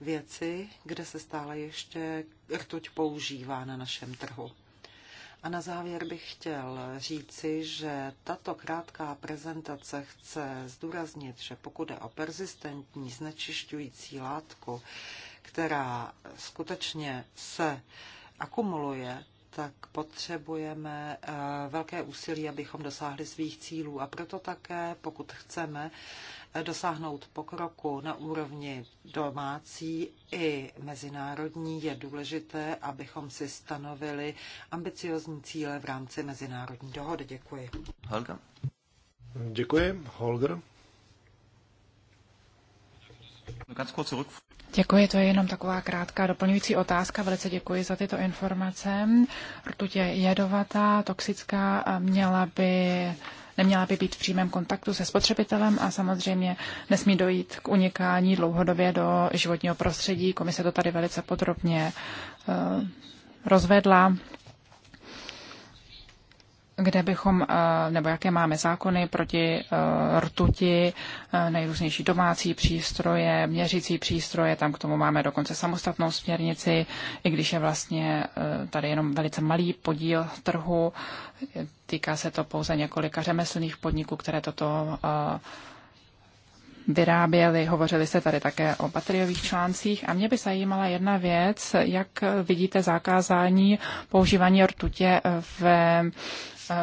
věci, kde se stále ještě rtuť používá na našem trhu. A na závěr bych chtěl říci, že tato krátká prezentace chce zdůraznit, že pokud je o persistentní znečišťující látku, která skutečně se akumuluje, tak potřebujeme eh, velké úsilí, abychom dosáhli svých cílů. A proto také, pokud chceme eh, dosáhnout pokroku na úrovni domácí i mezinárodní, je důležité, abychom si stanovili ambiciozní cíle v rámci mezinárodní dohody. Děkuji. Holger. Děkuji. Holger. Děkuji, to je jenom taková krátká doplňující otázka. Velice děkuji za tyto informace. Rtuť je jedovatá, toxická a měla by neměla by být v přímém kontaktu se spotřebitelem a samozřejmě nesmí dojít k unikání dlouhodobě do životního prostředí. Komise to tady velice podrobně eh, rozvedla kde bychom, eh, nebo jaké máme zákony proti eh, rtuti, eh, nejrůznější domácí přístroje, měřící přístroje, tam k tomu máme dokonce samostatnou směrnici, i když je vlastně tady jenom velice malý podíl trhu, týká se to pouze několika řemeslných podniků, které toto vyráběli. Hovořili jste tady také o bateriových článcích a mě by zajímala jedna věc, jak vidíte zakázání používání rtutě v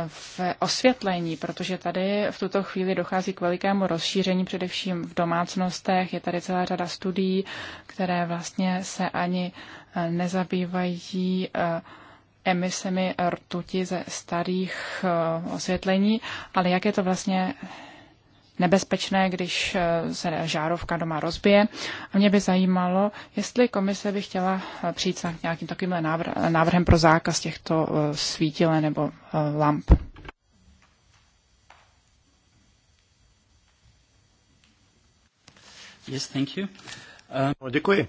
v osvětlení, protože tady v tuto chvíli dochází k velikému rozšíření, především v domácnostech. Je tady celá řada studií, které vlastně se ani eh, nezabývají eh, emisemi rtuti ze starých eh, osvětlení, ale jak je to vlastně nebezpečné, když eh, se žárovka doma rozbije. A mě by zajímalo, jestli komise by chtěla eh, přijít s nějakým takovým návrhem pro zákaz těchto eh, svítile nebo lamp. Yes, thank you. No, um... Děkuji.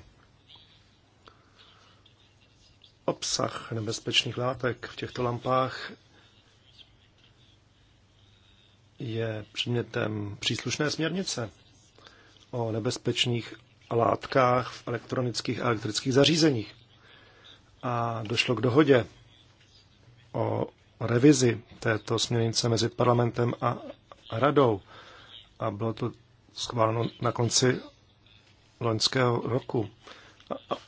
Obsah nebezpečných látek v těchto lampách je předmětem příslušné směrnice o nebezpečných látkách v elektronických a elektrických zařízeních. A došlo k dohodě o revizi této směrnice mezi parlamentem a radou. A bylo to schváleno na konci loňského roku.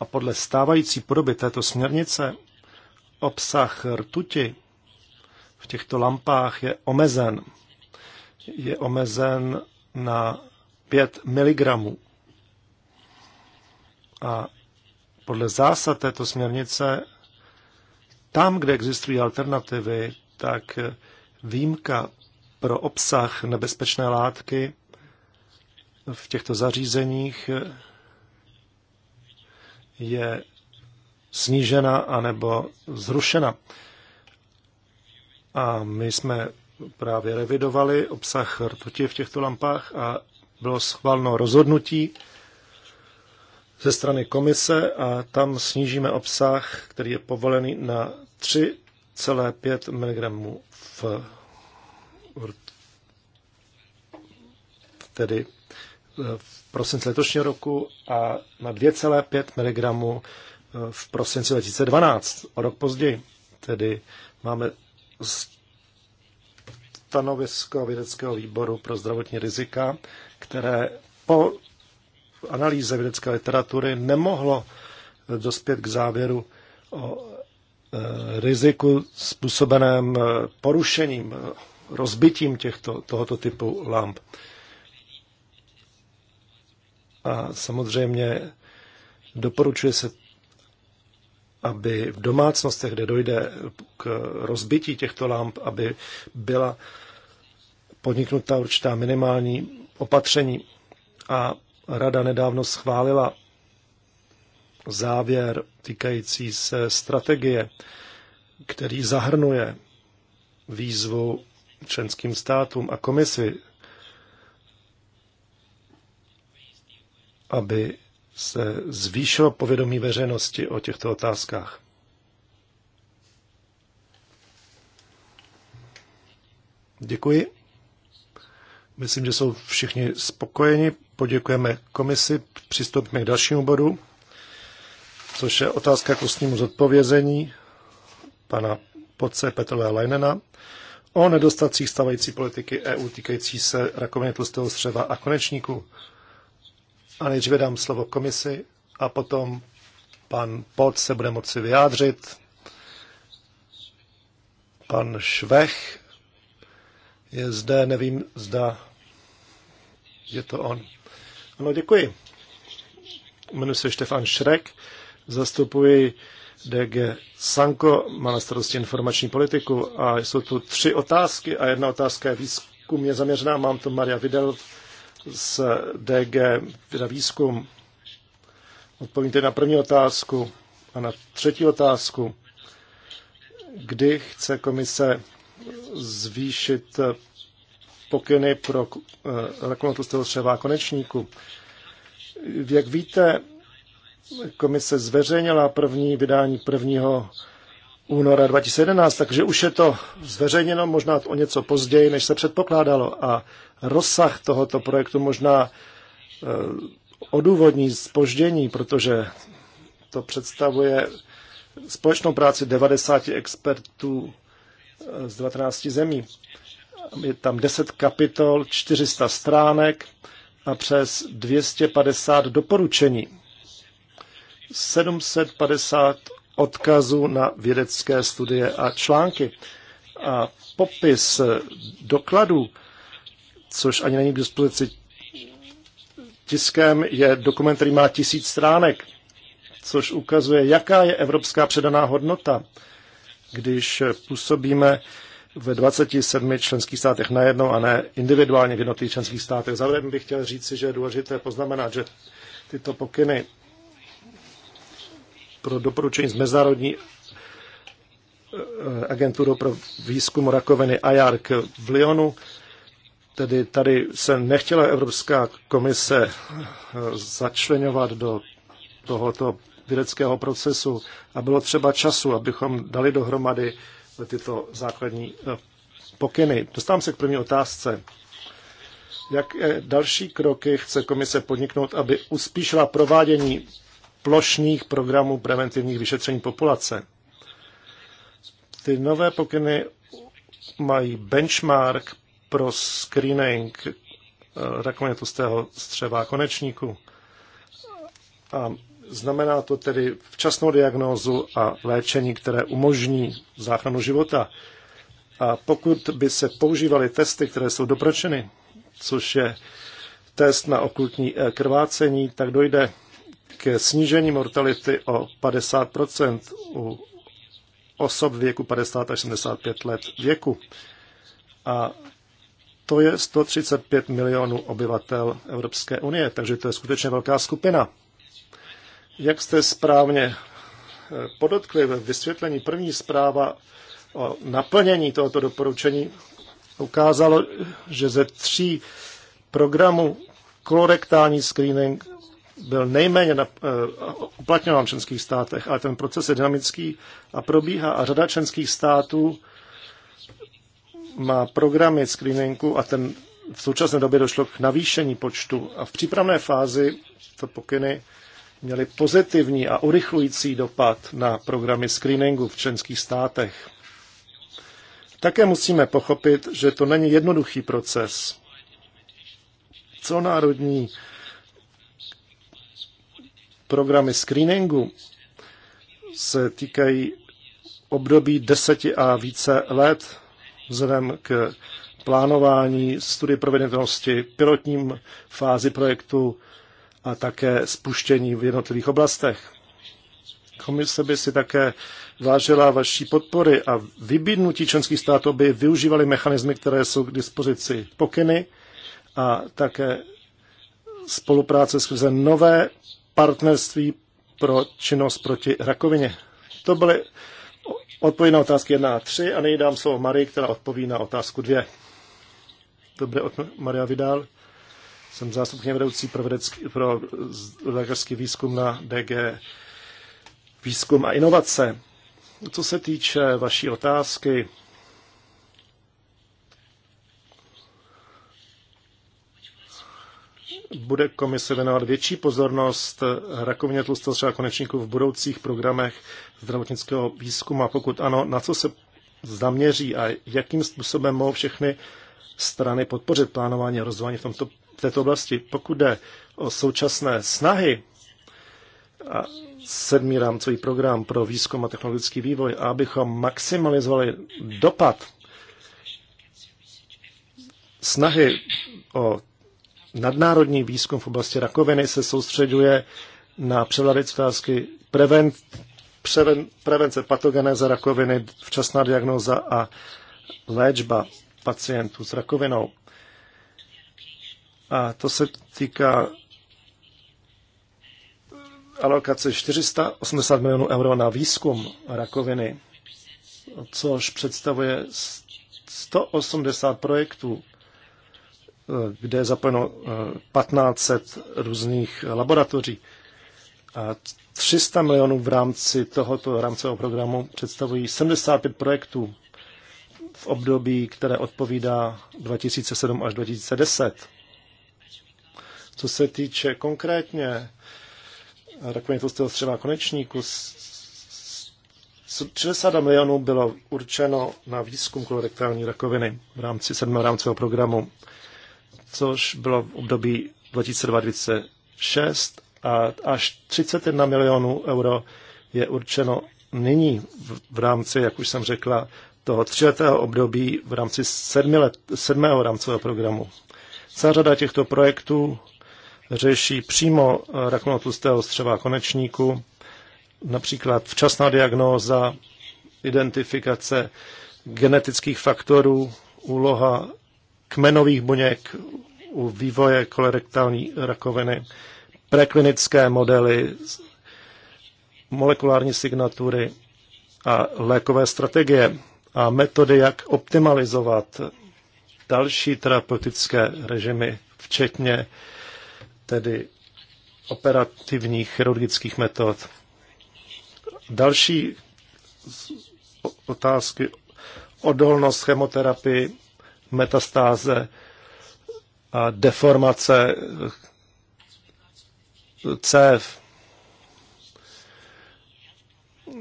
A podle stávající podoby této směrnice obsah rtuti v těchto lampách je omezen je omezen na 5 mg. A podle zásad této směrnice, tam, kde existují alternativy, tak výjimka pro obsah nebezpečné látky v těchto zařízeních je snížena anebo zrušena. A my jsme právě revidovali obsah rtuti v těchto lampách a bylo schváleno rozhodnutí ze strany komise a tam snížíme obsah, který je povolený na 3,5 mg v tedy eh, v prosinci letošního roku a na 2,5 mg eh, v prosinci 2012, o rok později. Tedy máme stanovisko vědeckého výboru pro zdravotní rizika, které po analýze vědecké literatury nemohlo dospět k závěru o e, riziku způsobeném porušením, rozbitím těchto, tohoto typu lamp. A samozřejmě doporučuje se aby v domácnostech, kde dojde k rozbití těchto lamp, aby byla podniknuta určitá minimální opatření. A rada nedávno schválila závěr týkající se strategie, který zahrnuje výzvu členským státům a komisi, aby se zvýšilo povědomí veřejnosti o těchto otázkách. Děkuji. Myslím, že jsou všichni spokojeni. Poděkujeme komisi. Přistoupíme k dalšímu bodu, což je otázka k ústnímu zodpovězení pana Podce Petrové Leinena o nedostatcích stávající politiky EU týkající se rakoviny tlustého střeva a konečníku. A nejdříve dám slovo komisi a potom pan Pod se bude moci vyjádřit. Pan Švech je zde, nevím, zda je to on. Ano, děkuji. Jmenuji se Štefan Šrek, zastupuji DG Sanko, má na starosti informační politiku a jsou tu tři otázky a jedna otázka je výzkumně zaměřená. Mám tu Maria Videl, z DG na výzkum. Odpovíte na první otázku a na třetí otázku. Kdy chce komise zvýšit pokyny pro eh, rakovinu tlustého střeva konečníku? Jak víte, komise zveřejnila první vydání prvního února 2011, takže už je to zveřejněno možná o něco později, než se předpokládalo. A rozsah tohoto projektu možná e, odůvodní spoždění, protože to představuje společnou práci 90 expertů e, z 19 zemí. Je tam 10 kapitol, 400 stránek a přes 250 doporučení. 750 odkazu na vědecké studie a články. A popis dokladů, což ani není k dispozici tiskem, je dokument, který má tisíc stránek, což ukazuje, jaká je evropská předaná hodnota, když působíme ve 27 členských státech najednou a ne individuálně v jednotlivých členských státech. Zároveň bych chtěl říci, že je důležité poznamenat, že tyto pokyny pro doporučení z Mezinárodní eh, agenturu pro výzkum rakoviny IARC v Lyonu. Tedy tady se nechtěla Evropská komise eh, začlenovat do tohoto vědeckého procesu a bylo třeba času, abychom dali dohromady tyto základní eh, pokyny. Dostávám se k první otázce. Jak další kroky chce komise podniknout, aby uspíšila provádění plošných programů preventivních vyšetření populace. Ty nové pokyny mají benchmark pro screening eh, rakovinitostého střeva konečníku. A znamená to tedy včasnou diagnózu a léčení, které umožní záchranu života. A pokud by se používaly testy, které jsou dopročeny, což je test na okultní eh, krvácení, tak dojde ke snížení mortality o 50 u osob věku 50 až 75 let věku. A to je 135 milionů obyvatel Evropské unie, takže to je skutečně velká skupina. Jak jste správně eh, podotkli ve vysvětlení, první zpráva o naplnění tohoto doporučení ukázalo, že ze tří programů kolorektální screening byl nejméně eh, uplatňován v členských státech, ale ten proces je dynamický a probíhá a řada členských států má programy screeningu a ten v současné době došlo k navýšení počtu a v přípravné fázi to pokyny měly pozitivní a urychlující dopad na programy screeningu v členských státech. Také musíme pochopit, že to není jednoduchý proces. Co národní programy screeningu se týkají období deseti a více let vzhledem k plánování, studii proveditelnosti, pilotním fázi projektu a také spuštění v jednotlivých oblastech. Komise by si také vážila vaší podpory a vybídnutí členských států, aby využívali mechanismy, které jsou k dispozici pokyny a také spolupráce skrze nové partnerství pro činnost proti rakovině. To byly odpovědi na otázky 1 a 3 a nyní dám slovo Marii, která odpoví na otázku 2. Dobré, od Maria Vidal. Jsem zástupně vedoucí pro, vědecký, pro lékařský výzkum na DG výzkum a inovace. Co se týče vaší otázky, bude komise věnovat větší pozornost rakovině tlustého konečníku v budoucích programech zdravotnického výzkumu a pokud ano, na co se zaměří a jakým způsobem mohou všechny strany podpořit plánování a rozvoj v, tomto, v této oblasti. Pokud jde o současné snahy a sedmý rámcový program pro výzkum a technologický vývoj, a abychom maximalizovali dopad snahy o nadnárodní výzkum v oblasti rakoviny se soustředuje na převládající otázky prevent, preven, prevence patogenéze rakoviny, včasná diagnóza a léčba pacientů s rakovinou. A to se týká alokace 480 milionů euro na výzkum rakoviny, což představuje 180 projektů Eh, kde je zapojeno 1500 eh, různých laboratoří. A 300 milionů v rámci tohoto rámcového programu představují 75 projektů v období, které odpovídá 2007 až 2010. Co se týče konkrétně tlustého střeva konečníku, 60 milionů bylo určeno na výzkum kolorektální rakoviny v rámci sedmého rámcového programu což bylo v období 2002-2006 a až 31 milionů euro je určeno nyní v rámci, jak už jsem řekla, toho třiletého období v rámci sedmi let, sedmého rámcového programu. Celá řada těchto projektů řeší přímo rakovinu tlustého střeva konečníku, například včasná diagnóza, identifikace genetických faktorů, úloha kmenových buněk u vývoje kolorektální rakoviny, preklinické modely, molekulární signatury a lékové strategie a metody, jak optimalizovat další terapeutické režimy, včetně tedy operativních chirurgických metod. Další otázky odolnost chemoterapii metastáze a deformace CF.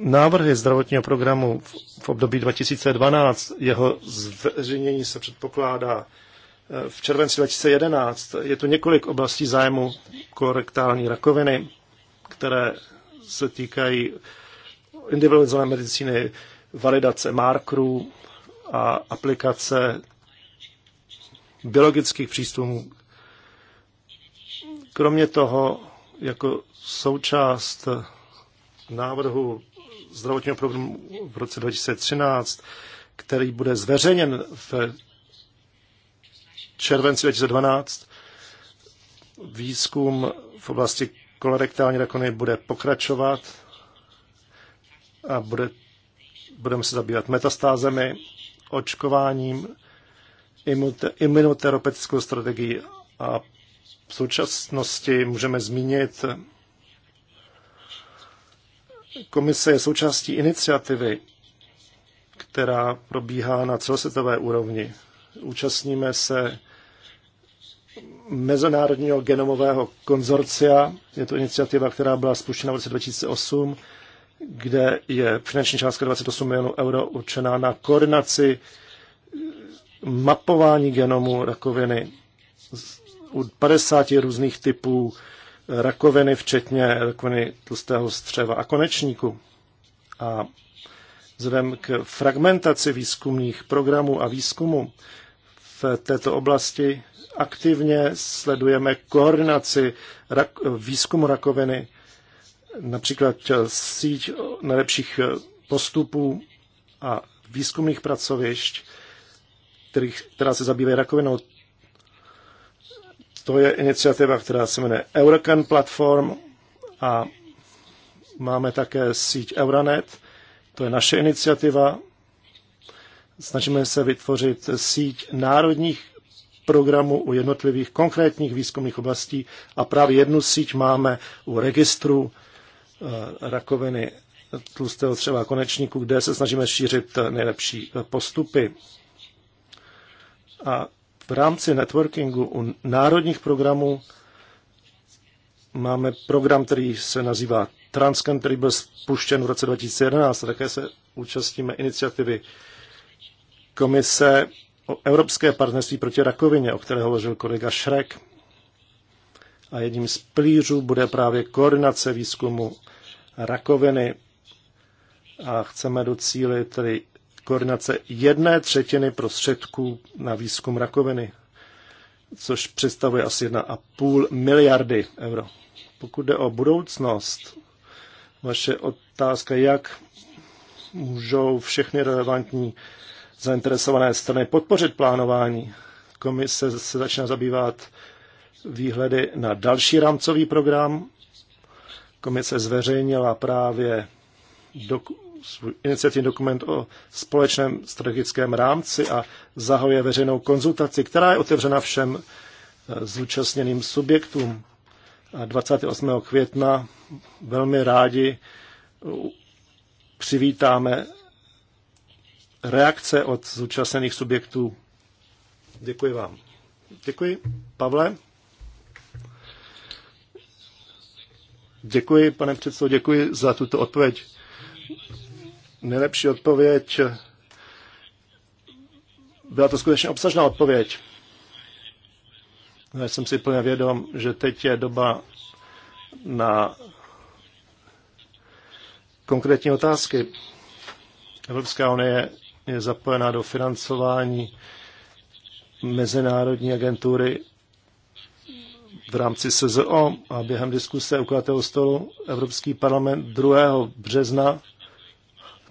Návrhy zdravotního programu v období 2012, jeho zveřejnění se předpokládá eh, v červenci 2011. Je tu několik oblastí zájmu korektální rakoviny, které se týkají individualizované medicíny, validace markerů a aplikace biologických přístupů. Kromě toho, jako součást návrhu zdravotního programu v roce 2013, který bude zveřejněn v červenci 2012, výzkum v oblasti kolorektální rakony bude pokračovat a bude, budeme se zabývat metastázemi, očkováním imunoterapeutickou strategii a v současnosti můžeme zmínit, komise je součástí iniciativy, která probíhá na celosvětové úrovni. Účastníme se Mezinárodního genomového konzorcia. Je to iniciativa, která byla spuštěna v roce 2008, kde je finanční částka 28 milionů euro určená na koordinaci mapování genomu rakoviny u 50 různých typů rakoviny, včetně rakoviny tlustého střeva a konečníku. A vzhledem k fragmentaci výzkumných programů a výzkumu v této oblasti aktivně sledujeme koordinaci rak- výzkumu rakoviny, například síť nejlepších postupů a výzkumných pracovišť který, která se zabývá rakovinou. To je iniciativa, která se jmenuje Eurocan Platform a máme také síť Euronet. To je naše iniciativa. Snažíme se vytvořit síť národních programů u jednotlivých konkrétních výzkumných oblastí a právě jednu síť máme u registru eh, rakoviny tlustého třeba konečníku, kde se snažíme šířit eh, nejlepší eh, postupy a v rámci networkingu u národních programů máme program, který se nazývá Transcan, který byl spuštěn v roce 2011 a také se účastníme iniciativy Komise o Evropské partnerství proti rakovině, o které hovořil kolega Šrek. A jedním z plířů bude právě koordinace výzkumu rakoviny a chceme docílit tedy koordinace jedné třetiny prostředků na výzkum rakoviny, což představuje asi 1,5 miliardy euro. Pokud jde o budoucnost, vaše otázka, jak můžou všechny relevantní zainteresované strany podpořit plánování. Komise se začne zabývat výhledy na další rámcový program. Komise zveřejnila právě doku- svůj iniciativní dokument o společném strategickém rámci a zahoje veřejnou konzultaci, která je otevřena všem eh, zúčastněným subjektům. 28. května velmi rádi přivítáme reakce od zúčastněných subjektů. Děkuji vám. Děkuji. Pavle? Děkuji, pane předsedo, děkuji za tuto odpověď nejlepší odpověď. Byla to skutečně obsažná odpověď. Já jsem si plně vědom, že teď je doba na konkrétní otázky. Evropská unie je zapojená do financování mezinárodní agentury v rámci SZO a během diskuse u kulatého stolu Evropský parlament 2. března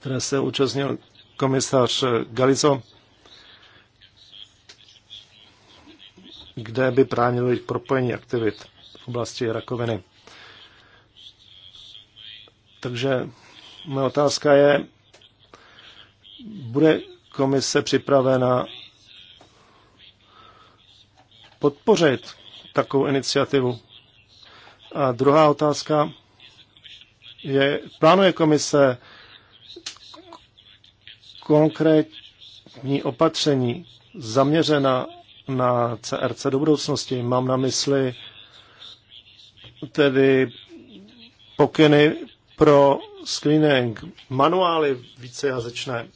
které se účastnil komisař Galizo, kde by bránilo jejich propojení aktivit v oblasti rakoviny. Takže moje otázka je, bude komise připravena podpořit takovou iniciativu? A druhá otázka je, plánuje komise konkrétní opatření zaměřena na CRC do budoucnosti. Mám na mysli tedy pokyny pro screening, manuály vícejazyčné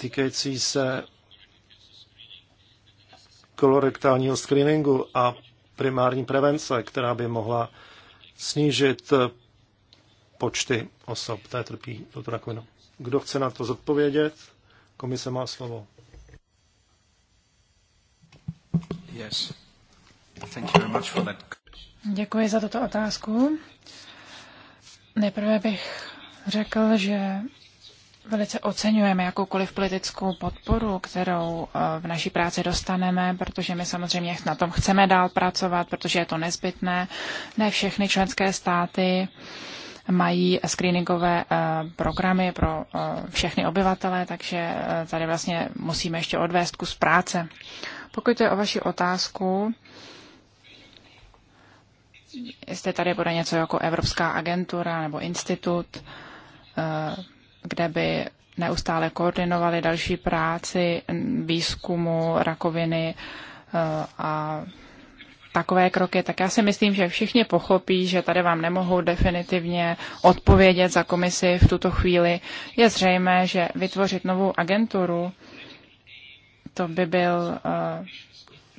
týkající se kolorektálního screeningu a primární prevence, která by mohla snížit počty osob, které trpí touto rakovinou. Kdo chce na to zodpovědět? Komise má slovo. Yes. Thank you very much for that. Děkuji za tuto otázku. Nejprve bych řekl, že velice oceňujeme jakoukoliv politickou podporu, kterou eh, v naší práci dostaneme, protože my samozřejmě na tom chceme dál pracovat, protože je to nezbytné. Ne všechny členské státy uh, mají screeningové eh, programy pro eh, všechny obyvatele, takže eh, tady vlastně musíme ještě odvést kus práce. Pokud je o vaši otázku, jestli tady bude něco jako Evropská agentura nebo institut, kde by neustále koordinovali další práci výzkumu rakoviny a takové kroky, tak já si myslím, že všichni pochopí, že tady vám nemohou definitivně odpovědět za komisi v tuto chvíli. Je zřejmé, že vytvořit novou agenturu, to by byl eh,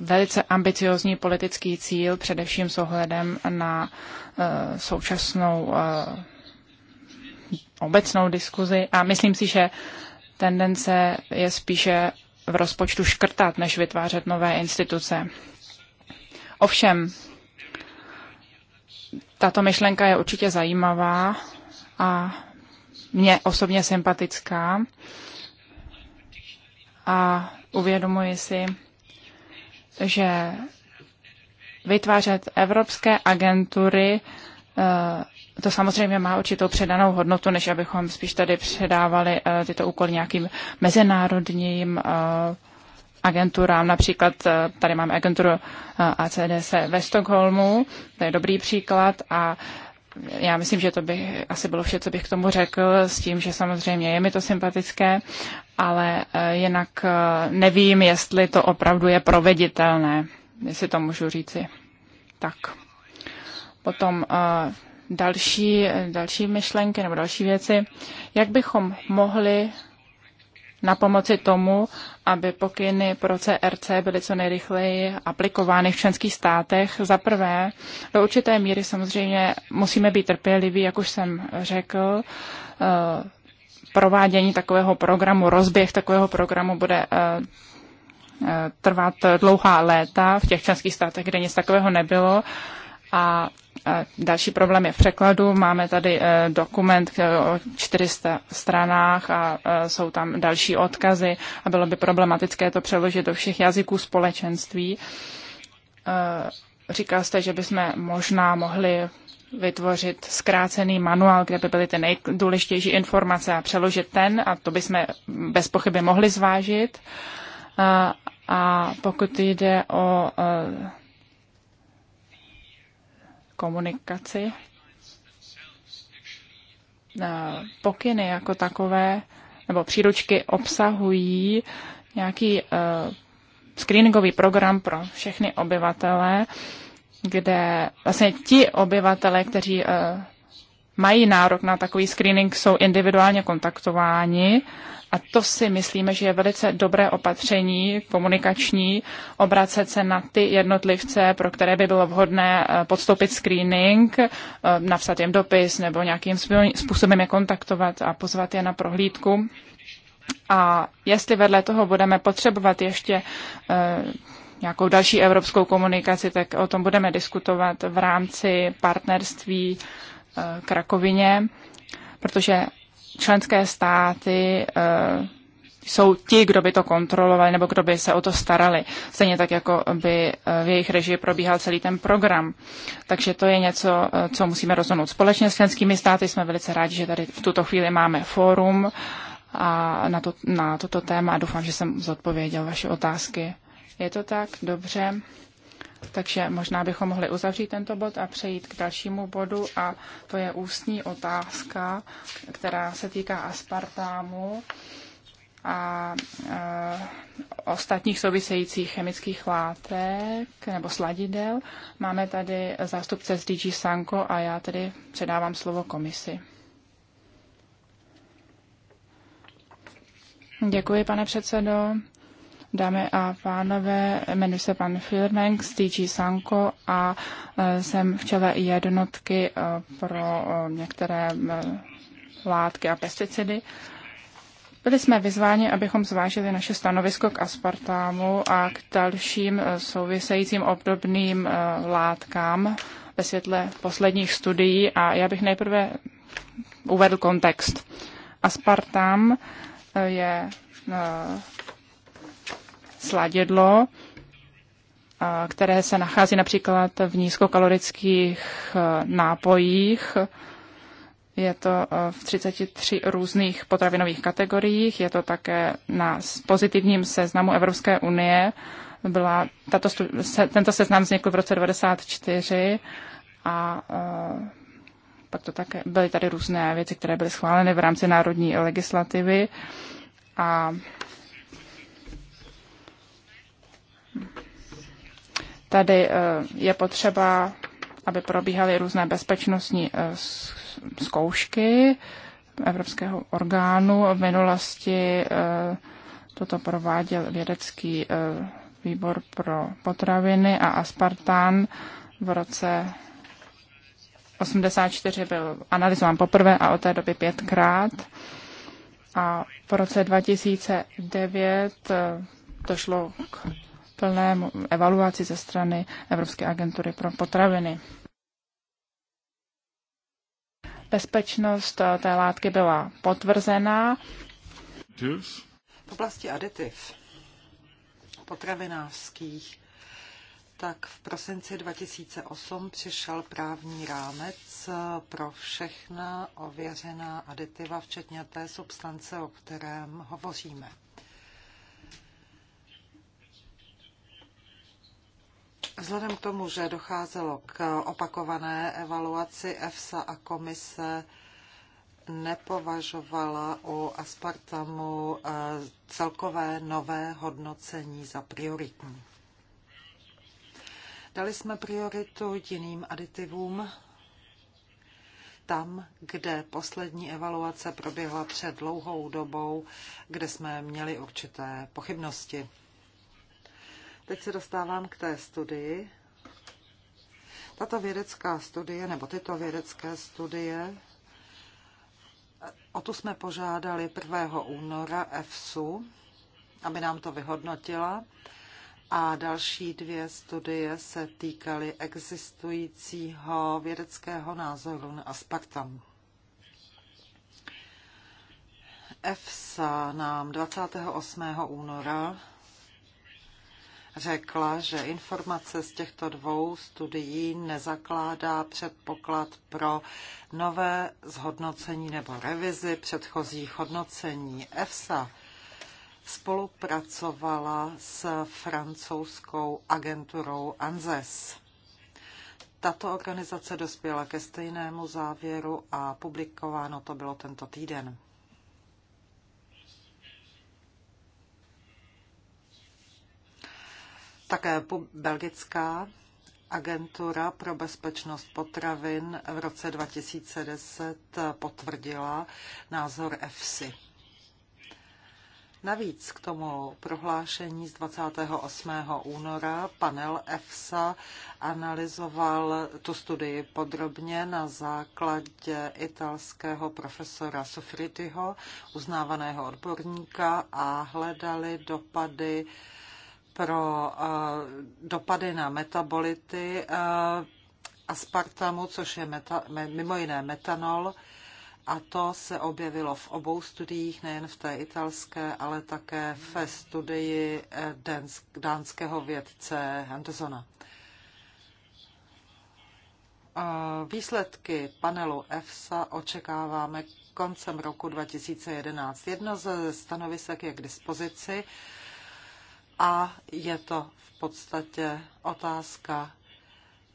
velice ambiciozní politický cíl, především s ohledem na eh, současnou eh, obecnou diskuzi a myslím si, že tendence je spíše v rozpočtu škrtat, než vytvářet nové instituce. Ovšem, tato myšlenka je určitě zajímavá a mě osobně sympatická a uvědomuji si, že vytvářet evropské agentury, eh, to samozřejmě má určitou předanou hodnotu, než abychom spíš tady předávali eh, tyto úkoly nějakým mezinárodním eh, agenturám. Například eh, tady máme agenturu eh, ACDC ve Stockholmu, to je dobrý příklad a já myslím, že to by asi bylo vše, co bych k tomu řekl, s tím, že samozřejmě je mi to sympatické, ale eh, jinak nevím, jestli to opravdu je proveditelné, jestli to můžu říci. Tak. Potom další, další myšlenky nebo další věci. Jak bychom mohli na pomoci tomu, aby pokyny pro CRC byly co nejrychleji aplikovány v členských státech. Za prvé, do určité míry samozřejmě musíme být trpěliví, jak už jsem řekl. Eh, provádění takového programu, rozběh takového programu bude eh, eh, trvat dlouhá léta v těch členských státech, kde nic takového nebylo. A Další problém je v překladu. Máme tady eh, dokument eh, o 400 stranách a eh, jsou tam další odkazy a bylo by problematické to přeložit do všech jazyků společenství. Říkal jste, že bychom možná mohli vytvořit zkrácený manuál, kde by byly ty nejdůležitější informace a přeložit ten, a to bychom bez pochyby mohli zvážit. A pokud jde o komunikaci. Eh, pokyny jako takové nebo příručky obsahují nějaký eh, screeningový program pro všechny obyvatele, kde vlastně ti obyvatele, kteří eh, mají nárok na takový screening, jsou individuálně kontaktováni a to si myslíme, že je velice dobré opatření komunikační, obracet se na ty jednotlivce, pro které by bylo vhodné eh, podstoupit screening, eh, napsat jim dopis nebo nějakým způsobem je kontaktovat a pozvat je na prohlídku. A jestli vedle toho budeme potřebovat ještě eh, nějakou další evropskou komunikaci, tak o tom budeme diskutovat v rámci partnerství Krakovině, protože členské státy eh, jsou ti, kdo by to kontrolovali nebo kdo by se o to starali. Stejně tak, jako by eh, v jejich režii probíhal celý ten program. Takže to je něco, eh, co musíme rozhodnout společně s členskými státy. Jsme velice rádi, že tady v tuto chvíli máme fórum a na, to, na toto téma. Doufám, že jsem zodpověděl vaše otázky. Je to tak? Dobře. Takže možná bychom mohli uzavřít tento bod a přejít k dalšímu bodu a to je ústní otázka, která se týká aspartámu a e, ostatních souvisejících chemických látek nebo sladidel. Máme tady zástupce z DG Sanko a já tedy předávám slovo komisi. Děkuji, pane předsedo. Dámy a pánové, jmenuji se pan Firmenk z TG Sanko a e, jsem v čele jednotky e, pro e, některé látky a pesticidy. Byli jsme vyzváni, abychom zvážili naše stanovisko k aspartámu a k dalším souvisejícím obdobným látkám ve světle posledních studií a já bych nejprve uvedl kontext. Aspartám je sladidlo, které se nachází například v nízkokalorických nápojích. Je to v 33 různých potravinových kategoriích, je to také na pozitivním seznamu Evropské unie. Byla tato, tento seznam vznikl v roce 1994 a pak to také byly tady různé věci, které byly schváleny v rámci národní legislativy. A Tady eh, je potřeba, aby probíhaly různé bezpečnostní eh, zkoušky evropského orgánu. V minulosti eh, toto prováděl vědecký výbor pro potraviny a aspartán v roce 84 byl analyzován poprvé a od té doby pětkrát. A v roce 2009 došlo k plné evaluaci ze strany Evropské agentury pro potraviny. Bezpečnost eh, té látky byla potvrzená. V oblasti aditiv potravinářských tak v prosinci 2008 přišel právní rámec eh, pro všechna ověřená aditiva, včetně té substance, o kterém hovoříme. Vzhledem k tomu, že docházelo k opakované evaluaci EFSA a komise nepovažovala u aspartamu eh, celkové nové hodnocení za prioritní. Dali jsme prioritu jiným aditivům, tam, kde poslední evaluace proběhla před dlouhou dobou, kde jsme měli určité pochybnosti. Teď se dostávám k té studii. Tato vědecká studie, nebo tyto vědecké studie, o tu jsme požádali 1. února EFSU, aby nám to vyhodnotila. A další dvě studie se týkaly existujícího vědeckého názoru na aspartam. EFSA nám 28. února řekla, že informace z těchto dvou studií nezakládá předpoklad pro nové zhodnocení nebo revizi předchozích hodnocení. EFSA spolupracovala s francouzskou agenturou ANZES. Tato organizace dospěla ke stejnému závěru a publikováno to bylo tento týden. Také belgická agentura pro bezpečnost potravin v roce 2010 potvrdila názor EFSI. Navíc k tomu prohlášení z 28. února panel EFSA analyzoval tu studii podrobně na základě italského profesora Sofritiho, uznávaného odborníka, a hledali dopady pro eh, dopady na metabolity eh, aspartamu, což je meta, mimo jiné metanol, a to se objevilo v obou studiích, nejen v té italské, ale také ve studii eh, dánského vědce Andersona. Výsledky panelu EFSA očekáváme koncem roku 2011. Jedno ze stanovisek je k dispozici a je to v podstatě otázka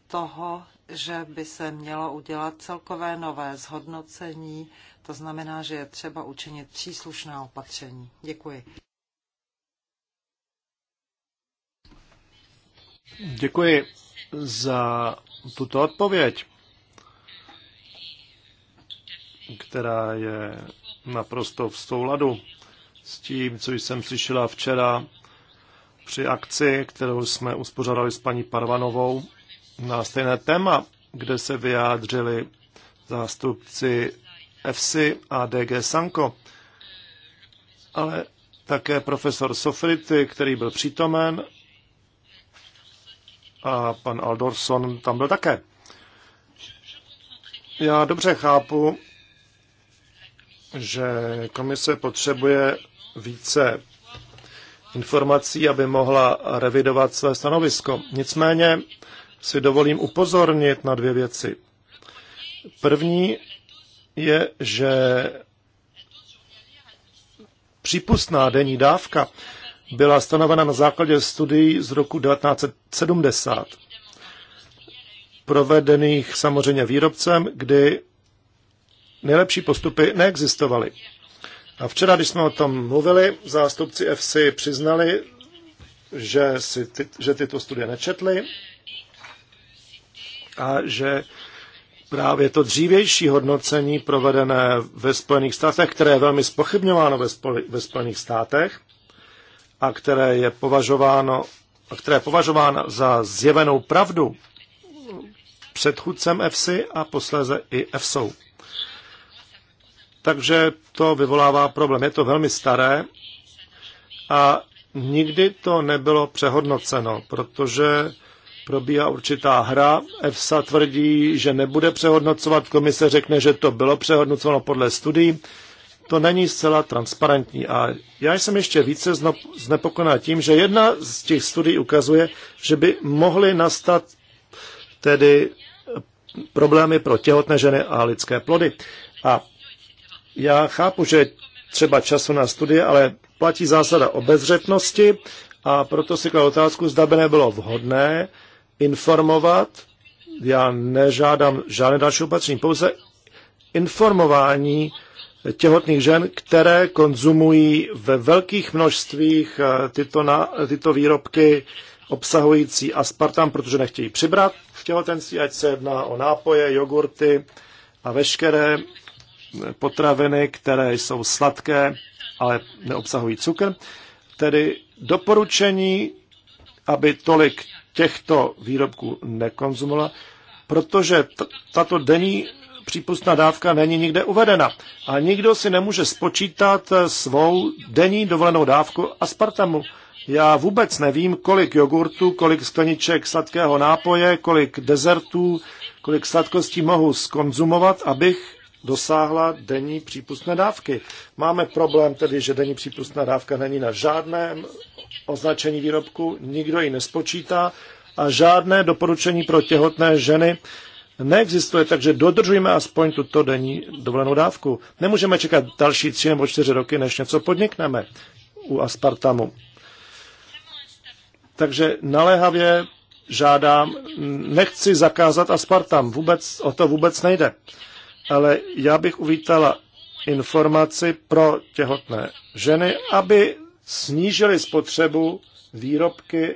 toho, že by se mělo udělat celkové nové zhodnocení, to znamená, že je třeba učinit příslušná opatření. Děkuji. Děkuji za tuto odpověď, která je naprosto v souladu s tím, co jsem slyšela včera při akci, kterou jsme uspořádali s paní Parvanovou na stejné téma, kde se vyjádřili zástupci EFSI a DG Sanko, ale také profesor Sofrity, který byl přítomen, a pan Aldorson tam byl také. Já dobře chápu, že komise potřebuje více informací, aby mohla revidovat své stanovisko. Nicméně si dovolím upozornit na dvě věci. První je, že přípustná denní dávka byla stanovena na základě studií z roku 1970, provedených samozřejmě výrobcem, kdy nejlepší postupy neexistovaly. A včera, když jsme o tom mluvili, zástupci FC přiznali, že, si ty, že tyto studie nečetli a že právě to dřívější hodnocení provedené ve Spojených státech, které je velmi spochybňováno ve, spoli, ve Spojených státech a které je považováno a které je považováno za zjevenou pravdu předchůdcem EFSI a posléze i EFSou. Takže to vyvolává problém. Je to velmi staré a nikdy to nebylo přehodnoceno, protože probíhá určitá hra. EFSA tvrdí, že nebude přehodnocovat, komise řekne, že to bylo přehodnocováno podle studií. To není zcela transparentní a já jsem ještě více znepokojená tím, že jedna z těch studií ukazuje, že by mohly nastat tedy problémy pro těhotné ženy a lidské plody. A já chápu, že třeba času na studie, ale platí zásada obezřetnosti a proto si kladu otázku, zda by nebylo vhodné informovat, já nežádám žádné další opatření, pouze informování těhotných žen, které konzumují ve velkých množstvích eh, tyto, na, tyto výrobky obsahující aspartam, protože nechtějí přibrat v těhotenství, ať se jedná o nápoje, jogurty a veškeré potraviny, které jsou sladké, ale neobsahují cukr. Tedy doporučení, aby tolik těchto výrobků nekonzumovala, protože tato denní přípustná dávka není nikde uvedena. A nikdo si nemůže spočítat svou denní dovolenou dávku aspartamu. Já vůbec nevím, kolik jogurtu, kolik skleniček sladkého nápoje, kolik dezertů, kolik sladkostí mohu skonzumovat, abych dosáhla denní přípustné dávky. Máme problém tedy, že denní přípustná dávka není na žádném označení výrobku, nikdo ji nespočítá a žádné doporučení pro těhotné ženy neexistuje, takže dodržujeme aspoň tuto denní dovolenou dávku. Nemůžeme čekat další tři nebo čtyři roky, než něco podnikneme u aspartamu. Takže naléhavě žádám, nechci zakázat aspartam, vůbec, o to vůbec nejde ale já bych uvítala informaci pro těhotné ženy, aby snížily spotřebu výrobky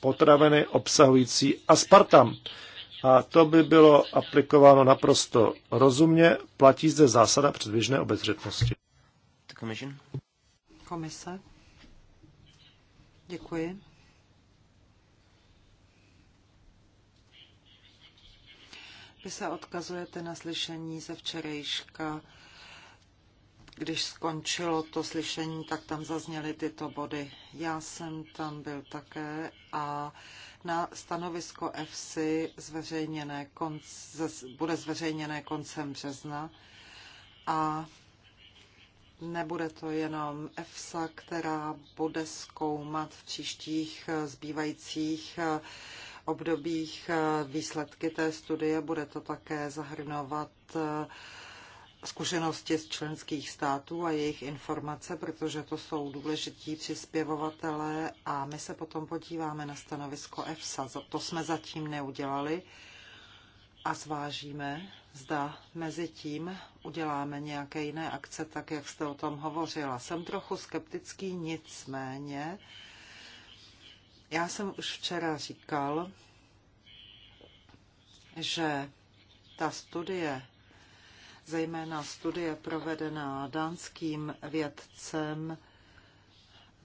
potraveny obsahující aspartam. A to by bylo aplikováno naprosto rozumně. Platí zde zásada předběžné obezřetnosti. Komise. Děkuji. Vy se odkazujete na slyšení ze včerejška. Když skončilo to slyšení, tak tam zazněly tyto body. Já jsem tam byl také a na stanovisko EFSI zveřejněné konc, bude zveřejněné koncem března a nebude to jenom EFSA, která bude zkoumat v příštích e, zbývajících e, obdobích. Eh, výsledky té studie bude to také zahrnovat eh, zkušenosti z členských států a jejich informace, protože to jsou důležití přispěvovatelé a my se potom podíváme na stanovisko EFSA. To jsme zatím neudělali a zvážíme, zda mezi tím uděláme nějaké jiné akce, tak jak jste o tom hovořila. Jsem trochu skeptický, nicméně já jsem už včera říkal, že ta studie, zejména studie provedená dánským vědcem,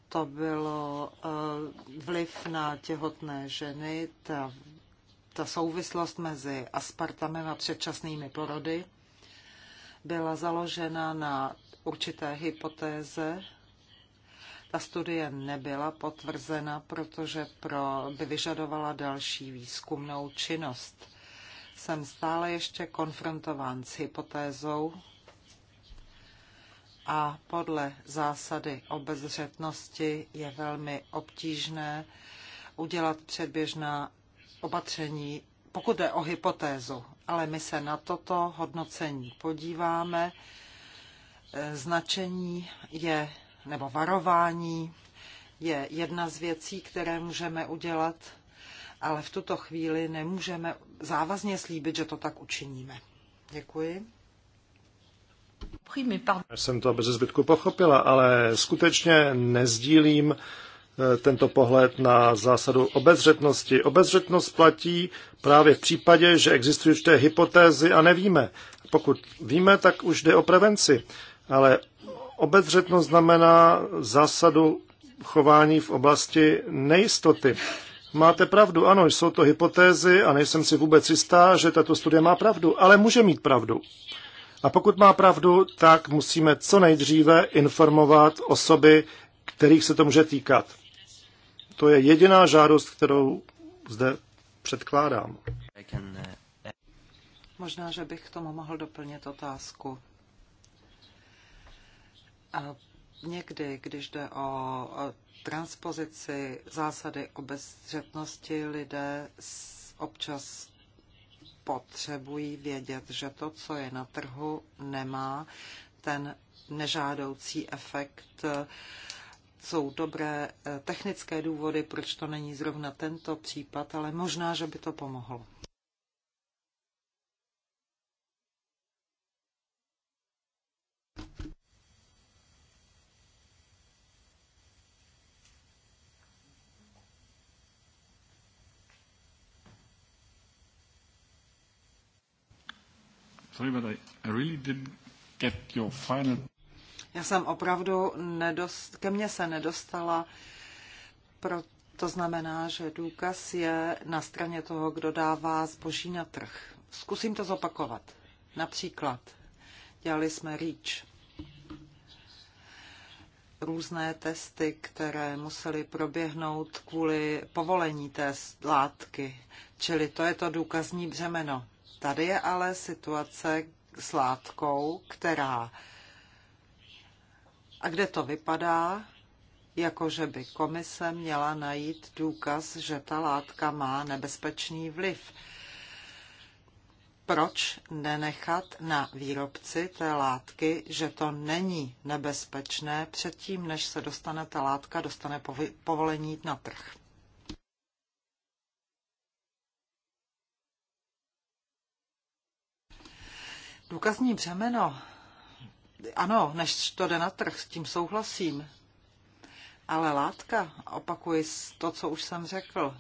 to bylo eh, vliv na těhotné ženy, ta, ta souvislost mezi aspartamem a předčasnými porody byla založena na určité hypotéze, ta studie nebyla potvrzena, protože pro, by vyžadovala další výzkumnou činnost. Jsem stále ještě konfrontován s hypotézou a podle zásady obezřetnosti je velmi obtížné udělat předběžná opatření, pokud jde o hypotézu. Ale my se na toto hodnocení podíváme. Značení je nebo varování je jedna z věcí, které můžeme udělat, ale v tuto chvíli nemůžeme závazně slíbit, že to tak učiníme. Děkuji. Já jsem to bez zbytku pochopila, ale skutečně nezdílím eh, tento pohled na zásadu obezřetnosti. Obezřetnost platí právě v případě, že existují určité hypotézy a nevíme. Pokud víme, tak už jde o prevenci. Ale Obezřetnost znamená zásadu chování v oblasti nejistoty. Máte pravdu, ano, jsou to hypotézy a nejsem si vůbec jistá, že tato studie má pravdu, ale může mít pravdu. A pokud má pravdu, tak musíme co nejdříve informovat osoby, kterých se to může týkat. To je jediná žádost, kterou zde předkládám. Uh, Možná, že bych k tomu mohl doplnit otázku. Někdy, když jde o transpozici zásady obezřetnosti, lidé občas potřebují vědět, že to, co je na trhu, nemá ten nežádoucí efekt. Jsou dobré eh, technické důvody, proč to není zrovna tento případ, ale možná, že by to pomohlo. sorry, but I, I really didn't get your final... Já jsem opravdu nedost, ke mně se nedostala, pro, to znamená, že důkaz je na straně toho, kdo dává zboží na trh. Zkusím to zopakovat. Například dělali jsme REACH, různé testy, které musely proběhnout kvůli povolení té látky. Čili to je to důkazní břemeno. Tady je ale situace s látkou, která a kde to vypadá, jako že by komise měla najít důkaz, že ta látka má nebezpečný vliv. Proč nenechat na výrobci té látky, že to není nebezpečné předtím, než se dostane ta látka, dostane povolení na trh? Důkazní břemeno. Ano, než to jde na trh, s tím souhlasím. Ale látka, opakuji to, co už jsem řekl,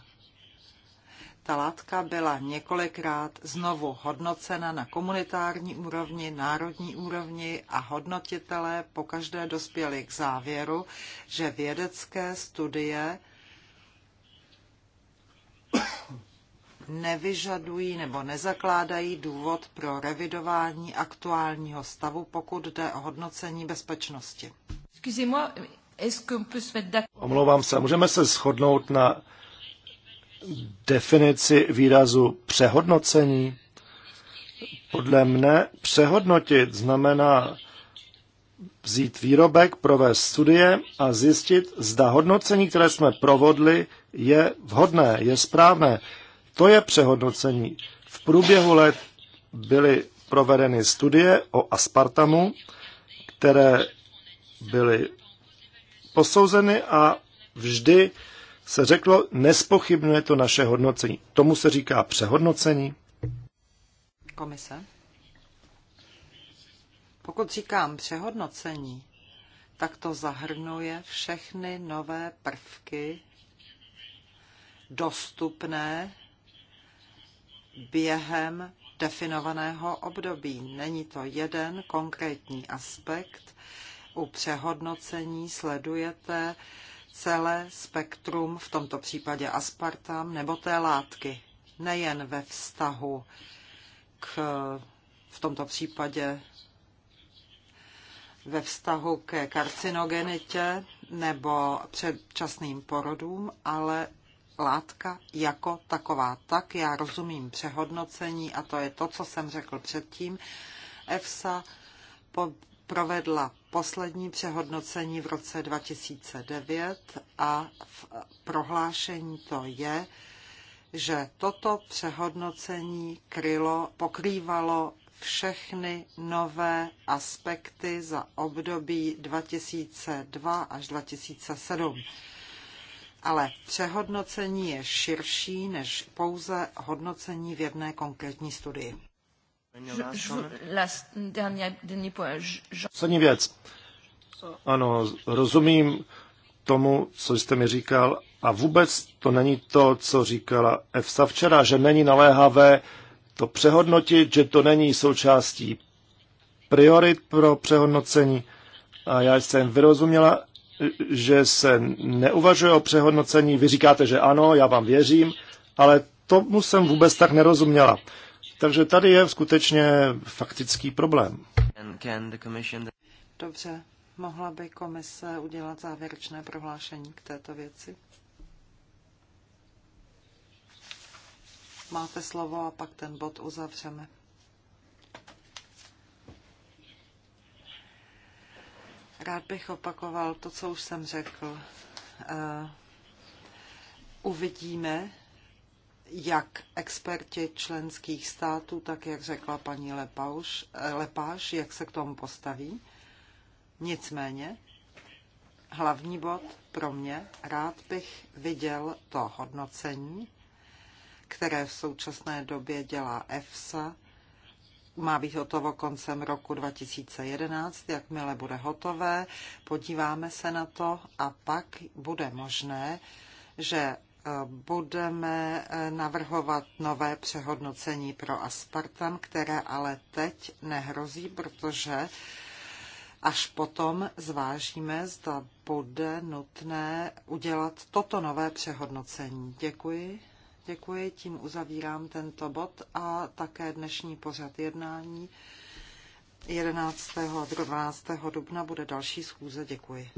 ta látka byla několikrát znovu hodnocena na komunitární úrovni, národní úrovni a hodnotitelé pokaždé dospěli k závěru, že vědecké studie nevyžadují nebo nezakládají důvod pro revidování aktuálního stavu, pokud jde o hodnocení bezpečnosti. Omlouvám se, můžeme se shodnout na definici výrazu přehodnocení? Podle mne přehodnotit znamená vzít výrobek, provést studie a zjistit, zda hodnocení, které jsme provodli, je vhodné, je správné. To je přehodnocení. V průběhu let byly provedeny studie o aspartamu, které byly posouzeny a vždy se řeklo, nespochybnuje to naše hodnocení. Tomu se říká přehodnocení. Komise. Pokud říkám přehodnocení, tak to zahrnuje všechny nové prvky dostupné během definovaného období. Není to jeden konkrétní aspekt. U přehodnocení sledujete celé spektrum, v tomto případě aspartam, nebo té látky. Nejen ve vztahu k, v tomto případě ve vztahu ke karcinogenitě nebo předčasným porodům, ale látka jako taková. Tak já rozumím přehodnocení a to je to, co jsem řekl předtím. EFSA po, provedla poslední přehodnocení v roce 2009 a v prohlášení to je, že toto přehodnocení krylo, pokrývalo všechny nové aspekty za období 2002 až 2007 ale přehodnocení je širší než pouze hodnocení v jedné konkrétní studii. Poslední věc. Ano, rozumím tomu, co jste mi říkal, a vůbec to není to, co říkala EFSA včera, že není naléhavé to přehodnotit, že to není součástí priorit pro přehodnocení. A já jsem vyrozuměla že se neuvažuje o přehodnocení. Vy říkáte, že ano, já vám věřím, ale tomu jsem vůbec tak nerozuměla. Takže tady je skutečně faktický problém. Dobře, mohla by komise udělat závěrečné prohlášení k této věci? Máte slovo a pak ten bod uzavřeme. Rád bych opakoval to, co už jsem řekl. Eh, uvidíme, jak experti členských států, tak jak řekla paní Lepauš, eh, Lepáš, jak se k tomu postaví. Nicméně, hlavní bod pro mě, rád bych viděl to hodnocení, které v současné době dělá EFSA má být hotovo koncem roku 2011. Jakmile bude hotové, podíváme se na to a pak bude možné, že e, budeme e, navrhovat nové přehodnocení pro aspartam, které ale teď nehrozí, protože až potom zvážíme, zda bude nutné udělat toto nové přehodnocení. Děkuji. Děkuji, tím uzavírám tento bod a také dnešní pořad jednání. 11. a 12. dubna bude další schůze. Děkuji.